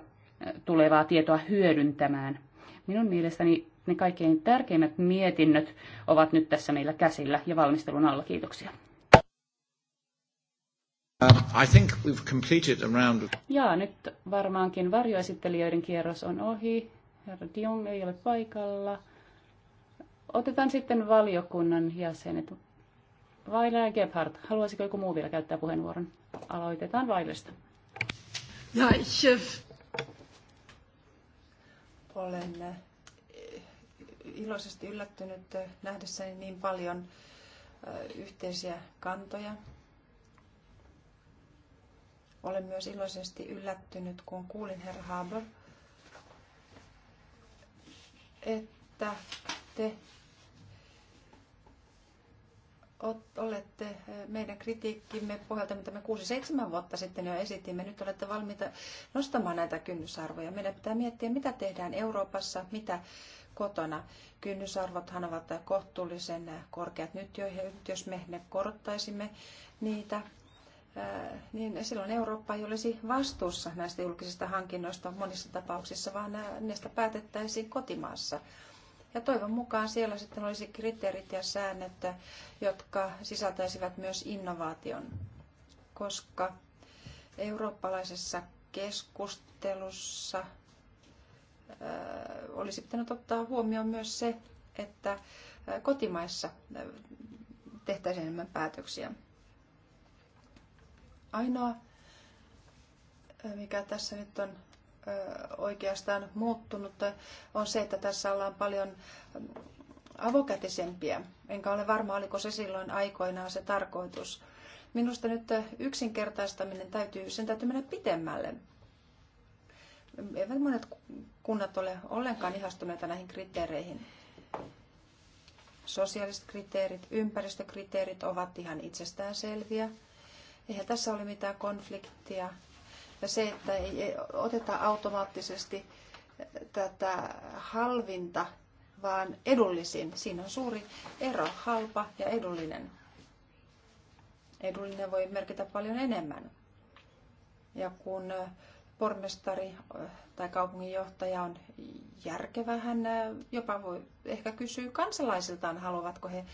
tulevaa tietoa hyödyntämään. Minun mielestäni ne kaikkein tärkeimmät mietinnöt ovat nyt tässä meillä käsillä ja valmistelun alla. Kiitoksia. Um, I think we've completed a round of... nyt varmaankin varjoesittelijöiden kierros on ohi. Herra Dion ei ole paikalla. Otetaan sitten valiokunnan jäsenet. Vaila ja Gebhardt, haluaisiko joku muu vielä käyttää puheenvuoron? Aloitetaan Vailesta. Ja, ich... Äh, olen äh, iloisesti yllättynyt äh, nähdessäni niin paljon yhteisiä kantoja. Olen myös iloisesti yllättynyt, kun kuulin herra Haber, että te olette eh, meidän kritiikkimme pohjalta, mitä me 6-7 vuotta sitten jo esitimme. Nyt olette valmiita nostamaan näitä kynnysarvoja. Meidän pitää miettiä, mitä tehdään Euroopassa, mitä kotona. Kynnysarvothan ovat kohtuullisen korkeat nyt jo, ja nyt jos me ne korottaisimme niitä, eh, niin silloin Eurooppa ei olisi vastuussa näistä julkisista hankinnoista monissa tapauksissa, vaan eh, näistä päätettäisiin kotimaassa. Ja toivon mukaan siellä sitten olisi kriteerit ja säännöt, jotka sisältäisivät myös innovaation, koska eurooppalaisessa keskustelussa äh, olisi pitänyt ottaa huomioon myös se, että äh, kotimaissa äh, tehtäisiin enemmän päätöksiä. Ainoa, mikä tässä nyt on oikeastaan muuttunut, on se, että tässä ollaan paljon avokätisempiä. Enkä ole varma, oliko se silloin aikoinaan se tarkoitus. Minusta nyt yksinkertaistaminen täytyy, sen täytyy mennä pitemmälle. Eivät monet kunnat ole ollenkaan ihastuneita näihin kriteereihin. Sosiaaliset kriteerit, ympäristökriteerit ovat ihan itsestään selviä. Eihän tässä ole mitään konfliktia ja se, että ei oteta automaattisesti eh, tätä halvinta, vaan edullisin. Siinä on suuri ero, halpa ja edullinen. Edullinen voi merkitä paljon enemmän. Ja kun eh, pormestari eh, tai kaupunginjohtaja on järkevä, hän jopa voi ehkä kysyä kansalaisiltaan, haluavatko he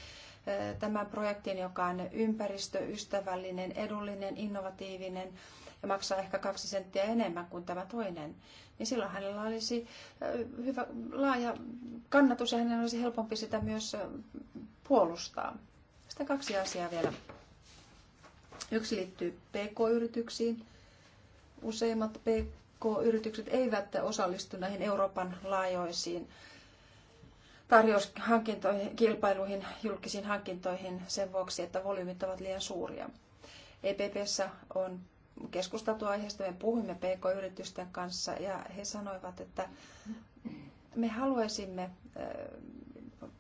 tämän projektin, joka on ympäristöystävällinen, edullinen, innovatiivinen, ja maksaa ehkä kaksi senttiä enemmän kuin tämä toinen, niin silloin hänellä olisi hyvä laaja kannatus ja hänellä olisi helpompi sitä myös puolustaa. Sitten kaksi asiaa vielä. Yksi liittyy PK-yrityksiin. Useimmat PK-yritykset eivät osallistu näihin Euroopan laajoisiin tarjoushankintoihin, kilpailuihin, julkisiin hankintoihin sen vuoksi, että volyymit ovat liian suuria. EPPssä on keskusteltu aiheesta, me puhuimme PK-yritysten kanssa ja he sanoivat, että me haluaisimme äh,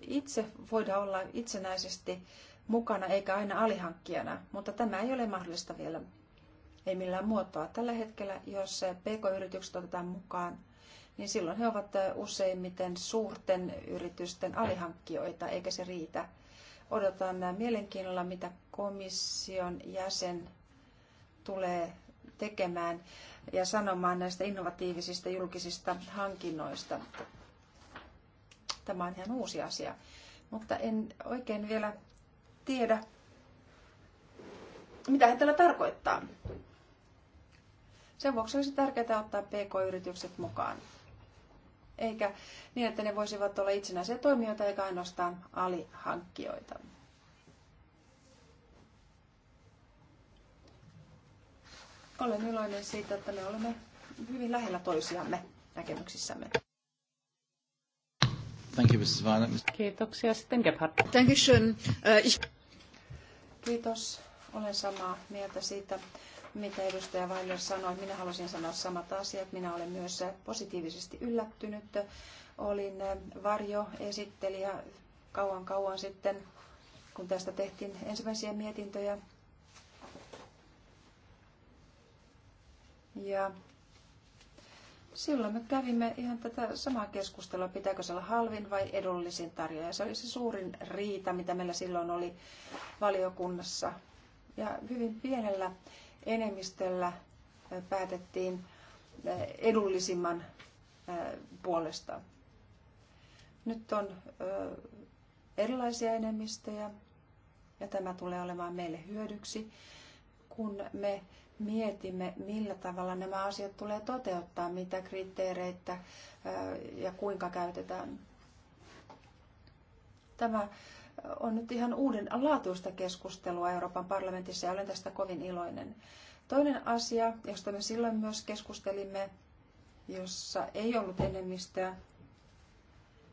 itse voida olla itsenäisesti mukana eikä aina alihankkijana, mutta tämä ei ole mahdollista vielä, ei millään muotoa. Tällä hetkellä, jos PK-yritykset otetaan mukaan, niin silloin he ovat äh, useimmiten suurten yritysten alihankkijoita, eikä se riitä. Odotan äh, mielenkiinnolla, mitä komission jäsen tulee tekemään ja sanomaan näistä innovatiivisista julkisista hankinnoista. Tämä on ihan uusi asia, mutta en oikein vielä tiedä, mitä hän tällä tarkoittaa. Sen vuoksi olisi tärkeää ottaa pk-yritykset mukaan. Eikä niin, että ne voisivat olla itsenäisiä toimijoita eikä ainoastaan alihankkijoita. Olen iloinen siitä, että me olemme hyvin lähellä toisiamme näkemyksissämme. Thank you, Mrs. Violet. Kiitoksia. Sitten Gebhard. Thank you. Äh, Kiitos. Olen samaa mieltä siitä, mitä edustaja Weiler sanoi. Minä halusin sanoa samat asiat. Minä olen myös positiivisesti yllättynyt. Olin varjoesittelijä kauan kauan sitten, kun tästä tehtiin ensimmäisiä mietintöjä Ja silloin me kävimme ihan tätä samaa keskustelua, pitääkö se olla halvin vai edullisin tarjoaja. Se oli se suurin riita, mitä meillä silloin oli valiokunnassa. Ja hyvin pienellä enemmistöllä päätettiin edullisimman puolesta. Nyt on erilaisia enemmistöjä ja tämä tulee olemaan meille hyödyksi, kun me mietimme, millä tavalla nämä asiat tulee toteuttaa, mitä kriteereitä ja kuinka käytetään. Tämä on nyt ihan uuden laatuista keskustelua Euroopan parlamentissa ja olen tästä kovin iloinen. Toinen asia, josta me silloin myös keskustelimme, jossa ei ollut enemmistöä,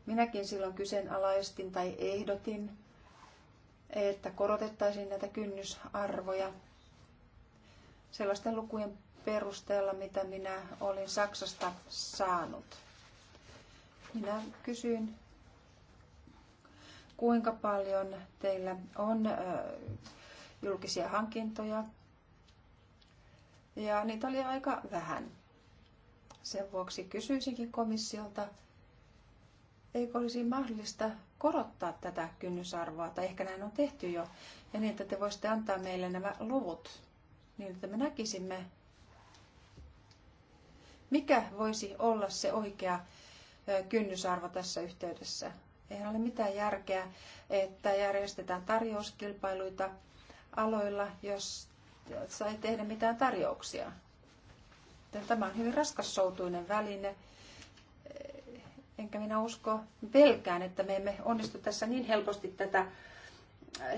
minäkin silloin kyseenalaistin tai ehdotin, että korotettaisiin näitä kynnysarvoja – sellaisten lukujen perusteella, mitä minä olin Saksasta saanut. Minä kysyin, kuinka paljon teillä on julkisia hankintoja. Ja niitä oli aika vähän. Sen vuoksi kysyisinkin komissiolta, eikö olisi mahdollista korottaa tätä kynnysarvoa, tai ehkä näin on tehty jo, ja niin, että te voisitte antaa meille nämä luvut niin että me näkisimme, mikä voisi olla se oikea kynnysarvo tässä yhteydessä. Ei ole mitään järkeä, että järjestetään tarjouskilpailuita aloilla, jos saa ei tehdä mitään tarjouksia. Tämä on hyvin raskassoutuinen väline, enkä minä usko pelkään, että me emme onnistu tässä niin helposti tätä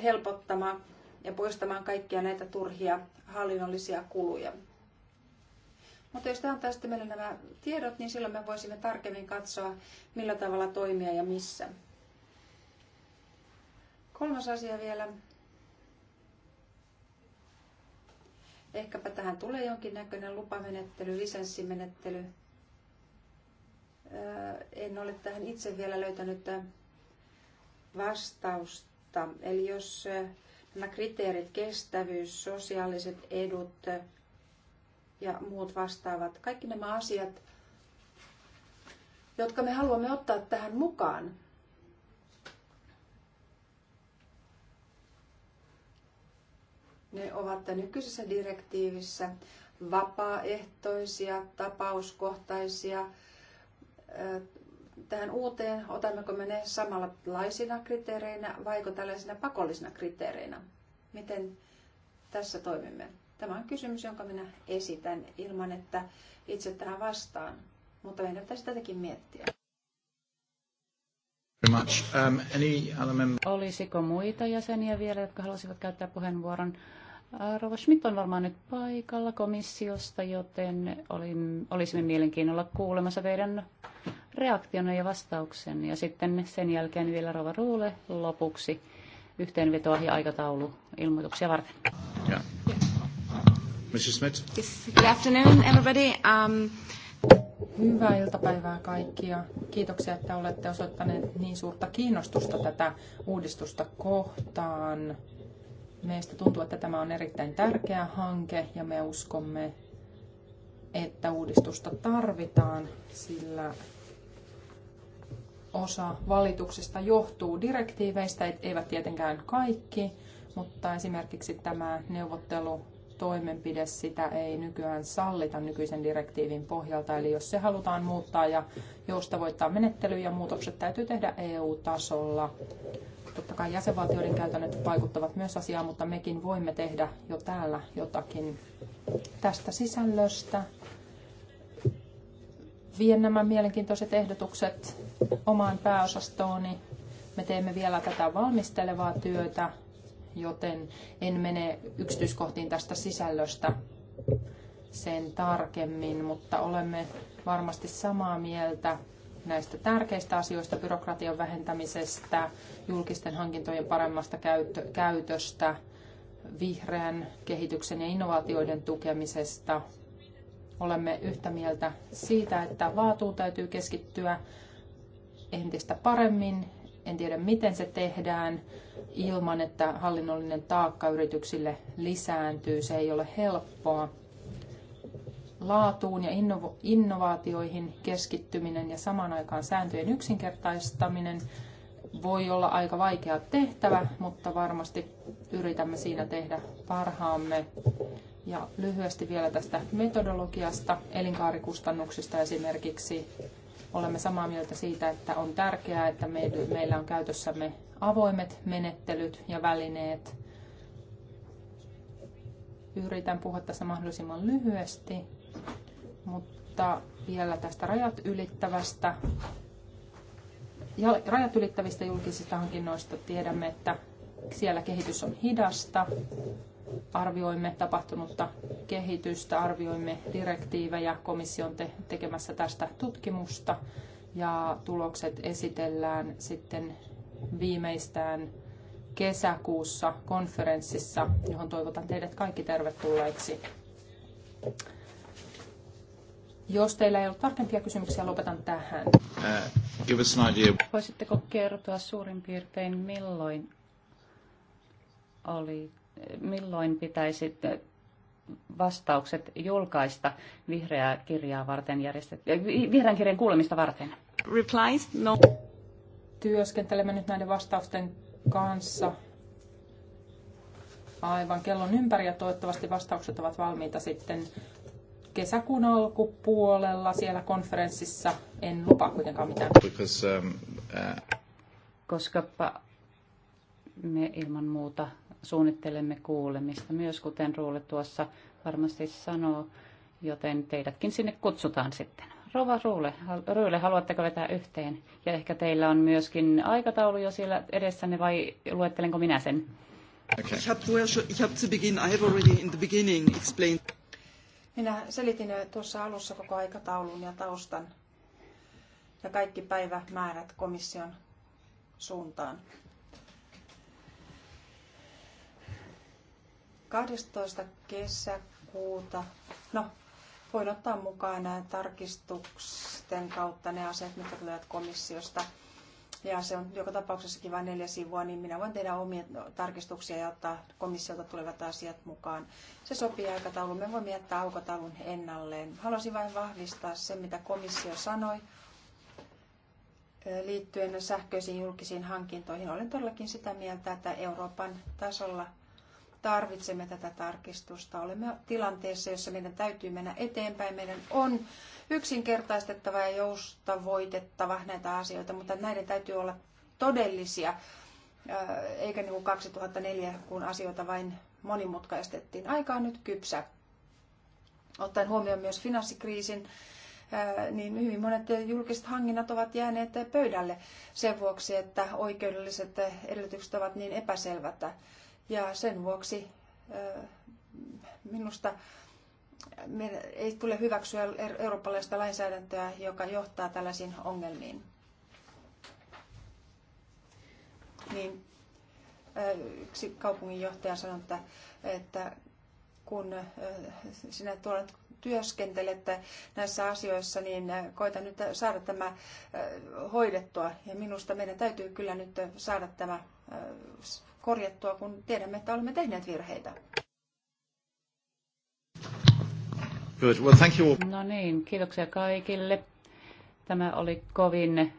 helpottamaan ja poistamaan kaikkia näitä turhia hallinnollisia kuluja. Mutta jos te antaisitte meille nämä tiedot, niin silloin me voisimme tarkemmin katsoa, millä tavalla toimia ja missä. Kolmas asia vielä. Ehkäpä tähän tulee jonkinnäköinen lupamenettely, lisenssimenettely. En ole tähän itse vielä löytänyt vastausta. Eli jos Nämä kriteerit, kestävyys, sosiaaliset edut ja muut vastaavat, kaikki nämä asiat, jotka me haluamme ottaa tähän mukaan, Ne ovat nykyisessä direktiivissä vapaaehtoisia, tapauskohtaisia, tähän uuteen, otammeko me ne samanlaisina kriteereinä vaiko tällaisina pakollisina kriteereinä? Miten tässä toimimme? Tämä on kysymys, jonka minä esitän ilman, että itse tähän vastaan, mutta meidän pitäisi tätäkin miettiä. Um, Olisiko muita jäseniä vielä, jotka haluaisivat käyttää puheenvuoron? Rova Schmidt on varmaan nyt paikalla komissiosta, joten olin, olisimme mielenkiinnolla kuulemassa teidän reaktionne ja vastauksen. Ja sitten sen jälkeen vielä Rova Ruule lopuksi yhteenvetoa ja aikataulu ilmoituksia varten. Yeah. Yeah. Mrs. Yes. Good afternoon everybody. Um... Hyvää iltapäivää kaikkia. Kiitoksia, että olette osoittaneet niin suurta kiinnostusta tätä uudistusta kohtaan. Meistä tuntuu, että tämä on erittäin tärkeä hanke ja me uskomme, että uudistusta tarvitaan, sillä osa valituksista johtuu direktiiveistä, eivät tietenkään kaikki, mutta esimerkiksi tämä toimenpide, sitä ei nykyään sallita nykyisen direktiivin pohjalta. Eli jos se halutaan muuttaa ja joustavoittaa menettelyjä, muutokset täytyy tehdä EU-tasolla. Totta kai jäsenvaltioiden käytännöt vaikuttavat myös asiaan, mutta mekin voimme tehdä jo täällä jotakin tästä sisällöstä. Vien nämä mielenkiintoiset ehdotukset omaan pääosastooni. Me teemme vielä tätä valmistelevaa työtä, joten en mene yksityiskohtiin tästä sisällöstä sen tarkemmin, mutta olemme varmasti samaa mieltä näistä tärkeistä asioista, byrokratian vähentämisestä, julkisten hankintojen paremmasta käytöstä, vihreän kehityksen ja innovaatioiden tukemisesta. Olemme yhtä mieltä siitä, että laatuun täytyy keskittyä entistä paremmin. En tiedä, miten se tehdään ilman, että hallinnollinen taakka yrityksille lisääntyy. Se ei ole helppoa laatuun ja innovaatioihin keskittyminen ja samaan aikaan sääntöjen yksinkertaistaminen voi olla aika vaikea tehtävä, mutta varmasti yritämme siinä tehdä parhaamme. Ja lyhyesti vielä tästä metodologiasta, elinkaarikustannuksista esimerkiksi. Olemme samaa mieltä siitä, että on tärkeää, että meillä on käytössämme avoimet menettelyt ja välineet. Yritän puhua tässä mahdollisimman lyhyesti mutta vielä tästä rajat ylittävästä rajat ylittävistä julkisista hankinnoista tiedämme, että siellä kehitys on hidasta. Arvioimme tapahtunutta kehitystä, arvioimme direktiivejä, komission te- tekemässä tästä tutkimusta ja tulokset esitellään sitten viimeistään kesäkuussa konferenssissa, johon toivotan teidät kaikki tervetulleiksi. Jos teillä ei ole tarkempia kysymyksiä, lopetan tähän. Uh, Voisitteko kertoa suurin piirtein, milloin, oli, milloin pitäisi eh, vastaukset julkaista vihreää kirjaa varten järjestet... Eh, vihreän kirjan kuulemista varten? Replies, no. Työskentelemme nyt näiden vastausten kanssa aivan kellon ympäri ja toivottavasti vastaukset ovat valmiita sitten kesäkuun alkupuolella siellä konferenssissa. En lupaa kuitenkaan mitään. Because, um, uh... Koskapa me ilman muuta suunnittelemme kuulemista myös, kuten Ruule tuossa varmasti sanoo, joten teidätkin sinne kutsutaan sitten. Rova Ruule, Ruule, haluatteko vetää yhteen? Ja ehkä teillä on myöskin aikataulu jo siellä edessänne vai luettelenko minä sen? Okay. Ich habe vorher schon, ich habe zu Beginn, I have already in the beginning explained. Minä selitin tuossa alussa koko aikataulun ja taustan ja kaikki päivämäärät komission suuntaan. 12. kesäkuuta, no voin ottaa mukaan nämä tarkistusten kautta ne asiat, mitkä tulevat komissiosta – ja se on joka tapauksessakin vain neljä sivua, niin minä voin tehdä omia tarkistuksia ja ottaa komissiolta tulevat asiat mukaan. Se sopii aikatauluun. Me voimme jättää aukotaulun ennalleen. Haluaisin vain vahvistaa sen, mitä komissio sanoi eh, liittyen sähköisiin julkisiin hankintoihin. Olen todellakin sitä mieltä, että Euroopan tasolla tarvitsemme tätä tarkistusta. Olemme tilanteessa, jossa meidän täytyy mennä eteenpäin. Meidän on yksinkertaistettava ja joustavoitettava näitä asioita, mutta näiden täytyy olla todellisia, eikä niin kuin 2004, kun asioita vain monimutkaistettiin. Aika on nyt kypsä. Ottaen huomioon myös finanssikriisin, niin hyvin monet julkiset hankinnat ovat jääneet pöydälle sen vuoksi, että oikeudelliset edellytykset ovat niin epäselvät. Ja sen vuoksi minusta me ei tule hyväksyä er- eurooppalaista lainsäädäntöä, joka johtaa tällaisiin ongelmiin. Niin, yksi kaupunginjohtaja sanoi, että, että kun sinä tuolla työskentelet näissä asioissa, niin koita nyt saada tämä hoidettua. Ja minusta meidän täytyy kyllä nyt saada tämä korjattua, kun tiedämme, että olemme tehneet virheitä. Good. Well, thank you all. No niin, kiitoksia kaikille. Tämä oli kovin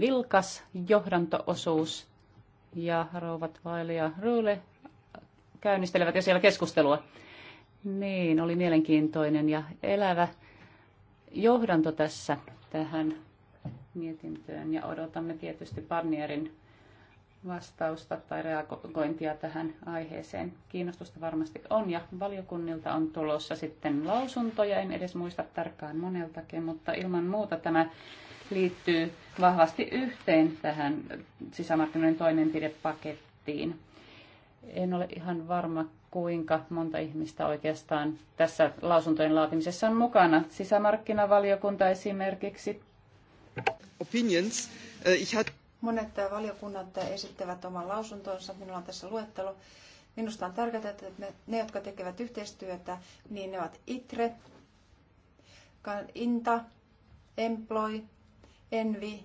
vilkas johdantoosuus ja rouvat Vaili ja Ruule käynnistelevät jo siellä keskustelua. Niin, oli mielenkiintoinen ja elävä johdanto tässä tähän mietintöön ja odotamme tietysti Barnierin vastausta tai reagointia tähän aiheeseen. Kiinnostusta varmasti on ja valiokunnilta on tulossa sitten lausuntoja, en edes muista tarkkaan moneltakin, mutta ilman muuta tämä liittyy vahvasti yhteen tähän sisämarkkinoiden toimenpidepakettiin. En ole ihan varma, kuinka monta ihmistä oikeastaan tässä lausuntojen laatimisessa on mukana. Sisämarkkinavaliokunta esimerkiksi. Opinions. Äh, ich had... Monet valiokunnat esittävät oman lausuntonsa, minulla on tässä luettelo. Minusta on tärkeää, että ne, jotka tekevät yhteistyötä, niin ne ovat ITRE, INTA, EMPLOY, ENVI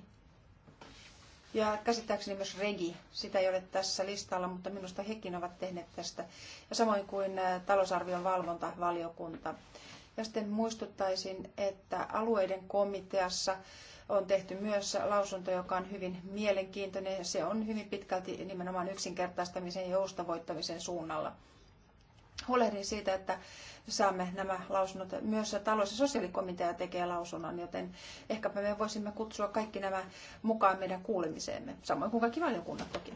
ja käsittääkseni myös REGI. Sitä ei ole tässä listalla, mutta minusta hekin ovat tehneet tästä. Ja samoin kuin talousarvion valvontavaliokunta. Ja sitten muistuttaisin, että alueiden komiteassa on tehty myös lausunto, joka on hyvin mielenkiintoinen. Se on hyvin pitkälti nimenomaan yksinkertaistamisen ja joustavoittamisen suunnalla. Huolehdin siitä, että saamme nämä lausunnot. Myös talous- ja sosiaalikomitea tekee lausunnon, joten ehkäpä me voisimme kutsua kaikki nämä mukaan meidän kuulemiseemme, samoin kuin kaikki valiokunnat toki.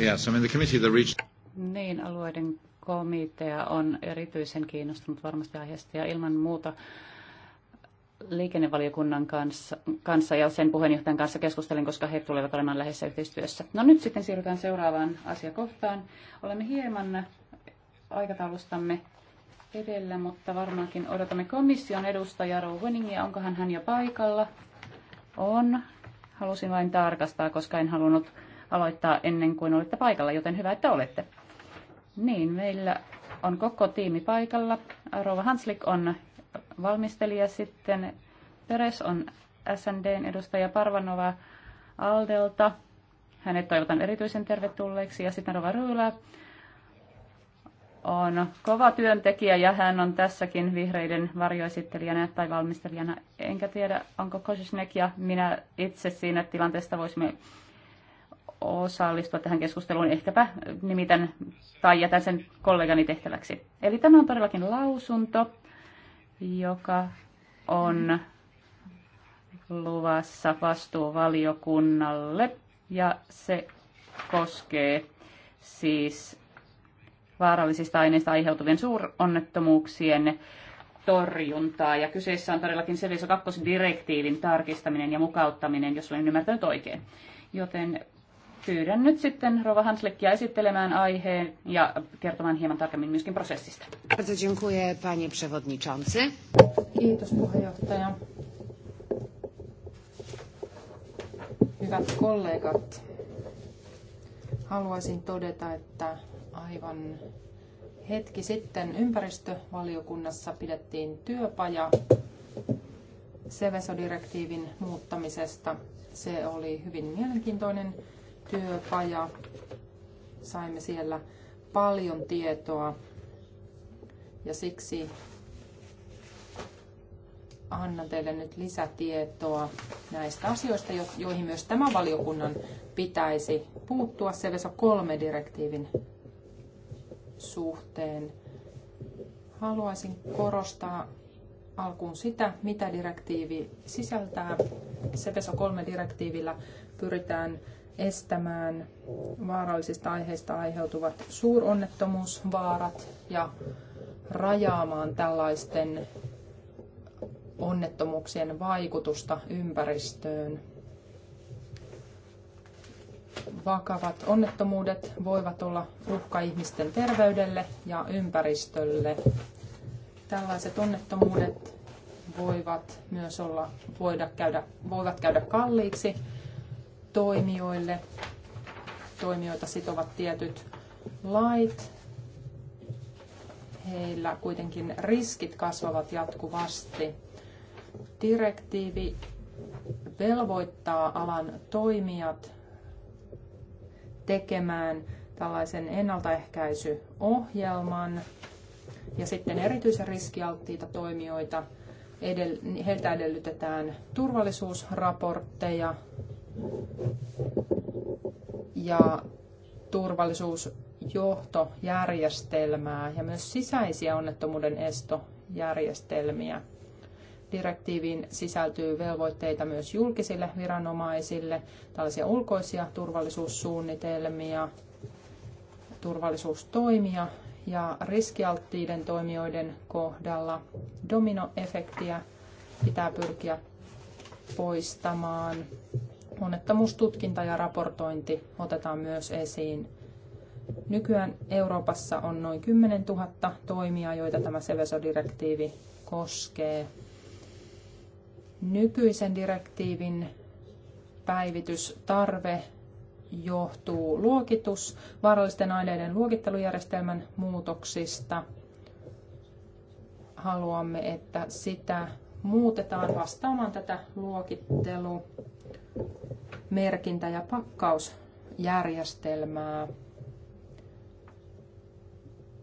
Yes, I mean the committee, Niin, alueiden komitea on erityisen kiinnostunut varmasti aiheesta ja ilman muuta liikennevaliokunnan kanssa, kanssa ja sen puheenjohtajan kanssa keskustelin, koska he tulevat olemaan läheisessä yhteistyössä. No nyt sitten siirrytään seuraavaan asiakohtaan. Olemme hieman aikataulustamme edellä, mutta varmaankin odotamme komission edustaja Roweningia. Onkohan hän jo paikalla? On. Halusin vain tarkastaa, koska en halunnut aloittaa ennen kuin olette paikalla, joten hyvä, että olette. Niin, meillä on koko tiimi paikalla. Rouva Hanslik on valmistelija. Sitten Peres on SNDn edustaja Parvanova Aldelta. Hänet toivotan erityisen tervetulleeksi. Ja sitten Rova Ryylä on kova työntekijä ja hän on tässäkin vihreiden varjoesittelijänä tai valmistelijana. Enkä tiedä, onko Kosisnek ja minä itse siinä tilanteesta voisimme osallistua tähän keskusteluun. Ehkäpä nimitän tai jätän sen kollegani tehtäväksi. Eli tämä on todellakin lausunto joka on luvassa vastuuvaliokunnalle ja se koskee siis vaarallisista aineista aiheutuvien suuronnettomuuksien torjuntaa. Ja kyseessä on todellakin Seviso 2-direktiivin tarkistaminen ja mukauttaminen, jos olen ymmärtänyt oikein. Joten pyydän nyt sitten Rova Hanslekia esittelemään aiheen ja kertomaan hieman tarkemmin myöskin prosessista. Bardzo dziękuję, panie przewodniczący. Kiitos puheenjohtaja. Hyvät kollegat, haluaisin todeta, että aivan hetki sitten ympäristövaliokunnassa pidettiin työpaja Seveso-direktiivin muuttamisesta. Se oli hyvin mielenkiintoinen työpaja. Saimme siellä paljon tietoa ja siksi annan teille nyt lisätietoa näistä asioista, joihin myös tämä valiokunnan pitäisi puuttua Seveso 3-direktiivin suhteen. Haluaisin korostaa alkuun sitä, mitä direktiivi sisältää. Seveso 3-direktiivillä pyritään estämään vaarallisista aiheista aiheutuvat suuronnettomuusvaarat ja rajaamaan tällaisten onnettomuuksien vaikutusta ympäristöön. Vakavat onnettomuudet voivat olla uhka ihmisten terveydelle ja ympäristölle. Tällaiset onnettomuudet voivat myös olla, voida käydä, voivat käydä kalliiksi toimijoille. Toimijoita sitovat tietyt lait. Heillä kuitenkin riskit kasvavat jatkuvasti. Direktiivi velvoittaa alan toimijat tekemään tällaisen ennaltaehkäisyohjelman ja sitten erityisen riskialttiita toimijoita heiltä edellytetään turvallisuusraportteja ja turvallisuusjohtojärjestelmää ja myös sisäisiä onnettomuuden estojärjestelmiä. Direktiiviin sisältyy velvoitteita myös julkisille viranomaisille, tällaisia ulkoisia turvallisuussuunnitelmia, turvallisuustoimia ja riskialttiiden toimijoiden kohdalla dominoefektiä pitää pyrkiä poistamaan Onnettomuustutkinta ja raportointi otetaan myös esiin. Nykyään Euroopassa on noin 10 000 toimia, joita tämä Seveso-direktiivi koskee. Nykyisen direktiivin päivitystarve johtuu luokitus, vaarallisten aineiden luokittelujärjestelmän muutoksista. Haluamme, että sitä muutetaan vastaamaan tätä luokittelua merkintä- ja pakkausjärjestelmää.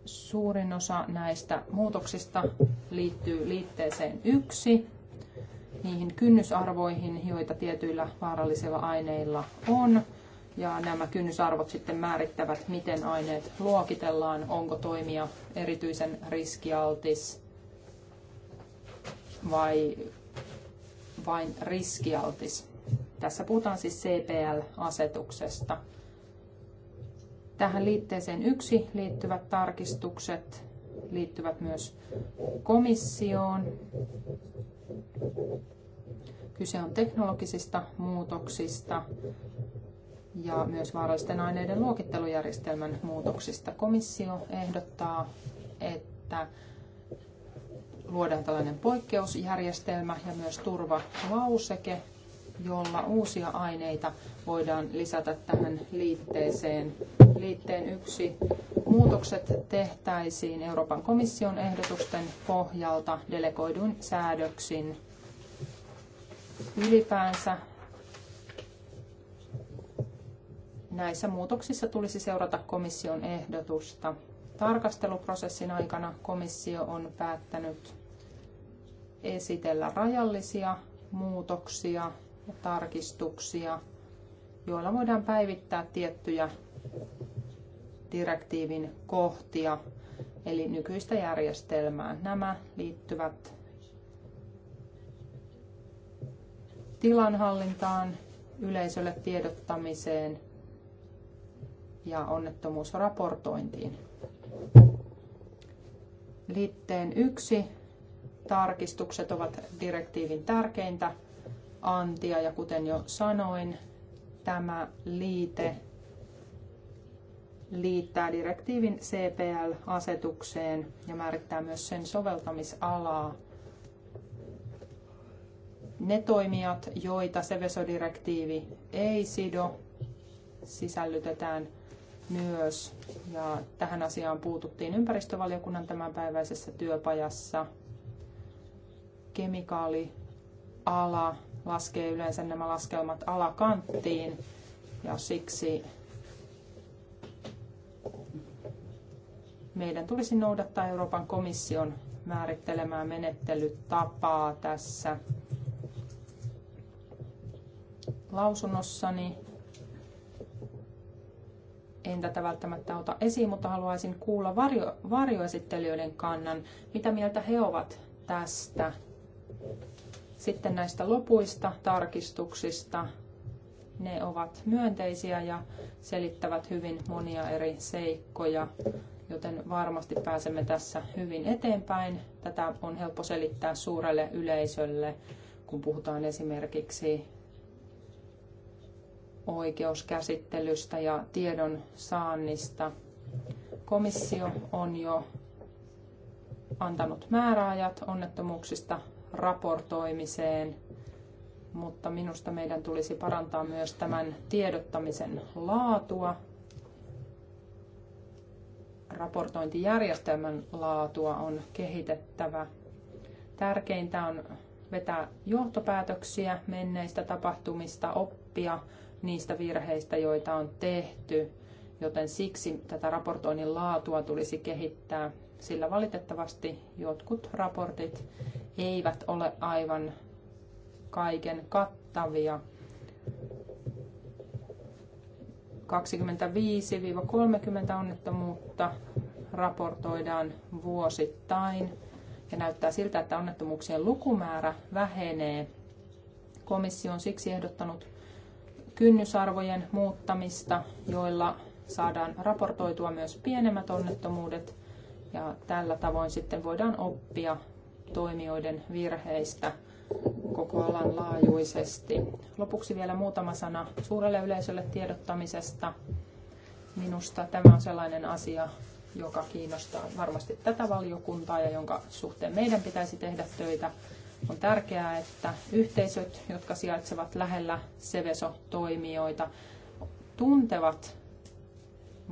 Suurin osa näistä muutoksista liittyy liitteeseen yksi, niihin kynnysarvoihin, joita tietyillä vaarallisilla aineilla on. Ja nämä kynnysarvot sitten määrittävät, miten aineet luokitellaan, onko toimija erityisen riskialtis vai vain riskialtis. Tässä puhutaan siis CPL-asetuksesta. Tähän liitteeseen yksi liittyvät tarkistukset liittyvät myös komissioon. Kyse on teknologisista muutoksista ja myös vaarallisten aineiden luokittelujärjestelmän muutoksista. Komissio ehdottaa, että luodaan tällainen poikkeusjärjestelmä ja myös turvalauseke jolla uusia aineita voidaan lisätä tähän liitteeseen. Liitteen yksi muutokset tehtäisiin Euroopan komission ehdotusten pohjalta delegoidun säädöksin. Ylipäänsä näissä muutoksissa tulisi seurata komission ehdotusta. Tarkasteluprosessin aikana komissio on päättänyt esitellä rajallisia muutoksia ja tarkistuksia, joilla voidaan päivittää tiettyjä direktiivin kohtia, eli nykyistä järjestelmää. Nämä liittyvät tilanhallintaan, yleisölle tiedottamiseen ja onnettomuusraportointiin. Liitteen yksi tarkistukset ovat direktiivin tärkeintä antia ja kuten jo sanoin, tämä liite liittää direktiivin CPL-asetukseen ja määrittää myös sen soveltamisalaa. Ne toimijat, joita Seveso-direktiivi ei sido, sisällytetään myös. Ja tähän asiaan puututtiin ympäristövaliokunnan tämänpäiväisessä työpajassa. Kemikaaliala laskee yleensä nämä laskelmat alakanttiin ja siksi meidän tulisi noudattaa Euroopan komission määrittelemää menettelytapaa tässä lausunnossani. En tätä välttämättä ota esiin, mutta haluaisin kuulla varjo, varjoesittelijöiden kannan, mitä mieltä he ovat tästä. Sitten näistä lopuista tarkistuksista. Ne ovat myönteisiä ja selittävät hyvin monia eri seikkoja, joten varmasti pääsemme tässä hyvin eteenpäin. Tätä on helppo selittää suurelle yleisölle, kun puhutaan esimerkiksi oikeuskäsittelystä ja tiedon saannista. Komissio on jo antanut määräajat onnettomuuksista raportoimiseen, mutta minusta meidän tulisi parantaa myös tämän tiedottamisen laatua, raportointijärjestelmän laatua on kehitettävä. Tärkeintä on vetää johtopäätöksiä menneistä tapahtumista, oppia niistä virheistä, joita on tehty, joten siksi tätä raportoinnin laatua tulisi kehittää sillä valitettavasti jotkut raportit eivät ole aivan kaiken kattavia. 25-30 onnettomuutta raportoidaan vuosittain ja näyttää siltä, että onnettomuuksien lukumäärä vähenee. Komissio on siksi ehdottanut kynnysarvojen muuttamista, joilla saadaan raportoitua myös pienemmät onnettomuudet ja tällä tavoin sitten voidaan oppia toimijoiden virheistä koko alan laajuisesti. Lopuksi vielä muutama sana suurelle yleisölle tiedottamisesta. Minusta tämä on sellainen asia, joka kiinnostaa varmasti tätä valiokuntaa ja jonka suhteen meidän pitäisi tehdä töitä. On tärkeää, että yhteisöt, jotka sijaitsevat lähellä Seveso-toimijoita, tuntevat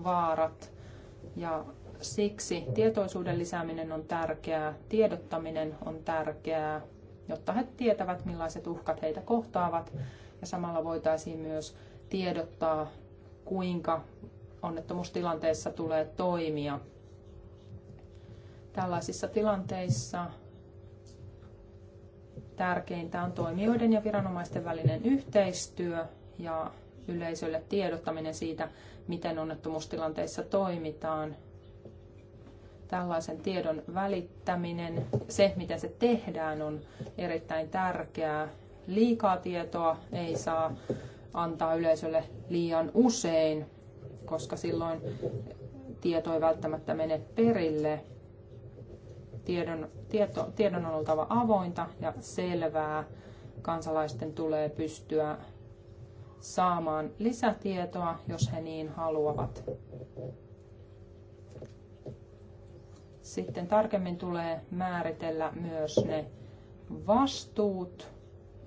vaarat ja Siksi tietoisuuden lisääminen on tärkeää, tiedottaminen on tärkeää, jotta he tietävät, millaiset uhkat heitä kohtaavat. Ja samalla voitaisiin myös tiedottaa, kuinka onnettomuustilanteessa tulee toimia. Tällaisissa tilanteissa tärkeintä on toimijoiden ja viranomaisten välinen yhteistyö ja yleisölle tiedottaminen siitä, miten onnettomuustilanteissa toimitaan tällaisen tiedon välittäminen, se mitä se tehdään on erittäin tärkeää. Liikaa tietoa ei saa antaa yleisölle liian usein, koska silloin tieto ei välttämättä mene perille. Tiedon, tieto, tiedon on oltava avointa ja selvää. Kansalaisten tulee pystyä saamaan lisätietoa, jos he niin haluavat. Sitten tarkemmin tulee määritellä myös ne vastuut,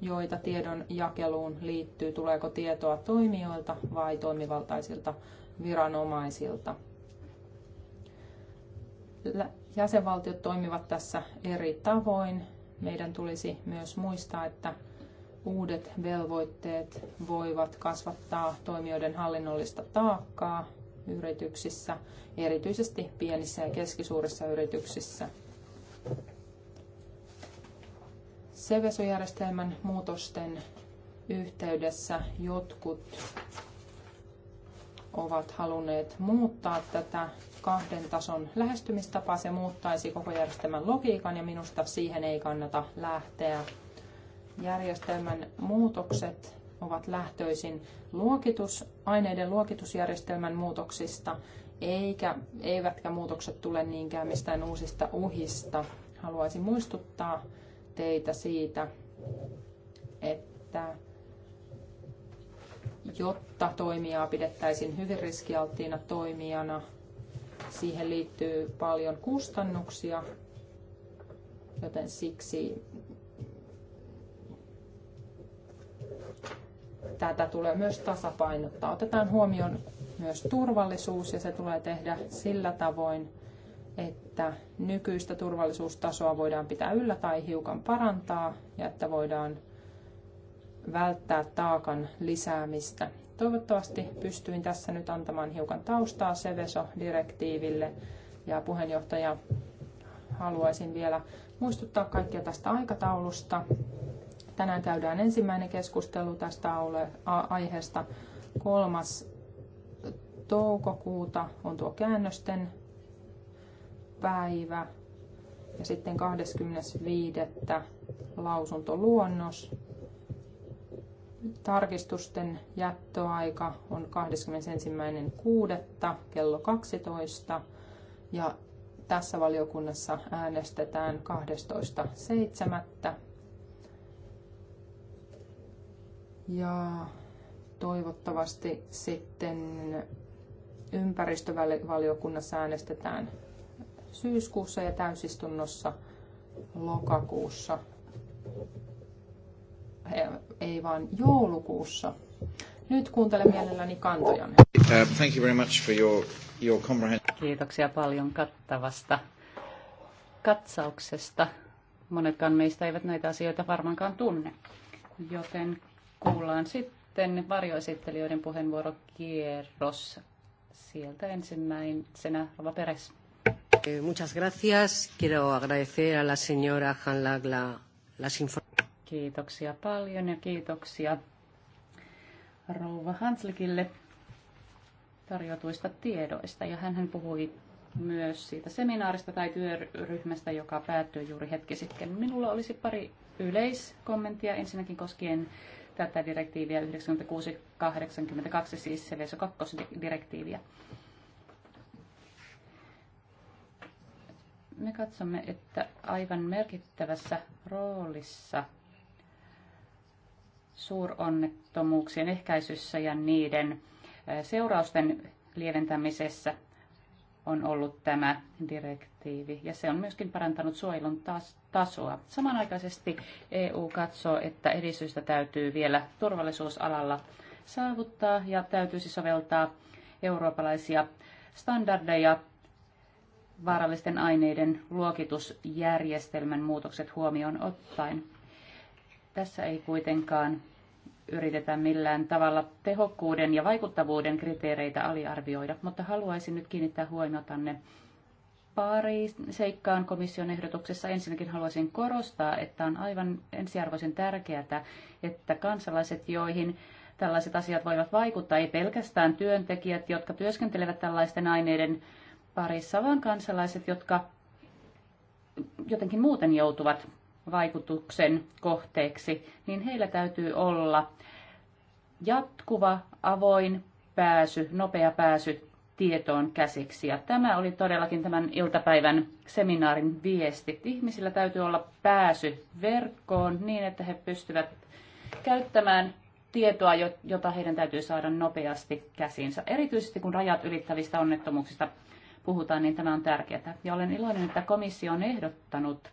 joita tiedon jakeluun liittyy, tuleeko tietoa toimijoilta vai toimivaltaisilta viranomaisilta. Jäsenvaltiot toimivat tässä eri tavoin. Meidän tulisi myös muistaa, että uudet velvoitteet voivat kasvattaa toimijoiden hallinnollista taakkaa yrityksissä, erityisesti pienissä ja keskisuurissa yrityksissä. Sevesojärjestelmän muutosten yhteydessä jotkut ovat halunneet muuttaa tätä kahden tason lähestymistapaa. Se muuttaisi koko järjestelmän logiikan ja minusta siihen ei kannata lähteä. Järjestelmän muutokset ovat lähtöisin luokitus, aineiden luokitusjärjestelmän muutoksista, eikä, eivätkä muutokset tule niinkään mistään uusista uhista. Haluaisin muistuttaa teitä siitä, että jotta toimijaa pidettäisiin hyvin riskialttiina toimijana, siihen liittyy paljon kustannuksia, joten siksi tätä tulee myös tasapainottaa. Otetaan huomioon myös turvallisuus ja se tulee tehdä sillä tavoin, että nykyistä turvallisuustasoa voidaan pitää yllä tai hiukan parantaa ja että voidaan välttää taakan lisäämistä. Toivottavasti pystyin tässä nyt antamaan hiukan taustaa Seveso-direktiiville ja puheenjohtaja haluaisin vielä muistuttaa kaikkia tästä aikataulusta. Tänään käydään ensimmäinen keskustelu tästä aiheesta. Kolmas toukokuuta on tuo käännösten päivä ja sitten 25. lausuntoluonnos. Tarkistusten jättöaika on 21.6. kello 12 ja tässä valiokunnassa äänestetään 12.7. Ja toivottavasti sitten ympäristövaliokunnassa äänestetään syyskuussa ja täysistunnossa lokakuussa. Ei vaan joulukuussa. Nyt kuuntelen mielelläni kantojanne. Uh, thank you very much for your, your Kiitoksia paljon kattavasta katsauksesta. Monetkaan meistä eivät näitä asioita varmaankaan tunne, joten kuullaan sitten varjoesittelijöiden puheenvuorokierros. Sieltä ensimmäisenä Rova Peres. Eh, muchas gracias. Quiero agradecer a la señora Hanlag la, las Kiitoksia paljon ja kiitoksia rouva Hanslikille tarjotuista tiedoista. Ja hän puhui myös siitä seminaarista tai työryhmästä, joka päättyi juuri hetki sitten. Minulla olisi pari yleiskommenttia ensinnäkin koskien tätä direktiiviä 96-82, siis se 2 direktiiviä. Me katsomme, että aivan merkittävässä roolissa suuronnettomuuksien ehkäisyssä ja niiden seurausten lieventämisessä on ollut tämä direktiivi ja se on myöskin parantanut suojelun tas- tasoa. Samanaikaisesti EU katsoo, että edistystä täytyy vielä turvallisuusalalla saavuttaa ja täytyisi soveltaa eurooppalaisia standardeja vaarallisten aineiden luokitusjärjestelmän muutokset huomioon ottaen. Tässä ei kuitenkaan yritetä millään tavalla tehokkuuden ja vaikuttavuuden kriteereitä aliarvioida, mutta haluaisin nyt kiinnittää huomiotanne pari seikkaan komission ehdotuksessa. Ensinnäkin haluaisin korostaa, että on aivan ensiarvoisen tärkeää, että kansalaiset, joihin tällaiset asiat voivat vaikuttaa, ei pelkästään työntekijät, jotka työskentelevät tällaisten aineiden parissa, vaan kansalaiset, jotka jotenkin muuten joutuvat vaikutuksen kohteeksi, niin heillä täytyy olla jatkuva, avoin pääsy, nopea pääsy tietoon käsiksi. Ja tämä oli todellakin tämän iltapäivän seminaarin viesti. Ihmisillä täytyy olla pääsy verkkoon niin, että he pystyvät käyttämään tietoa, jota heidän täytyy saada nopeasti käsiinsä. Erityisesti kun rajat ylittävistä onnettomuuksista puhutaan, niin tämä on tärkeää. Ja olen iloinen, että komissio on ehdottanut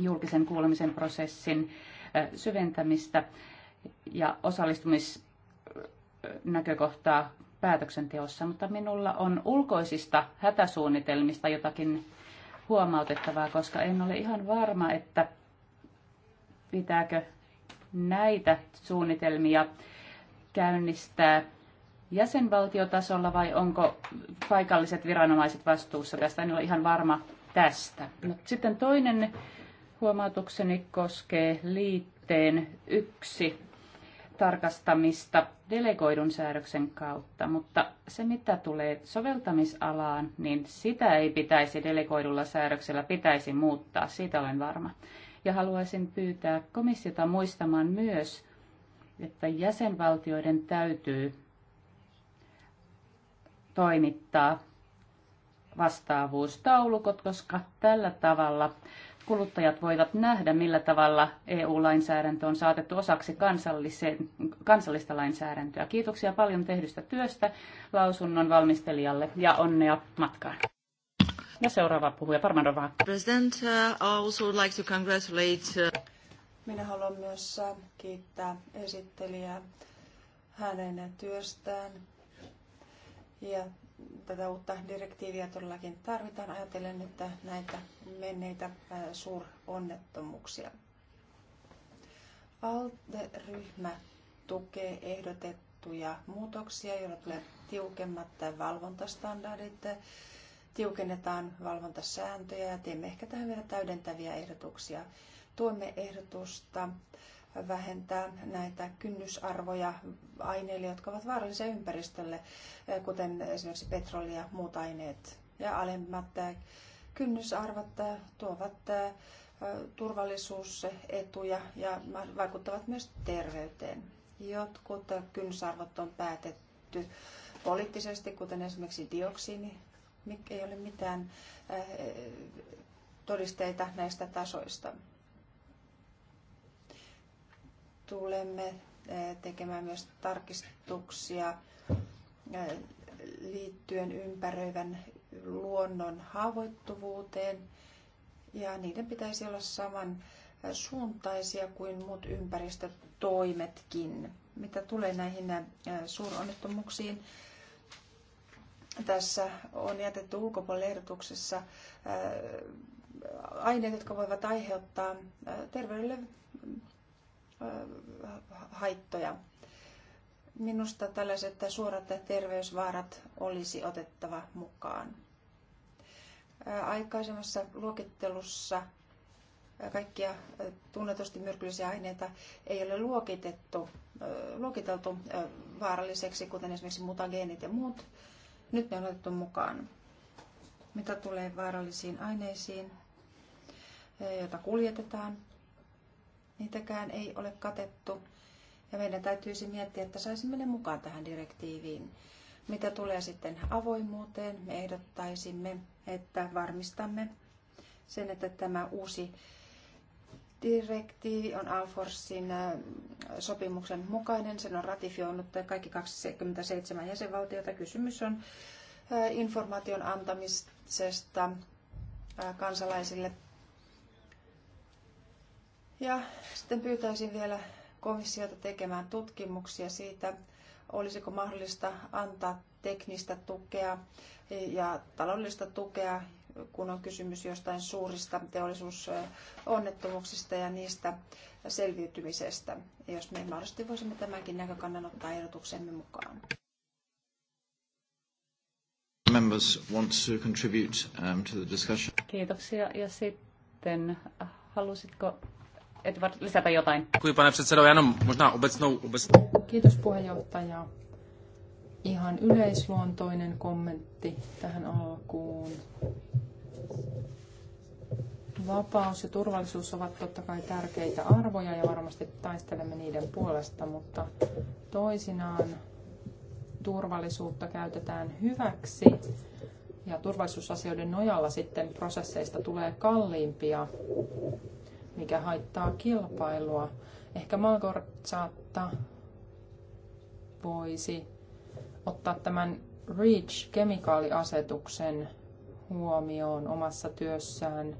julkisen kuulemisen prosessin syventämistä ja osallistumisnäkökohtaa päätöksenteossa, mutta minulla on ulkoisista hätäsuunnitelmista jotakin huomautettavaa, koska en ole ihan varma, että pitääkö näitä suunnitelmia käynnistää jäsenvaltiotasolla vai onko paikalliset viranomaiset vastuussa tästä. En ole ihan varma tästä. No, sitten toinen Huomautukseni koskee liitteen yksi tarkastamista delegoidun säädöksen kautta, mutta se mitä tulee soveltamisalaan, niin sitä ei pitäisi delegoidulla säädöksellä pitäisi muuttaa, siitä olen varma. Ja haluaisin pyytää komissiota muistamaan myös, että jäsenvaltioiden täytyy toimittaa vastaavuustaulukot, koska tällä tavalla kuluttajat voivat nähdä, millä tavalla EU-lainsäädäntö on saatettu osaksi kansallista lainsäädäntöä. Kiitoksia paljon tehdystä työstä lausunnon valmistelijalle ja onnea matkaan. Ja seuraava puhuja, Parmanova. President, uh, I also like to congratulate... Uh, Minä haluan myös uh, kiittää esittelijää hänen työstään ja tätä uutta direktiiviä todellakin tarvitaan ajatellen että näitä menneitä suuronnettomuuksia. Alte ryhmä tukee ehdotettuja muutoksia, joilla tulee tiukemmat valvontastandardit, tiukennetaan valvontasääntöjä ja teemme ehkä tähän vielä täydentäviä ehdotuksia. Tuemme ehdotusta vähentää näitä kynnysarvoja aineille, jotka ovat vaarallisia ympäristölle, eh, kuten esimerkiksi petrolia ja muut aineet. Ja alemmat eh, kynnysarvot eh, tuovat turvallisuusetuja ja vaikuttavat myös terveyteen. Jotkut kynnysarvot on päätetty poliittisesti, kuten esimerkiksi dioksiini. Ei ole mitään todisteita näistä tasoista tulemme eh, tekemään myös tarkistuksia eh, liittyen ympäröivän luonnon haavoittuvuuteen. Ja niiden pitäisi olla saman eh, suuntaisia kuin muut ympäristötoimetkin. Mitä tulee näihin suuronnettomuuksiin, tässä on jätetty ulkopuolelle ehdotuksessa aineet, jotka voivat aiheuttaa terveydelle haittoja. Minusta tällaiset suorat terveysvaarat olisi otettava mukaan. Aikaisemmassa luokittelussa kaikkia tunnetusti myrkyllisiä aineita ei ole luokitettu, luokiteltu vaaralliseksi, kuten esimerkiksi mutageenit ja muut. Nyt ne on otettu mukaan. Mitä tulee vaarallisiin aineisiin, joita kuljetetaan, niitäkään ei ole katettu. Ja meidän täytyisi miettiä, että saisimme ne mukaan tähän direktiiviin. Mitä tulee sitten avoimuuteen, me ehdottaisimme, että varmistamme sen, että tämä uusi direktiivi on Alforsin äh, sopimuksen mukainen. Sen on ratifioinut kaikki 27 jäsenvaltiota. Kysymys on äh, informaation antamisesta äh, kansalaisille ja sitten pyytäisin vielä komissiota tekemään tutkimuksia siitä, olisiko mahdollista antaa teknistä tukea ja taloudellista tukea, kun on kysymys jostain suurista teollisuusonnettomuuksista ja niistä selviytymisestä. Jos me mahdollisesti voisimme tämänkin näkökannan ottaa ehdotuksemme mukaan. Members want to contribute um, to the discussion. Kiitoksia. Ja sitten äh, halusitko Edward, lisätä jotain. Kiitos puheenjohtaja. Ihan yleisluontoinen kommentti tähän alkuun. Vapaus ja turvallisuus ovat totta kai tärkeitä arvoja ja varmasti taistelemme niiden puolesta, mutta toisinaan turvallisuutta käytetään hyväksi ja turvallisuusasioiden nojalla sitten prosesseista tulee kalliimpia mikä haittaa kilpailua. Ehkä Malgort voisi ottaa tämän REACH-kemikaaliasetuksen huomioon omassa työssään.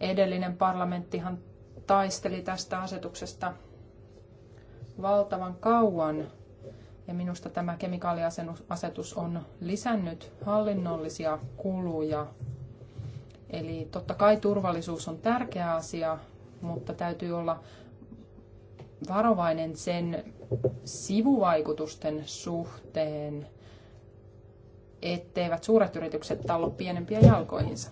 Edellinen parlamenttihan taisteli tästä asetuksesta valtavan kauan. Ja minusta tämä kemikaaliasetus on lisännyt hallinnollisia kuluja. Eli totta kai turvallisuus on tärkeä asia, mutta täytyy olla varovainen sen sivuvaikutusten suhteen, etteivät suuret yritykset tallo pienempiä jalkoihinsa.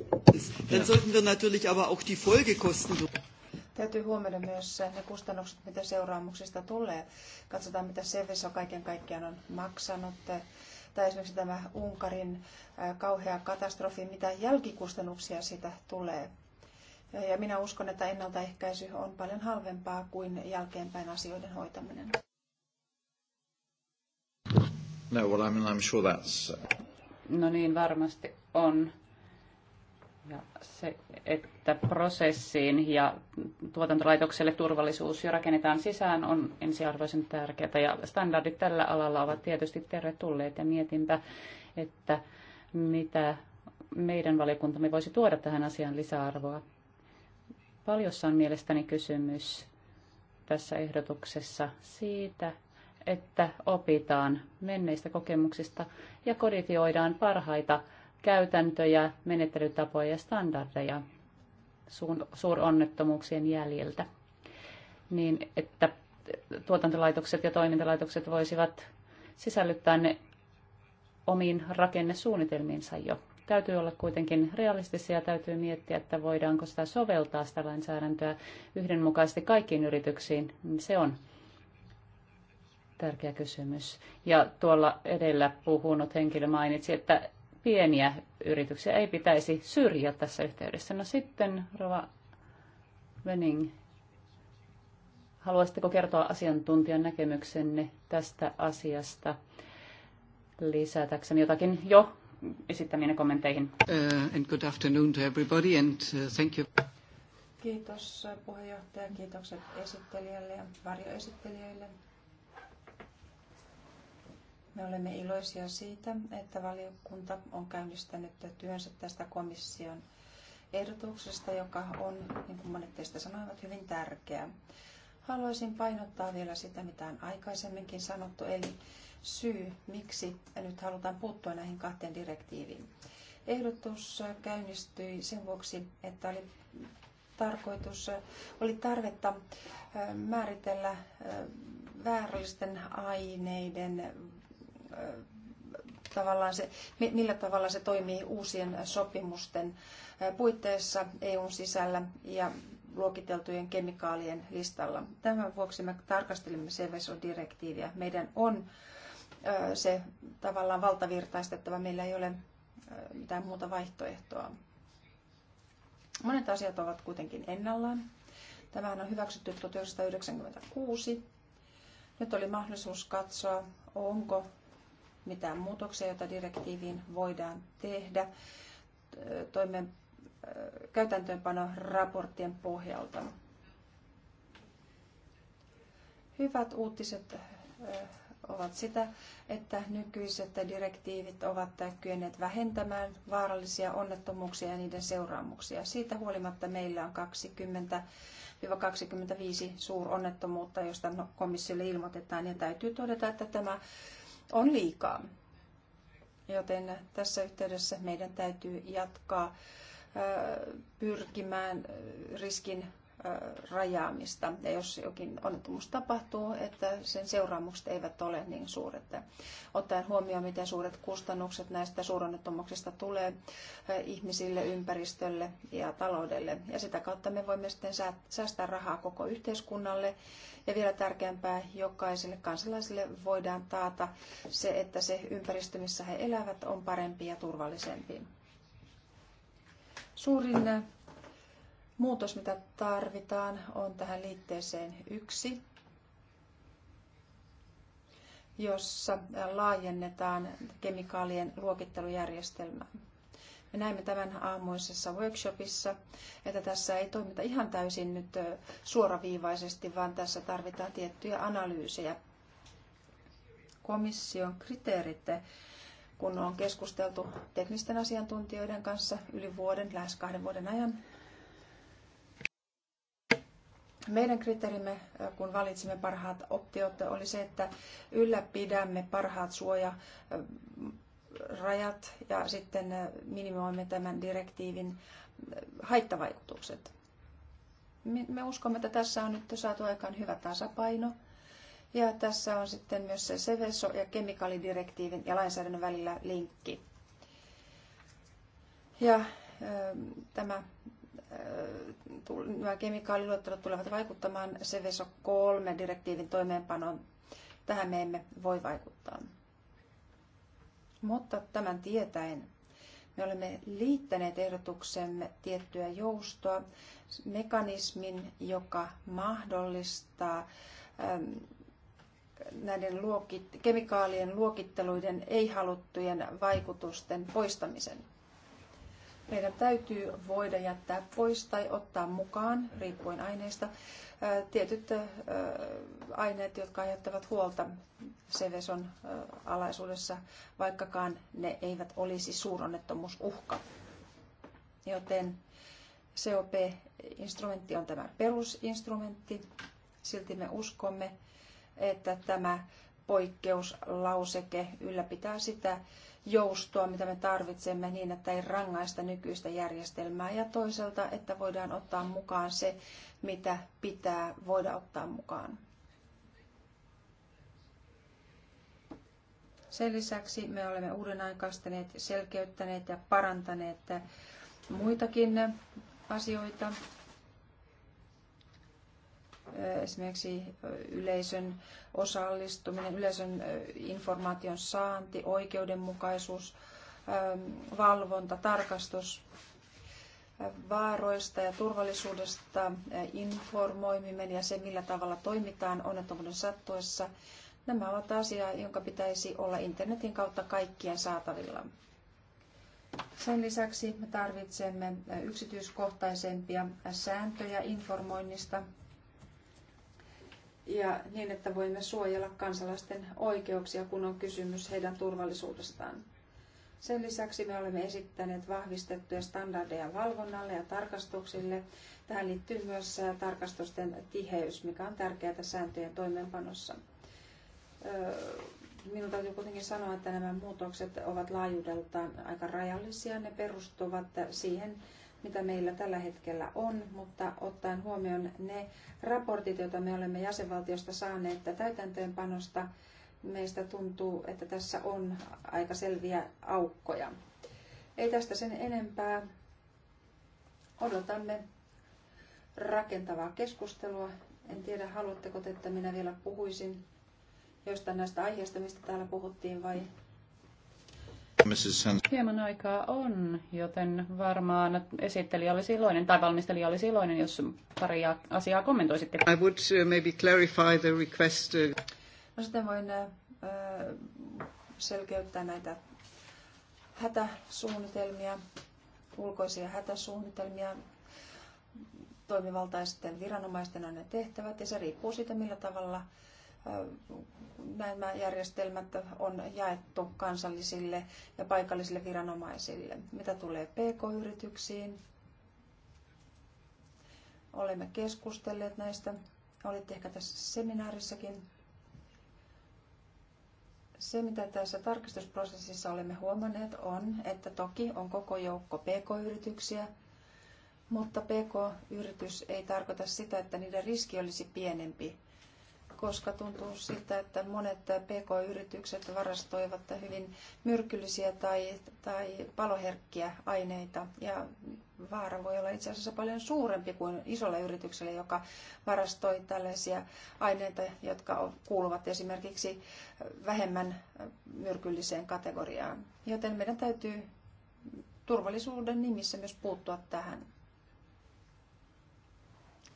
Täytyy huomioida myös ne kustannukset, mitä seuraamuksista tulee. Katsotaan, mitä Seveso kaiken kaikkiaan on maksanut. Tai esimerkiksi tämä Unkarin kauhea katastrofi, mitä jälkikustannuksia siitä tulee. Ja minä uskon, että ennaltaehkäisy on paljon halvempaa kuin jälkeenpäin asioiden hoitaminen. No, well, I'm, I'm sure that's... Uh, no niin, varmasti on. Ja se, että prosessiin ja tuotantolaitokselle turvallisuus jo rakennetaan sisään on ensiarvoisen tärkeää. Ja standardit tällä alalla ovat tietysti tervetulleet ja mietinpä, että mitä meidän valiokuntamme voisi tuoda tähän asiaan lisäarvoa. Paljossa on mielestäni kysymys tässä ehdotuksessa siitä, että opitaan menneistä kokemuksista ja kodifioidaan parhaita käytäntöjä, menettelytapoja ja standardeja suuronnettomuuksien jäljiltä, niin että tuotantolaitokset ja toimintalaitokset voisivat sisällyttää ne omiin rakennesuunnitelmiinsa jo täytyy olla kuitenkin realistisia ja täytyy miettiä, että voidaanko sitä soveltaa sitä lainsäädäntöä yhdenmukaisesti kaikkiin yrityksiin. Se on tärkeä kysymys. Ja tuolla edellä puhunut henkilö mainitsi, että pieniä yrityksiä ei pitäisi syrjiä tässä yhteydessä. No sitten, Rova Wenning, haluaisitteko kertoa asiantuntijan näkemyksenne tästä asiasta lisätäkseni jotakin jo esittämiin kommentteihin. Uh, and good afternoon to everybody and uh, thank you. Kiitos uh, puheenjohtaja, kiitokset esittelijälle ja varjoesittelijöille. Me olemme iloisia siitä, että valiokunta on käynnistänyt työnsä tästä komission ehdotuksesta, joka on, niin kuin monet teistä sanoivat, hyvin tärkeä. Haluaisin painottaa vielä sitä, mitä on aikaisemminkin sanottu, eli syy, miksi nyt halutaan puuttua näihin kahteen direktiiviin. Ehdotus käynnistyi sen vuoksi, että oli tarkoitus, oli tarvetta määritellä väärällisten aineiden tavallaan se, millä tavalla se toimii uusien sopimusten puitteissa EUn sisällä ja luokiteltujen kemikaalien listalla. Tämän vuoksi me tarkastelimme CVSO-direktiiviä. Meidän on se tavallaan valtavirtaistettava. Meillä ei ole mitään muuta vaihtoehtoa. Monet asiat ovat kuitenkin ennallaan. Tämähän on hyväksytty 1996. Nyt oli mahdollisuus katsoa, onko mitään muutoksia, joita direktiiviin voidaan tehdä toimen, käytäntöönpano raporttien pohjalta. Hyvät uutiset ovat sitä, että nykyiset direktiivit ovat kyenneet vähentämään vaarallisia onnettomuuksia ja niiden seuraamuksia. Siitä huolimatta meillä on 20-25 suuronnettomuutta, josta no- komissiolle ilmoitetaan, ja täytyy todeta, että tämä on liikaa. Joten tässä yhteydessä meidän täytyy jatkaa pyrkimään riskin rajaamista. Ja jos jokin onnettomuus tapahtuu, että sen seuraamukset eivät ole niin suuret. Ottaen huomioon, miten suuret kustannukset näistä suuronnettomuuksista tulee eh, ihmisille, ympäristölle ja taloudelle. Ja sitä kautta me voimme sitten säästää rahaa koko yhteiskunnalle. Ja vielä tärkeämpää, jokaiselle kansalaiselle voidaan taata se, että se ympäristö, missä he elävät, on parempi ja turvallisempi. Suurin Muutos, mitä tarvitaan, on tähän liitteeseen yksi, jossa laajennetaan kemikaalien luokittelujärjestelmää. Me näimme tämän aamuisessa workshopissa, että tässä ei toimita ihan täysin nyt suoraviivaisesti, vaan tässä tarvitaan tiettyjä analyysejä. Komission kriteerit, kun on keskusteltu teknisten asiantuntijoiden kanssa yli vuoden, lähes kahden vuoden ajan, meidän kriteerimme, kun valitsimme parhaat optiot, oli se, että ylläpidämme parhaat suojarajat ja sitten minimoimme tämän direktiivin haittavaikutukset. Me uskomme, että tässä on nyt saatu aikaan hyvä tasapaino. Ja tässä on sitten myös se Seveso- ja kemikaalidirektiivin ja lainsäädännön välillä linkki. Ja tämä nämä kemikaaliluettelot tulevat vaikuttamaan Seveso 3 direktiivin toimeenpanoon. Tähän me emme voi vaikuttaa. Mutta tämän tietäen me olemme liittäneet ehdotuksemme tiettyä joustoa, mekanismin, joka mahdollistaa näiden luokit, kemikaalien luokitteluiden ei-haluttujen vaikutusten poistamisen. Meidän täytyy voida jättää pois tai ottaa mukaan, riippuen aineista, tietyt aineet, jotka aiheuttavat huolta Seveson alaisuudessa, vaikkakaan ne eivät olisi suuronnettomuusuhka. Joten COP-instrumentti on tämä perusinstrumentti. Silti me uskomme, että tämä poikkeuslauseke ylläpitää sitä joustoa, mitä me tarvitsemme niin, että ei rangaista nykyistä järjestelmää ja toisaalta, että voidaan ottaa mukaan se, mitä pitää voida ottaa mukaan. Sen lisäksi me olemme uuden aikaistaneet, selkeyttäneet ja parantaneet muitakin asioita esimerkiksi yleisön osallistuminen, yleisön informaation saanti, oikeudenmukaisuus, valvonta, tarkastus, vaaroista ja turvallisuudesta informoiminen ja se, millä tavalla toimitaan onnettomuuden sattuessa. Nämä ovat asia, jonka pitäisi olla internetin kautta kaikkien saatavilla. Sen lisäksi me tarvitsemme yksityiskohtaisempia sääntöjä informoinnista ja niin, että voimme suojella kansalaisten oikeuksia, kun on kysymys heidän turvallisuudestaan. Sen lisäksi me olemme esittäneet vahvistettuja standardeja valvonnalle ja tarkastuksille. Tähän liittyy myös tarkastusten tiheys, mikä on tärkeää sääntöjen toimeenpanossa. Minun täytyy kuitenkin sanoa, että nämä muutokset ovat laajuudeltaan aika rajallisia. Ne perustuvat siihen, mitä meillä tällä hetkellä on, mutta ottaen huomioon ne raportit, joita me olemme jäsenvaltiosta saaneet täytäntöönpanosta, meistä tuntuu, että tässä on aika selviä aukkoja. Ei tästä sen enempää. Odotamme rakentavaa keskustelua. En tiedä, haluatteko te, että minä vielä puhuisin jostain näistä aiheista, mistä täällä puhuttiin, vai Hieman aikaa on, joten varmaan esittelijä olisi iloinen tai valmistelija olisi iloinen, jos pari asiaa kommentoisitte. I would uh, maybe clarify the request. Uh, no sitten voin äh, selkeyttää näitä hätäsuunnitelmia, ulkoisia hätäsuunnitelmia, toimivaltaisten viranomaisten on ne tehtävät ja se riippuu siitä, millä tavalla äh, nämä järjestelmät on jaettu kansallisille ja paikallisille viranomaisille. Mitä tulee PK-yrityksiin, olemme keskustelleet näistä. Olitte ehkä tässä seminaarissakin. Se, mitä tässä tarkistusprosessissa olemme huomanneet, on, että toki on koko joukko PK-yrityksiä, mutta PK-yritys ei tarkoita sitä, että niiden riski olisi pienempi koska tuntuu siltä, että monet PK-yritykset varastoivat hyvin myrkyllisiä tai, tai paloherkkiä aineita. Ja vaara voi olla itse asiassa paljon suurempi kuin isolle yritykselle, joka varastoi tällaisia aineita, jotka kuuluvat esimerkiksi vähemmän myrkylliseen kategoriaan. Joten meidän täytyy turvallisuuden nimissä myös puuttua tähän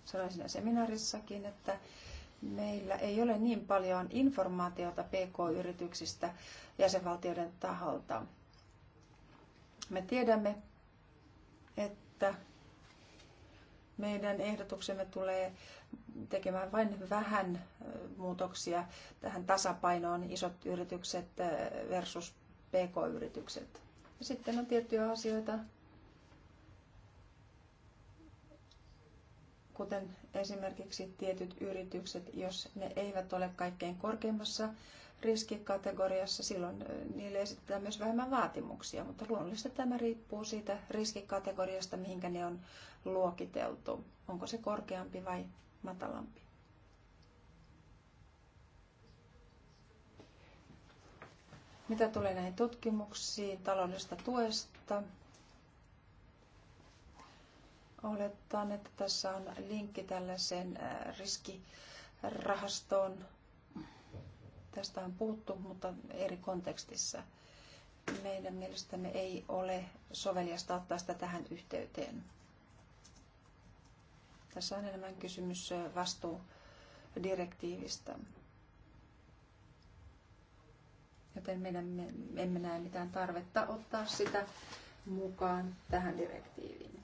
sanoin siinä seminaarissakin, että meillä ei ole niin paljon informaatiota PK-yrityksistä jäsenvaltioiden taholta. Me tiedämme, että meidän ehdotuksemme tulee tekemään vain vähän muutoksia tähän tasapainoon isot yritykset versus pk-yritykset. Ja sitten on tiettyjä asioita, kuten esimerkiksi tietyt yritykset, jos ne eivät ole kaikkein korkeimmassa riskikategoriassa, silloin niille esitetään myös vähemmän vaatimuksia, mutta luonnollisesti tämä riippuu siitä riskikategoriasta, mihinkä ne on luokiteltu. Onko se korkeampi vai matalampi? Mitä tulee näihin tutkimuksiin taloudellisesta tuesta, Oletan, että tässä on linkki tällaiseen äh, riskirahastoon. Tästä on puhuttu, mutta eri kontekstissa. Meidän mielestämme ei ole soveliasta ottaa sitä tähän yhteyteen. Tässä on enemmän kysymys äh, vastuudirektiivistä. Joten meidän emme näe mitään tarvetta ottaa sitä mukaan tähän direktiiviin.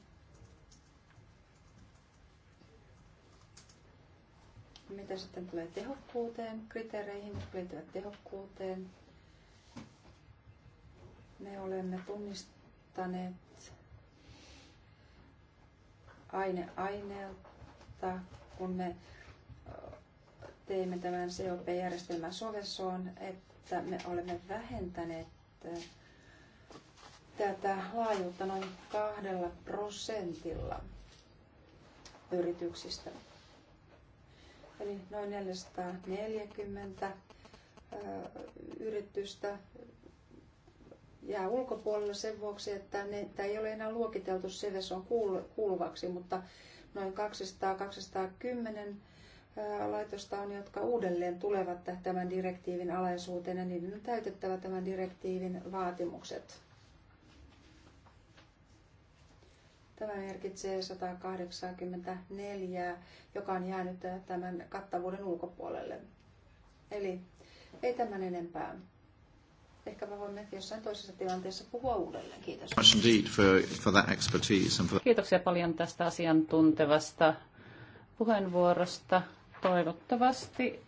Mitä sitten tulee tehokkuuteen, kriteereihin, jotka liittyvät tehokkuuteen, me olemme tunnistaneet aine aineelta, kun me teimme tämän COP-järjestelmän sovessoon, että me olemme vähentäneet tätä laajuutta noin kahdella prosentilla yrityksistä eli noin 440 yritystä jää ulkopuolella sen vuoksi, että ne, tämä ei ole enää luokiteltu Seveson kuuluvaksi, mutta noin 200-210 laitosta on, jotka uudelleen tulevat tämän direktiivin alaisuuteen ja niiden on täytettävä tämän direktiivin vaatimukset. Tämä merkitsee 184, joka on jäänyt tämän kattavuuden ulkopuolelle. Eli ei tämän enempää. Ehkä me voimme jossain toisessa tilanteessa puhua uudelleen. Kiitos. Kiitoksia paljon tästä asiantuntevasta puheenvuorosta. Toivottavasti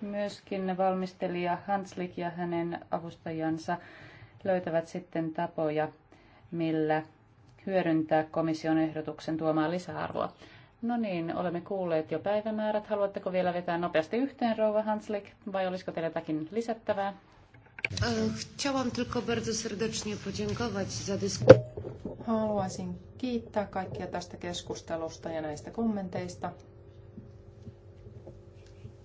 myöskin valmistelija Hanslik ja hänen avustajansa löytävät sitten tapoja, millä hyödyntää komission ehdotuksen tuomaan lisäarvoa. No niin, olemme kuulleet jo päivämäärät. Haluatteko vielä vetää nopeasti yhteen, rouva Hanslik, vai olisiko teillä jotakin lisättävää? E, chciałam tylko bardzo serdecznie podziękować za Haluaisin kiittää kaikkia tästä keskustelusta ja näistä kommenteista.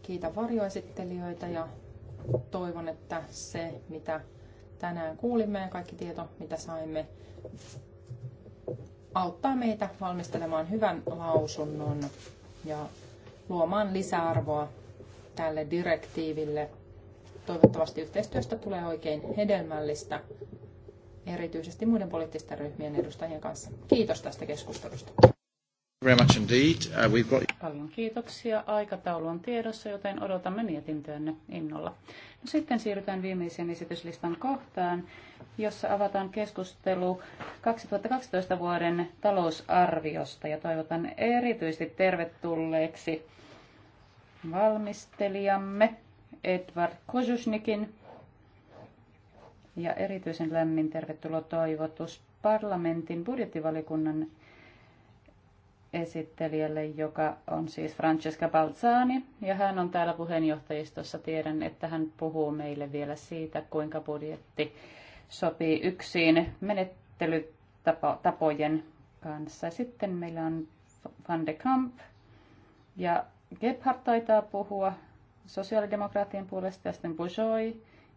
Kiitän varjoesittelijöitä ja toivon, että se, mitä tänään kuulimme ja kaikki tieto, mitä saimme, auttaa meitä valmistelemaan hyvän lausunnon ja luomaan lisäarvoa tälle direktiiville. Toivottavasti yhteistyöstä tulee oikein hedelmällistä, erityisesti muiden poliittisten ryhmien edustajien kanssa. Kiitos tästä keskustelusta. Very much indeed. Uh, we've got... Paljon kiitoksia. Aikataulu on tiedossa, joten odotamme mietintöönne innolla. No, sitten siirrytään viimeiseen esityslistan kohtaan, jossa avataan keskustelu 2012 vuoden talousarviosta. Ja toivotan erityisesti tervetulleeksi valmistelijamme Edward Kosusnikin. Ja erityisen lämmin tervetulo toivotus parlamentin budjettivalikunnan esittelijälle, joka on siis Francesca Balzani, ja hän on täällä puheenjohtajistossa. Tiedän, että hän puhuu meille vielä siitä, kuinka budjetti sopii yksin menettelytapojen kanssa. Sitten meillä on Van de Kamp, ja Gebhardt taitaa puhua sosiaalidemokraattien puolesta, ja sitten Bujoy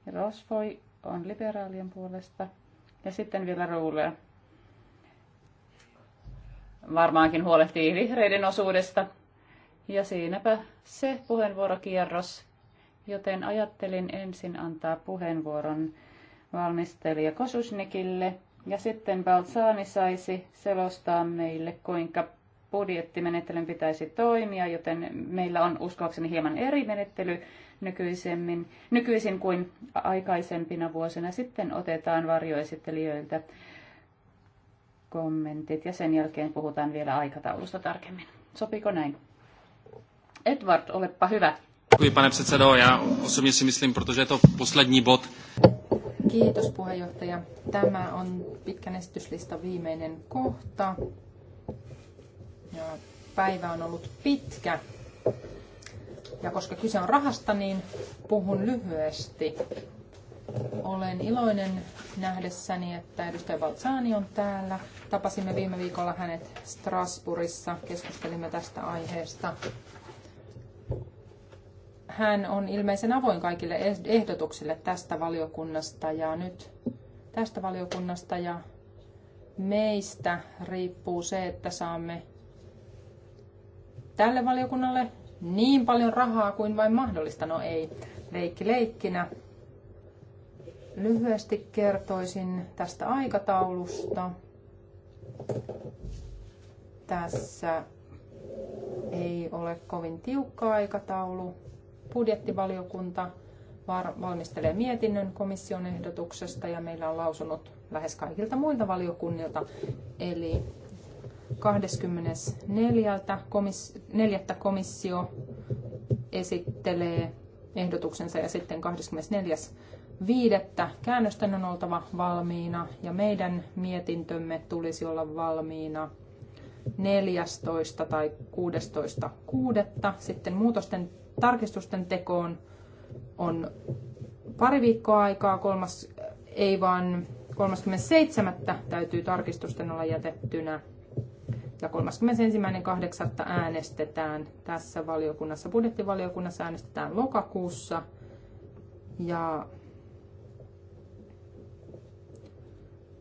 ja Rosvoy on liberaalien puolesta, ja sitten vielä Rouler varmaankin huolehtii vihreiden osuudesta. Ja siinäpä se puheenvuorokierros. Joten ajattelin ensin antaa puheenvuoron valmistelija Kosusnikille ja sitten Baltsani saisi selostaa meille, kuinka budjettimenettelyn pitäisi toimia, joten meillä on uskoakseni hieman eri menettely nykyisemmin, nykyisin kuin aikaisempina vuosina. Sitten otetaan varjoesittelijöiltä kommentit ja sen jälkeen puhutaan vielä aikataulusta tarkemmin. Sopiko näin? Edward, olepa hyvä. Děkuji, pane předsedo. Já osobně si myslím, protože je to poslední bod. Kiitos puheenjohtaja. Tämä on pitkän esityslista viimeinen kohta. Ja päivä on ollut pitkä. Ja koska kyse on rahasta, niin puhun lyhyesti. Olen iloinen nähdessäni, että edustaja Balzani on täällä. Tapasimme viime viikolla hänet Strasbourgissa, keskustelimme tästä aiheesta. Hän on ilmeisen avoin kaikille ehdotuksille tästä valiokunnasta ja nyt tästä valiokunnasta ja meistä riippuu se, että saamme tälle valiokunnalle niin paljon rahaa kuin vain mahdollista. No ei, leikki leikkinä Lyhyesti kertoisin tästä aikataulusta. Tässä ei ole kovin tiukka aikataulu. Budjettivaliokunta valmistelee mietinnön komission ehdotuksesta ja meillä on lausunut lähes kaikilta muilta valiokunnilta. Eli 24. Komis, 4. komissio esittelee ehdotuksensa ja sitten 24 viidettä käännösten on oltava valmiina ja meidän mietintömme tulisi olla valmiina 14. tai kuudetta. Sitten muutosten tarkistusten tekoon on pari viikkoa aikaa, kolmas, ei vaan 37. täytyy tarkistusten olla jätettynä. Ja 31.8. äänestetään tässä valiokunnassa, budjettivaliokunnassa äänestetään lokakuussa. Ja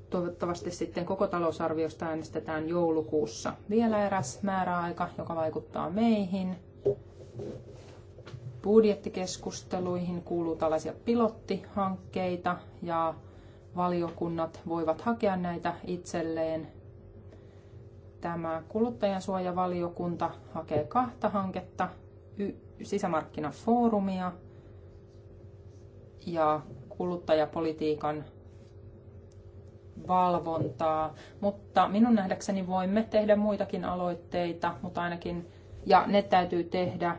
Toivottavasti sitten koko talousarviosta äänestetään joulukuussa. Vielä eräs määräaika, joka vaikuttaa meihin. Budjettikeskusteluihin kuuluu tällaisia pilottihankkeita ja valiokunnat voivat hakea näitä itselleen. Tämä kuluttajansuojavaliokunta hakee kahta hanketta, y- sisämarkkinafoorumia ja kuluttajapolitiikan valvontaa, mutta minun nähdäkseni voimme tehdä muitakin aloitteita, mutta ainakin, ja ne täytyy tehdä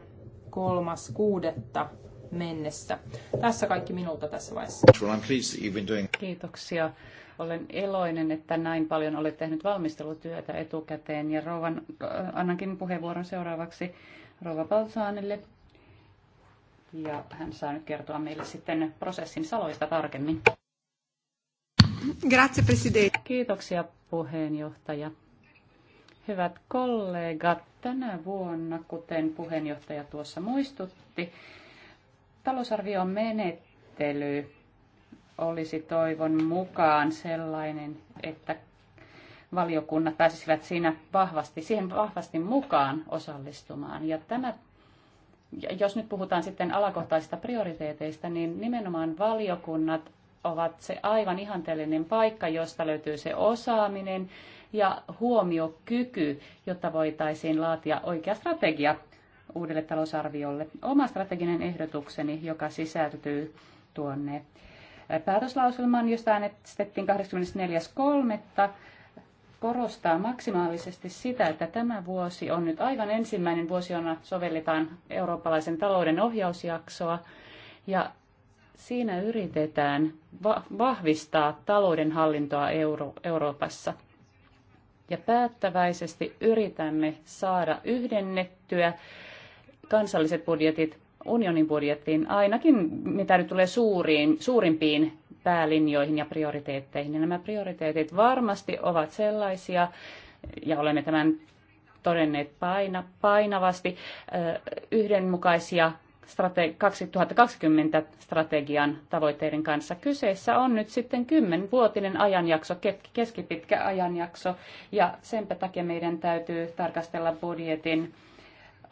kolmas kuudetta mennessä. Tässä kaikki minulta tässä vaiheessa. Kiitoksia. Olen eloinen, että näin paljon olet tehnyt valmistelutyötä etukäteen ja rouvan, äh, annankin puheenvuoron seuraavaksi rouva Balsaanille. Ja hän saa nyt kertoa meille sitten prosessin saloista tarkemmin. Grazie, presidente. Kiitoksia, puheenjohtaja. Hyvät kollegat, tänä vuonna, kuten puheenjohtaja tuossa muistutti, talousarvion menettely olisi toivon mukaan sellainen, että valiokunnat pääsisivät siinä vahvasti, siihen vahvasti mukaan osallistumaan. Ja tämä, jos nyt puhutaan sitten alakohtaisista prioriteeteista, niin nimenomaan valiokunnat ovat se aivan ihanteellinen paikka, josta löytyy se osaaminen ja huomiokyky, jotta voitaisiin laatia oikea strategia uudelle talousarviolle. Oma strateginen ehdotukseni, joka sisältyy tuonne päätöslauselmaan, josta äänestettiin 24.3 korostaa maksimaalisesti sitä, että tämä vuosi on nyt aivan ensimmäinen vuosi, jona sovelletaan eurooppalaisen talouden ohjausjaksoa. Ja Siinä yritetään vahvistaa talouden hallintoa Euro- Euroopassa. Ja päättäväisesti yritämme saada yhdennettyä kansalliset budjetit unionin budjettiin, ainakin mitä nyt tulee suuriin, suurimpiin päälinjoihin ja prioriteetteihin. Ja nämä prioriteetit varmasti ovat sellaisia, ja olemme tämän todenneet paina, painavasti, yhdenmukaisia 2020 strategian tavoitteiden kanssa. Kyseessä on nyt sitten kymmenvuotinen ajanjakso, keskipitkä ajanjakso, ja senpä takia meidän täytyy tarkastella budjetin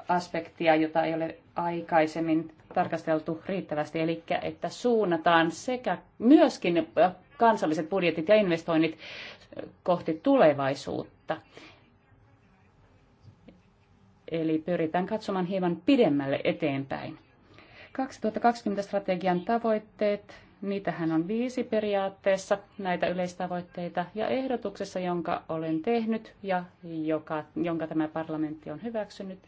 aspektia, jota ei ole aikaisemmin tarkasteltu riittävästi, eli että suunnataan sekä myöskin kansalliset budjetit ja investoinnit kohti tulevaisuutta. Eli pyritään katsomaan hieman pidemmälle eteenpäin. 2020 strategian tavoitteet, niitähän on viisi periaatteessa, näitä yleistavoitteita, ja ehdotuksessa, jonka olen tehnyt ja joka, jonka tämä parlamentti on hyväksynyt,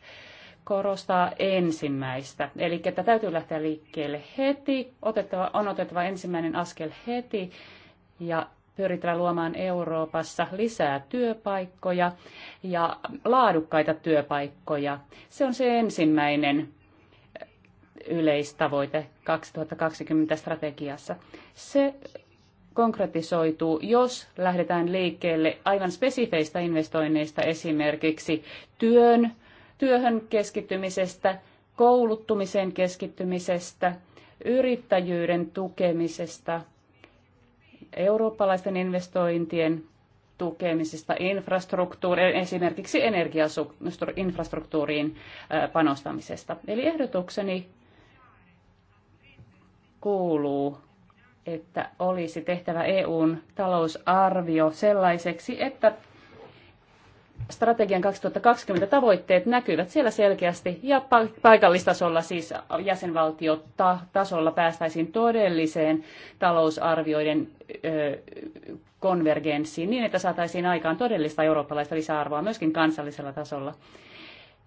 korostaa ensimmäistä. Eli että täytyy lähteä liikkeelle heti, otettava, on otettava ensimmäinen askel heti ja pyritään luomaan Euroopassa lisää työpaikkoja ja laadukkaita työpaikkoja. Se on se ensimmäinen yleistavoite 2020 strategiassa. Se konkretisoituu, jos lähdetään liikkeelle aivan spesifeistä investoinneista esimerkiksi työn, työhön keskittymisestä, kouluttumiseen keskittymisestä, yrittäjyyden tukemisesta, eurooppalaisten investointien tukemisesta, infrastruktuuriin, esimerkiksi energiainfrastruktuuriin äh, panostamisesta. Eli ehdotukseni kuuluu, että olisi tehtävä EUn talousarvio sellaiseksi, että strategian 2020 tavoitteet näkyvät siellä selkeästi ja paikallistasolla, siis jäsenvaltiotasolla päästäisiin todelliseen talousarvioiden konvergenssiin niin, että saataisiin aikaan todellista eurooppalaista lisäarvoa myöskin kansallisella tasolla.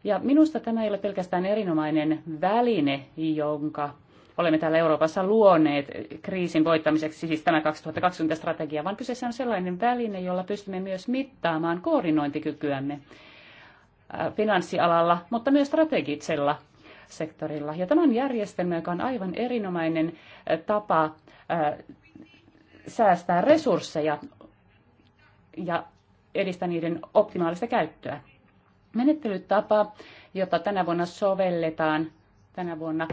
Ja minusta tämä ei ole pelkästään erinomainen väline, jonka olemme täällä Euroopassa luoneet kriisin voittamiseksi, siis tämä 2020-strategia, vaan kyseessä on sellainen väline, jolla pystymme myös mittaamaan koordinointikykyämme äh, finanssialalla, mutta myös strategisella sektorilla. Ja tämä on järjestelmä, joka on aivan erinomainen äh, tapa äh, säästää resursseja ja edistää niiden optimaalista käyttöä. Menettelytapa, jota tänä vuonna sovelletaan tänä vuonna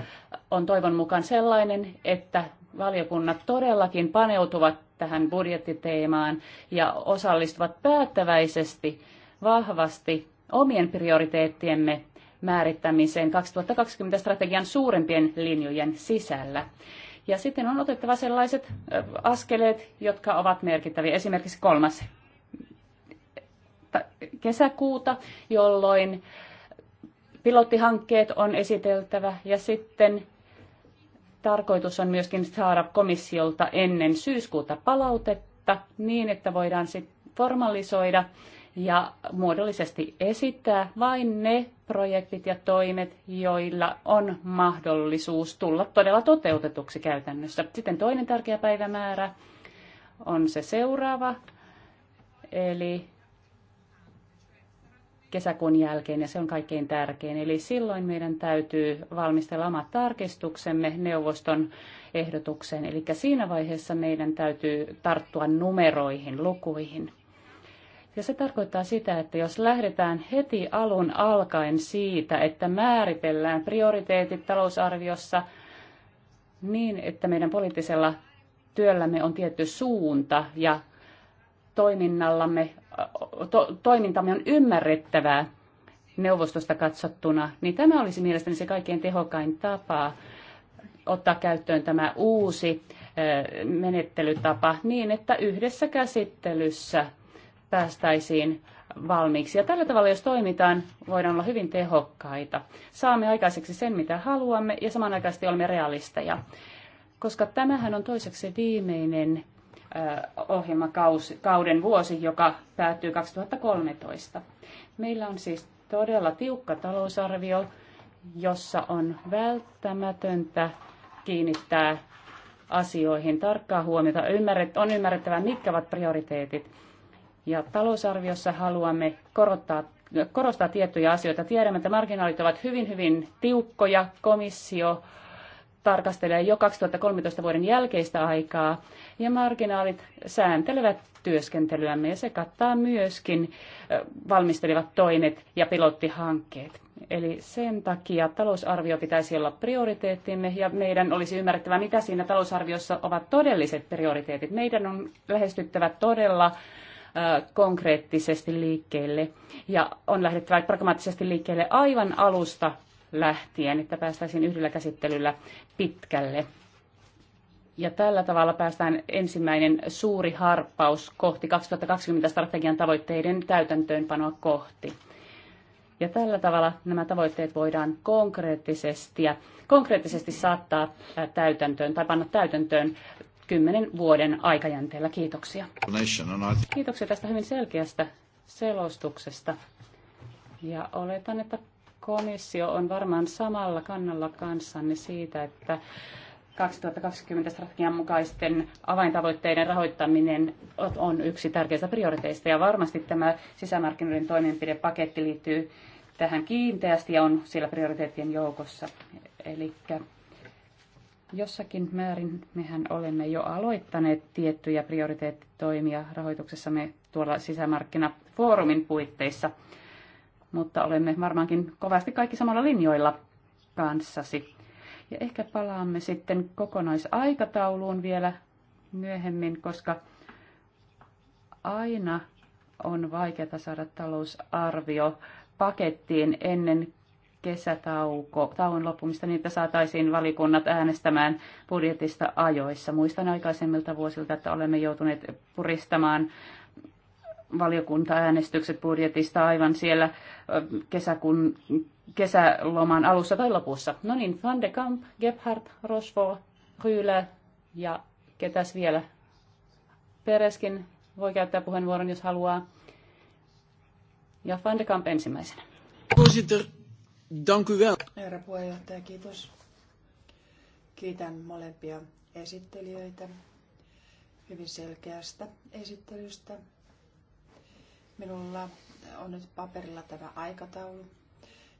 on toivon mukaan sellainen, että valiokunnat todellakin paneutuvat tähän budjettiteemaan ja osallistuvat päättäväisesti, vahvasti omien prioriteettiemme määrittämiseen 2020 strategian suurempien linjojen sisällä. Ja sitten on otettava sellaiset askeleet, jotka ovat merkittäviä. Esimerkiksi kolmas kesäkuuta, jolloin Pilottihankkeet on esiteltävä ja sitten tarkoitus on myöskin saada komissiolta ennen syyskuuta palautetta niin, että voidaan sitten formalisoida ja muodollisesti esittää vain ne projektit ja toimet, joilla on mahdollisuus tulla todella toteutetuksi käytännössä. Sitten toinen tärkeä päivämäärä on se seuraava, eli kesäkuun jälkeen ja se on kaikkein tärkein. Eli silloin meidän täytyy valmistella omat tarkistuksemme neuvoston ehdotukseen. Eli siinä vaiheessa meidän täytyy tarttua numeroihin, lukuihin. Ja se tarkoittaa sitä, että jos lähdetään heti alun alkaen siitä, että määritellään prioriteetit talousarviossa niin, että meidän poliittisella työllämme on tietty suunta ja toiminnallamme to, toimintamme on ymmärrettävää neuvostosta katsottuna, niin tämä olisi mielestäni se kaikkein tehokkain tapa ottaa käyttöön tämä uusi menettelytapa niin, että yhdessä käsittelyssä päästäisiin valmiiksi. Ja tällä tavalla, jos toimitaan, voidaan olla hyvin tehokkaita. Saamme aikaiseksi sen, mitä haluamme, ja samanaikaisesti olemme realisteja. Koska tämähän on toiseksi viimeinen ohjelmakauden vuosi, joka päättyy 2013. Meillä on siis todella tiukka talousarvio, jossa on välttämätöntä kiinnittää asioihin tarkkaa huomiota. On ymmärrettävä, mitkä ovat prioriteetit. Ja talousarviossa haluamme korottaa, korostaa tiettyjä asioita. Tiedämme, että marginaalit ovat hyvin, hyvin tiukkoja. Komissio tarkastelee jo 2013 vuoden jälkeistä aikaa ja marginaalit sääntelevät työskentelyämme ja se kattaa myöskin valmistelevat toimet ja pilottihankkeet. Eli sen takia talousarvio pitäisi olla prioriteettimme ja meidän olisi ymmärrettävä, mitä siinä talousarviossa ovat todelliset prioriteetit. Meidän on lähestyttävä todella konkreettisesti liikkeelle ja on lähdettävä pragmaattisesti liikkeelle aivan alusta lähtien, että päästäisiin yhdellä käsittelyllä pitkälle. Ja tällä tavalla päästään ensimmäinen suuri harppaus kohti 2020 strategian tavoitteiden täytäntöönpanoa kohti. Ja tällä tavalla nämä tavoitteet voidaan konkreettisesti, ja konkreettisesti saattaa täytäntöön tai panna täytäntöön kymmenen vuoden aikajänteellä. Kiitoksia. Kiitoksia tästä hyvin selkeästä selostuksesta. Ja oletan, että komissio on varmaan samalla kannalla kanssanne siitä, että 2020 strategian mukaisten avaintavoitteiden rahoittaminen on yksi tärkeistä prioriteista ja varmasti tämä sisämarkkinoiden toimenpidepaketti liittyy tähän kiinteästi ja on siellä prioriteettien joukossa. Eli jossakin määrin mehän olemme jo aloittaneet tiettyjä prioriteettitoimia rahoituksessamme tuolla sisämarkkinafoorumin puitteissa – mutta olemme varmaankin kovasti kaikki samalla linjoilla kanssasi. Ja ehkä palaamme sitten kokonaisaikatauluun vielä myöhemmin, koska aina on vaikeaa saada talousarvio pakettiin ennen kesätauko, tauon loppumista, niin että saataisiin valikunnat äänestämään budjetista ajoissa. Muistan aikaisemmilta vuosilta, että olemme joutuneet puristamaan valiokuntaäänestykset budjetista aivan siellä kesäkun, kesäloman alussa tai lopussa. No niin, Van de Kamp, Gebhardt, Rosvo, Ryylä ja ketäs vielä? Pereskin voi käyttää puheenvuoron, jos haluaa. Ja Van de Kamp ensimmäisenä. Voorzitter, dank u wel. Herra puheenjohtaja, kiitos. Kiitän molempia esittelijöitä hyvin selkeästä esittelystä Minulla on nyt paperilla tämä aikataulu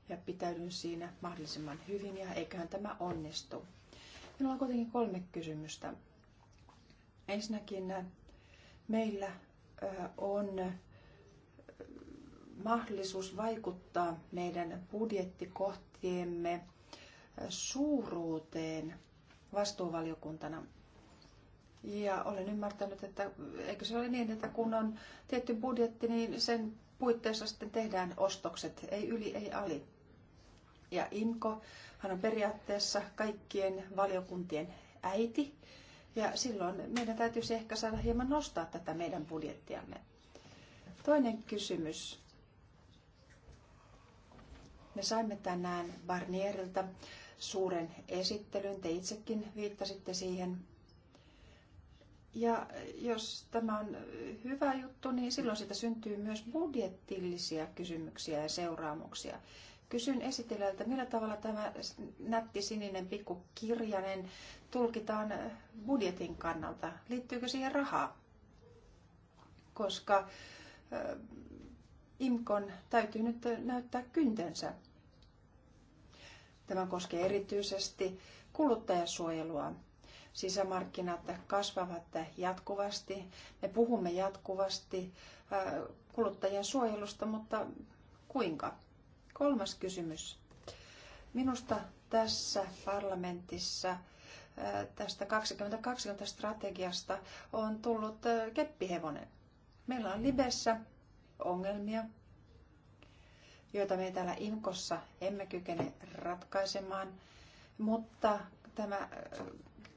ja pitäydyn siinä mahdollisimman hyvin ja eiköhän tämä onnistu. Minulla on kuitenkin kolme kysymystä. Ensinnäkin äh, meillä äh, on äh, mahdollisuus vaikuttaa meidän budjettikohtiemme suuruuteen vastuuvaliokuntana ja olen ymmärtänyt, että eikö se ole niin, että kun on tietty budjetti, niin sen puitteissa sitten tehdään ostokset, ei yli, ei ali. Ja Inko, hän on periaatteessa kaikkien valiokuntien äiti, ja silloin meidän täytyisi ehkä saada hieman nostaa tätä meidän budjettiamme. Toinen kysymys. Me saimme tänään Barnierilta suuren esittelyn, te itsekin viittasitte siihen. Ja jos tämä on hyvä juttu, niin silloin siitä syntyy myös budjettillisia kysymyksiä ja seuraamuksia. Kysyn esitelöltä, millä tavalla tämä nätti sininen pikku kirjanen tulkitaan budjetin kannalta. Liittyykö siihen rahaa? Koska äh, IMKON täytyy nyt näyttää kyntensä. Tämä koskee erityisesti kuluttajasuojelua Sisämarkkinat kasvavat jatkuvasti. Me puhumme jatkuvasti äh, kuluttajien suojelusta, mutta kuinka? Kolmas kysymys. Minusta tässä parlamentissa äh, tästä 2020 strategiasta on tullut äh, keppihevonen. Meillä on Libessä ongelmia, joita me täällä Inkossa emme kykene ratkaisemaan, mutta tämä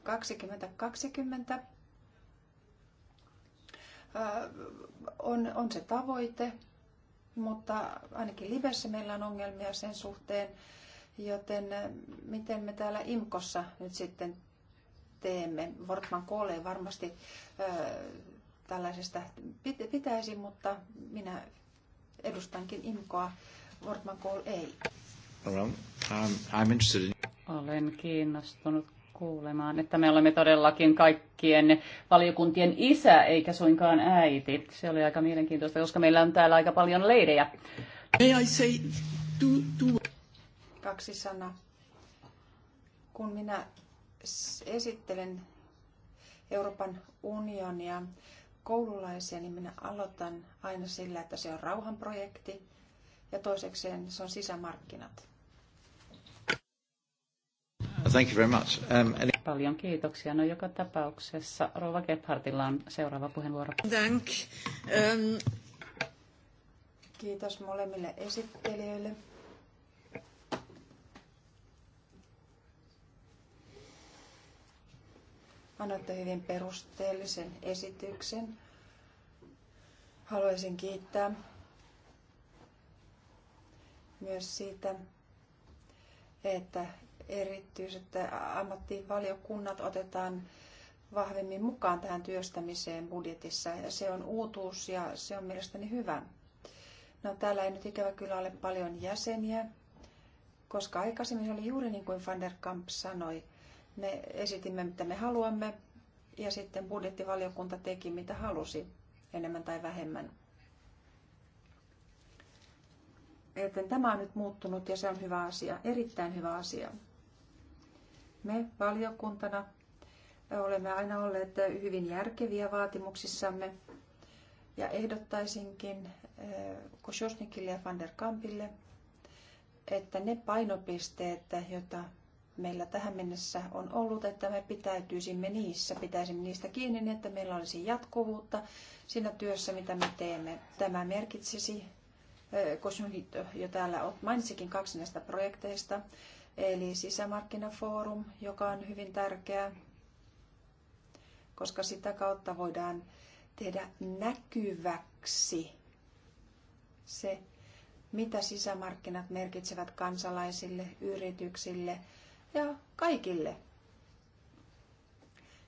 2020 on, on se tavoite, mutta ainakin livessä meillä on ongelmia sen suhteen, joten miten me täällä IMKossa nyt sitten teemme. Wortman koolee varmasti tällaisesta pitäisi, mutta minä edustankin IMKoa, Wortman Kool ei. Olen kiinnostunut kuulemaan, että me olemme todellakin kaikkien valiokuntien isä eikä suinkaan äiti. Se oli aika mielenkiintoista, koska meillä on täällä aika paljon leidejä. May I say two, two... Kaksi sanaa. Kun minä esittelen Euroopan unionia koululaisia, niin minä aloitan aina sillä, että se on rauhanprojekti ja toisekseen se on sisämarkkinat. Thank you very much. Um, Paljon kiitoksia. No joka tapauksessa Rova Gebhardilla on seuraava puheenvuoro. Thank. Um... Kiitos molemmille esittelijöille. Annoitte hyvin perusteellisen esityksen. Haluaisin kiittää myös siitä, että erityiset ammattivaliokunnat otetaan vahvemmin mukaan tähän työstämiseen budjetissa. Ja se on uutuus ja se on mielestäni hyvä. No, täällä ei nyt ikävä kyllä ole paljon jäseniä, koska aikaisemmin oli juuri niin kuin Van der Kamp sanoi. Me esitimme, mitä me haluamme, ja sitten budjettivaliokunta teki, mitä halusi, enemmän tai vähemmän. Joten tämä on nyt muuttunut ja se on hyvä asia, erittäin hyvä asia. Me valiokuntana olemme aina olleet hyvin järkeviä vaatimuksissamme ja ehdottaisinkin eh, Kosjosnikille ja Van der Kampille, että ne painopisteet, joita meillä tähän mennessä on ollut, että me pitäytyisimme niissä, pitäisimme niistä kiinni, niin että meillä olisi jatkuvuutta siinä työssä, mitä me teemme. Tämä merkitsisi, eh, koska jo täällä mainitsikin kaksi näistä projekteista, eli sisämarkkinafoorum, joka on hyvin tärkeä, koska sitä kautta voidaan tehdä näkyväksi se, mitä sisämarkkinat merkitsevät kansalaisille, yrityksille ja kaikille.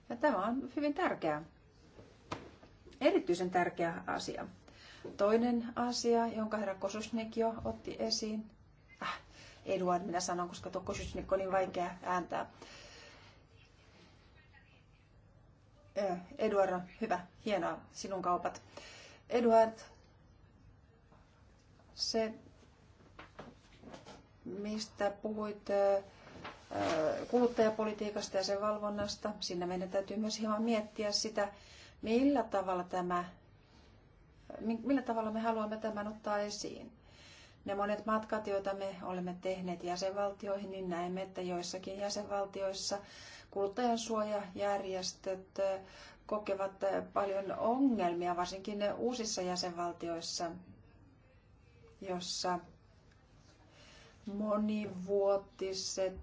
Ja tämä on hyvin tärkeä, erityisen tärkeä asia. Toinen asia, jonka herra Kosusnik jo otti esiin, Eduard minä sanon, koska tuo Kosisnik on niin vaikea ääntää. Eduard hyvä, hienoa, sinun kaupat. Eduard, se mistä puhuit kuluttajapolitiikasta ja sen valvonnasta, siinä meidän täytyy myös hieman miettiä sitä, millä tavalla tämä millä tavalla me haluamme tämän ottaa esiin. Ne monet matkat, joita me olemme tehneet jäsenvaltioihin, niin näemme, että joissakin jäsenvaltioissa kuluttajansuojajärjestöt kokevat paljon ongelmia, varsinkin uusissa jäsenvaltioissa, jossa monivuotiset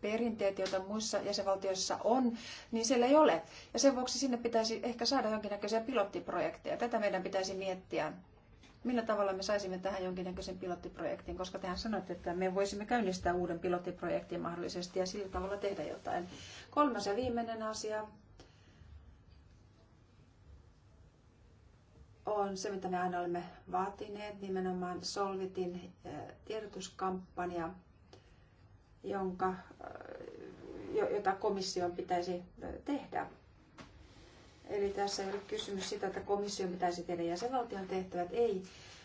perinteet, joita muissa jäsenvaltioissa on, niin siellä ei ole. Ja sen vuoksi sinne pitäisi ehkä saada jonkinnäköisiä pilottiprojekteja. Tätä meidän pitäisi miettiä millä tavalla me saisimme tähän jonkinnäköisen pilottiprojektin, koska tehän sanoitte, että me voisimme käynnistää uuden pilottiprojektin mahdollisesti ja sillä tavalla tehdä jotain. Kolmas ja viimeinen asia on se, mitä me aina olemme vaatineet, nimenomaan Solvitin eh, tiedotuskampanja, jonka, eh, jota komission pitäisi eh, tehdä Eli tässä ei ole kysymys siitä, että komissio pitäisi tehdä jäsenvaltion tehtävät, ei.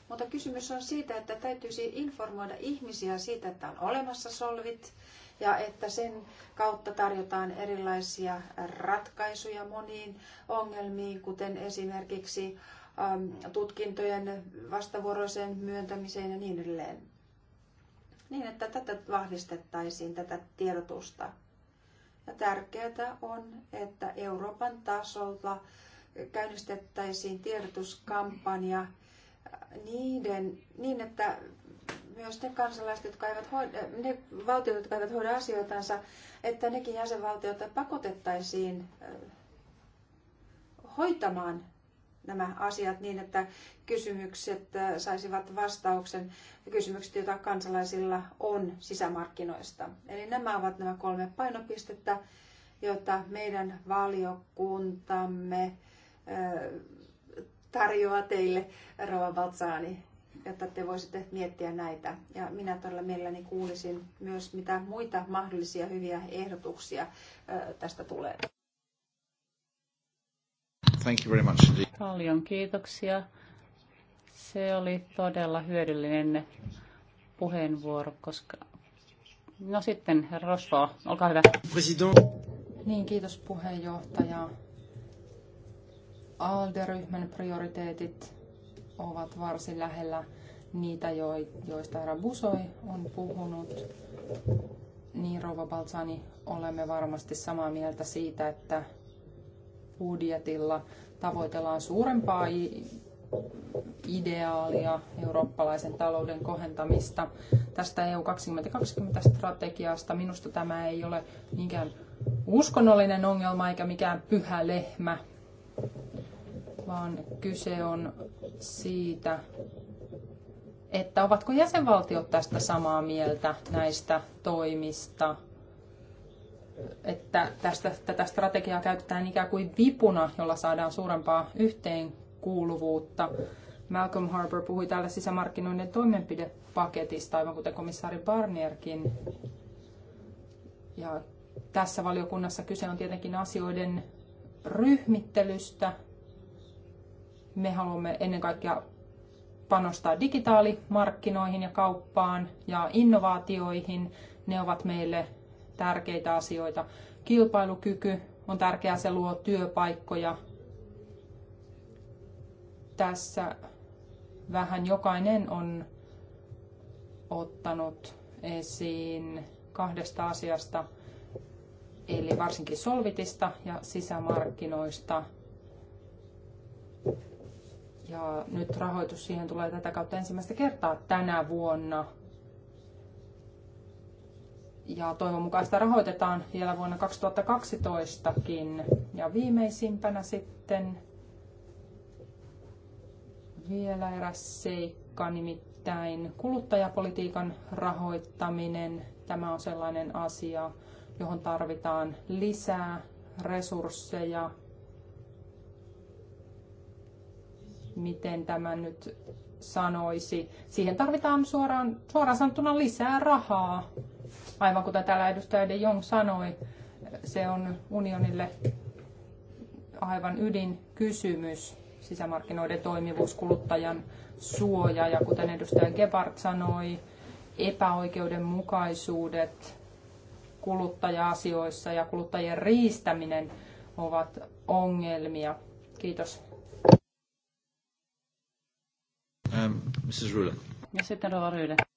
Mutta kysymys on siitä, että täytyisi informoida ihmisiä siitä, että on olemassa solvit ja että sen kautta tarjotaan erilaisia ratkaisuja moniin ongelmiin, kuten esimerkiksi tutkintojen vastavuoroiseen myöntämiseen ja niin edelleen. Niin, että tätä vahvistettaisiin, tätä tiedotusta. Ja tärkeää on, että Euroopan tasolla käynnistettäisiin tiedotuskampanja niiden, niin, että myös ne kansalaiset, jotka eivät hoida, ne valtiot, jotka eivät hoida asioitansa, että nekin jäsenvaltiot pakotettaisiin hoitamaan nämä asiat niin, että kysymykset äh, saisivat vastauksen kysymykset, joita kansalaisilla on sisämarkkinoista. Eli nämä ovat nämä kolme painopistettä, joita meidän valiokuntamme äh, tarjoaa teille, Rova Valtsaani, jotta te voisitte miettiä näitä. Ja minä todella mielelläni kuulisin myös, mitä muita mahdollisia hyviä ehdotuksia äh, tästä tulee. Thank you very much indeed. Paljon kiitoksia. Se oli todella hyödyllinen puheenvuoro, koska... No sitten, herra Rosvo, olkaa hyvä. President. Niin, kiitos puheenjohtaja. ALDE-ryhmän prioriteetit ovat varsin lähellä niitä, joista herra Busoi on puhunut. Niin, Rova Balsani, olemme varmasti samaa mieltä siitä, että budjetilla tavoitellaan suurempaa ideaalia, eurooppalaisen talouden kohentamista. Tästä EU 2020-strategiasta minusta tämä ei ole niinkään uskonnollinen ongelma eikä mikään pyhä lehmä, vaan kyse on siitä, että ovatko jäsenvaltiot tästä samaa mieltä näistä toimista – että tästä, tätä strategiaa käytetään ikään kuin vipuna, jolla saadaan suurempaa yhteenkuuluvuutta. Malcolm Harbour puhui täällä sisämarkkinoiden toimenpidepaketista, aivan kuten komissaari Barnierkin. Ja tässä valiokunnassa kyse on tietenkin asioiden ryhmittelystä. Me haluamme ennen kaikkea panostaa digitaalimarkkinoihin ja kauppaan ja innovaatioihin. Ne ovat meille tärkeitä asioita. Kilpailukyky on tärkeää, se luo työpaikkoja. Tässä vähän jokainen on ottanut esiin kahdesta asiasta, eli varsinkin solvitista ja sisämarkkinoista. Ja nyt rahoitus siihen tulee tätä kautta ensimmäistä kertaa tänä vuonna – ja toivon mukaan sitä rahoitetaan vielä vuonna 2012kin. Ja viimeisimpänä sitten vielä eräs seikka, nimittäin kuluttajapolitiikan rahoittaminen. Tämä on sellainen asia, johon tarvitaan lisää resursseja. Miten tämä nyt sanoisi? Siihen tarvitaan suoraan, suoraan sanottuna lisää rahaa Aivan kuten täällä edustaja De Jong sanoi, se on unionille aivan ydinkysymys, sisämarkkinoiden toimivuus, kuluttajan suoja ja kuten edustaja Gebhardt sanoi, epäoikeudenmukaisuudet kuluttaja-asioissa ja kuluttajien riistäminen ovat ongelmia. Kiitos. Um, Mrs. Rühle. Ja sitten Rova Rühle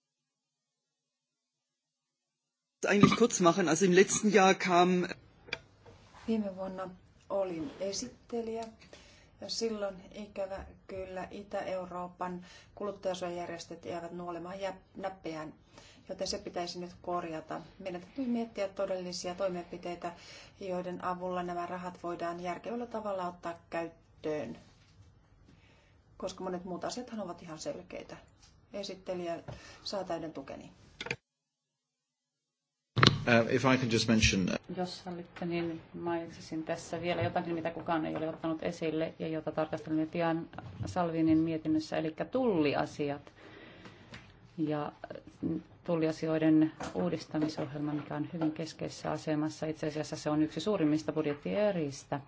eigentlich kurz machen. Also im letzten Jahr kam... Viime vuonna olin esittelijä. Ja silloin ikävä kyllä Itä-Euroopan kuluttajasuojajärjestöt jäävät nuolemaan näppeään, joten se pitäisi nyt korjata. Meidän täytyy miettiä todellisia toimenpiteitä, joiden avulla nämä rahat voidaan järkevällä tavalla ottaa käyttöön, koska monet muut asiat ovat ihan selkeitä. Esittelijä saa täyden tukeni. Uh, if I can just mention... Uh, Jos sallitte, niin mainitsisin tässä vielä jotakin, mitä kukaan ei ole ottanut esille ja jota tarkastelemme pian Salvinin mietinnössä, eli tulliasiat ja tulliasioiden uudistamisohjelma, mikä on hyvin keskeisessä asemassa. Itse asiassa se on yksi suurimmista budjettieristä.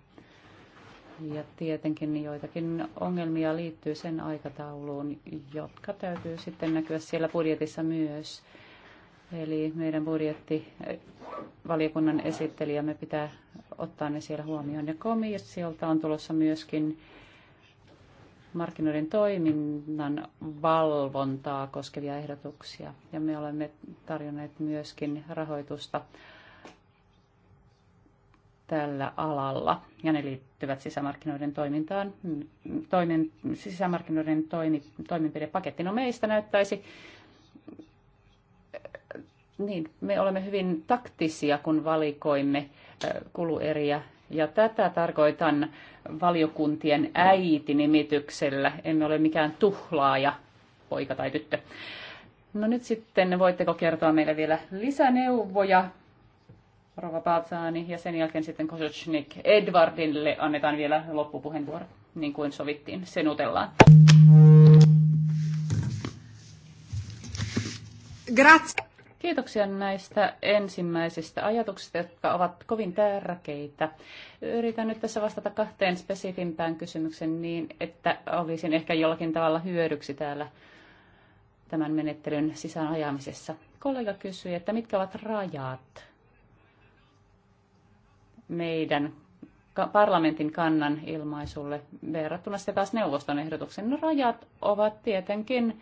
Ja tietenkin joitakin ongelmia liittyy sen aikatauluun, jotka täytyy sitten näkyä siellä budjetissa myös. Eli meidän budjettivaliokunnan esittelijämme pitää ottaa ne siellä huomioon. Ja komissiolta on tulossa myöskin markkinoiden toiminnan valvontaa koskevia ehdotuksia. Ja me olemme tarjonneet myöskin rahoitusta tällä alalla. Ja ne liittyvät sisämarkkinoiden toimintaan, toimen, sisämarkkinoiden toimi, toimenpidepaketti. No meistä näyttäisi niin, me olemme hyvin taktisia, kun valikoimme kulueriä. Ja tätä tarkoitan valiokuntien äiti-nimityksellä. Emme ole mikään tuhlaaja, poika tai tyttö. No nyt sitten voitteko kertoa meille vielä lisäneuvoja Rova Patsaani ja sen jälkeen sitten Kosocnik Edwardille annetaan vielä loppupuheenvuoro, niin kuin sovittiin. Sen utellaan. Grazie. Kiitoksia näistä ensimmäisistä ajatuksista, jotka ovat kovin tärkeitä. Yritän nyt tässä vastata kahteen spesifimpään kysymykseen niin, että olisin ehkä jollakin tavalla hyödyksi täällä tämän menettelyn sisään ajamisessa. Kollega kysyi, että mitkä ovat rajat meidän parlamentin kannan ilmaisulle verrattuna sitten taas neuvoston ehdotuksen. No, rajat ovat tietenkin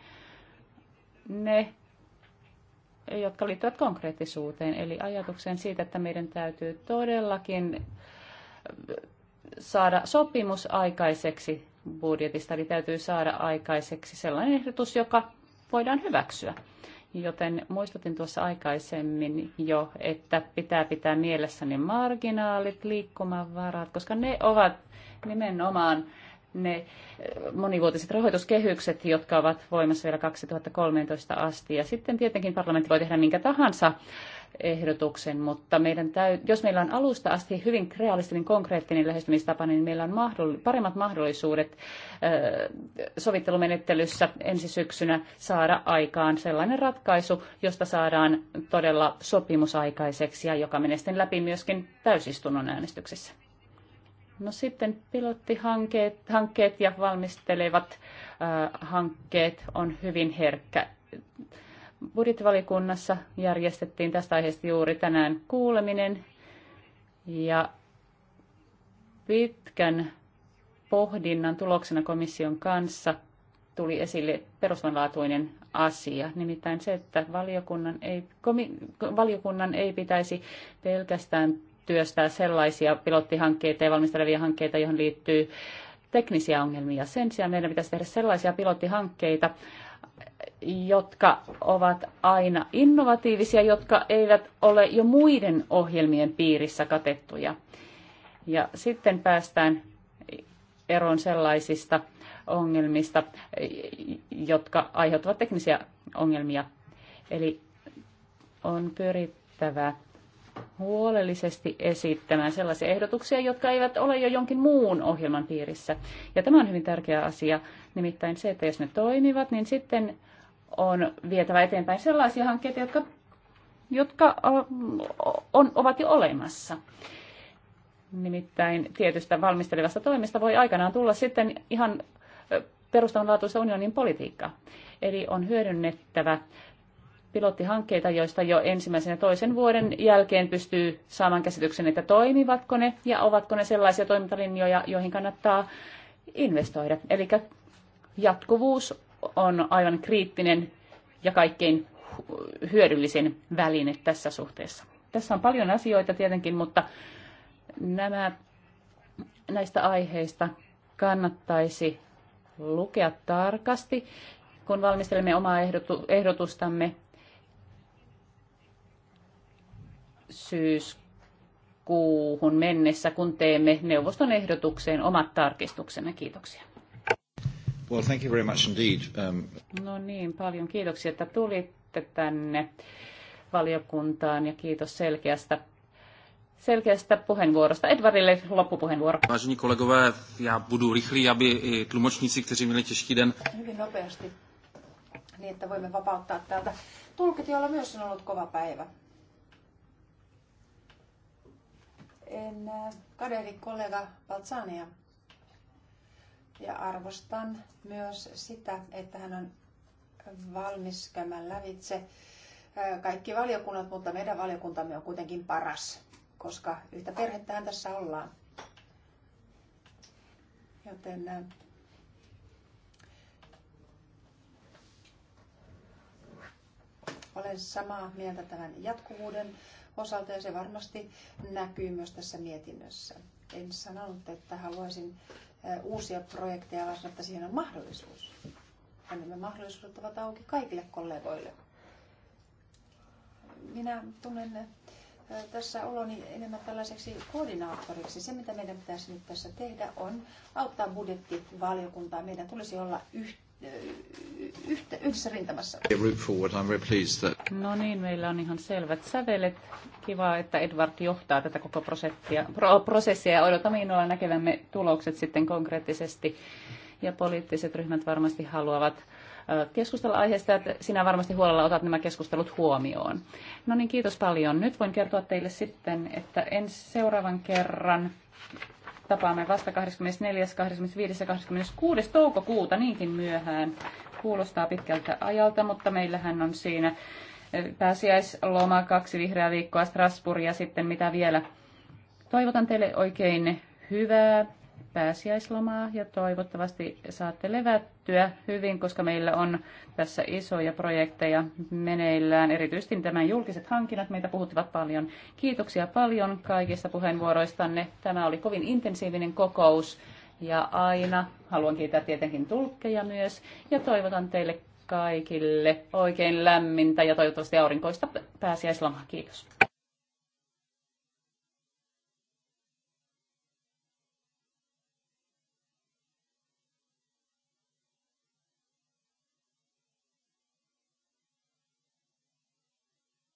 ne jotka liittyvät konkreettisuuteen, eli ajatukseen siitä, että meidän täytyy todellakin saada sopimus aikaiseksi budjetista, eli täytyy saada aikaiseksi sellainen ehdotus, joka voidaan hyväksyä. Joten muistutin tuossa aikaisemmin jo, että pitää pitää mielessä marginaalit, liikkumavarat, koska ne ovat nimenomaan ne eh, monivuotiset rahoituskehykset, jotka ovat voimassa vielä 2013 asti. Ja sitten tietenkin parlamentti voi tehdä minkä tahansa ehdotuksen, mutta meidän täy- jos meillä on alusta asti hyvin realistinen, konkreettinen lähestymistapa, niin meillä on mahdoll- paremmat mahdollisuudet ö, eh, sovittelumenettelyssä ensi syksynä saada aikaan sellainen ratkaisu, josta saadaan todella sopimus aikaiseksi ja joka menee sitten läpi myöskin täysistunnon äänestyksessä. No sitten pilottihankkeet hankkeet ja valmistelevat äh, hankkeet on hyvin herkkä. Budjettivalikunnassa järjestettiin tästä aiheesta juuri tänään kuuleminen ja pitkän pohdinnan tuloksena komission kanssa tuli esille perustavanlaatuinen asia, nimittäin se, että valiokunnan ei, komi, valiokunnan ei pitäisi pelkästään työstää sellaisia pilottihankkeita ja valmistelevia hankkeita, johon liittyy teknisiä ongelmia. Sen sijaan meidän pitäisi tehdä sellaisia pilottihankkeita, jotka ovat aina innovatiivisia, jotka eivät ole jo muiden ohjelmien piirissä katettuja. Ja sitten päästään eroon sellaisista ongelmista, jotka aiheuttavat teknisiä ongelmia. Eli on pyrittävä huolellisesti esittämään sellaisia ehdotuksia, jotka eivät ole jo jonkin muun ohjelman piirissä. Ja tämä on hyvin tärkeä asia, nimittäin se, että jos ne toimivat, niin sitten on vietävä eteenpäin sellaisia hankkeita, jotka, jotka on, ovat jo olemassa. Nimittäin tietystä valmistelevasta toimesta voi aikanaan tulla sitten ihan perustavanlaatuisen unionin politiikka, Eli on hyödynnettävä pilottihankkeita, joista jo ensimmäisen ja toisen vuoden jälkeen pystyy saamaan käsityksen, että toimivatko ne ja ovatko ne sellaisia toimintalinjoja, joihin kannattaa investoida. Eli jatkuvuus on aivan kriittinen ja kaikkein hyödyllisin väline tässä suhteessa. Tässä on paljon asioita tietenkin, mutta nämä, näistä aiheista kannattaisi lukea tarkasti, kun valmistelemme omaa ehdotustamme syyskuuhun mennessä, kun teemme neuvoston ehdotukseen omat tarkistuksemme. Kiitoksia. Well, thank you very much indeed. Um... No niin, paljon kiitoksia, että tulitte tänne valiokuntaan ja kiitos selkeästä selkeästä puheenvuorosta. Edvarille loppupuheenvuoro. Vážení kolegové, já budu rychlý, aby i tlumočníci, kteří měli těžký den. Hyvin nopeasti, niin että voimme vapauttaa täältä. Tulkit, joilla myös on ollut kova päivä. en äh, kadehdi kollega Balzania. Ja arvostan myös sitä, että hän on valmis käymään lävitse äh, kaikki valiokunnat, mutta meidän valiokuntamme on kuitenkin paras, koska yhtä perhettähän tässä ollaan. Joten äh, olen samaa mieltä tämän jatkuvuuden osalta ja se varmasti näkyy myös tässä mietinnössä. En sanonut, että haluaisin uusia projekteja, vaan että siihen on mahdollisuus. Ja nämä mahdollisuudet ovat auki kaikille kollegoille. Minä tunnen tässä oloni enemmän tällaiseksi koordinaattoriksi. Se, mitä meidän pitäisi nyt tässä tehdä, on auttaa budjettivaliokuntaa. Meidän tulisi olla yhteydessä yhtä, yhdessä rintamassa. No niin, meillä on ihan selvät sävelet. Kiva, että Edward johtaa tätä koko prosessia, pro, prosessia ja odotamme innolla näkevämme tulokset sitten konkreettisesti. Ja poliittiset ryhmät varmasti haluavat keskustella aiheesta, että sinä varmasti huolella otat nämä keskustelut huomioon. No niin, kiitos paljon. Nyt voin kertoa teille sitten, että en seuraavan kerran tapaamme vasta 24., 25. ja 26. toukokuuta niinkin myöhään. Kuulostaa pitkältä ajalta, mutta meillähän on siinä eh, pääsiäisloma, kaksi vihreää viikkoa Strasbourg ja sitten mitä vielä. Toivotan teille oikein hyvää pääsiäislomaa ja toivottavasti saatte levättyä hyvin, koska meillä on tässä isoja projekteja meneillään. Erityisesti tämän julkiset hankinnat meitä puhuttivat paljon. Kiitoksia paljon kaikista puheenvuoroistanne. Tämä oli kovin intensiivinen kokous ja aina haluan kiittää tietenkin tulkkeja myös ja toivotan teille kaikille oikein lämmintä ja toivottavasti aurinkoista pääsiäislomaa. Kiitos.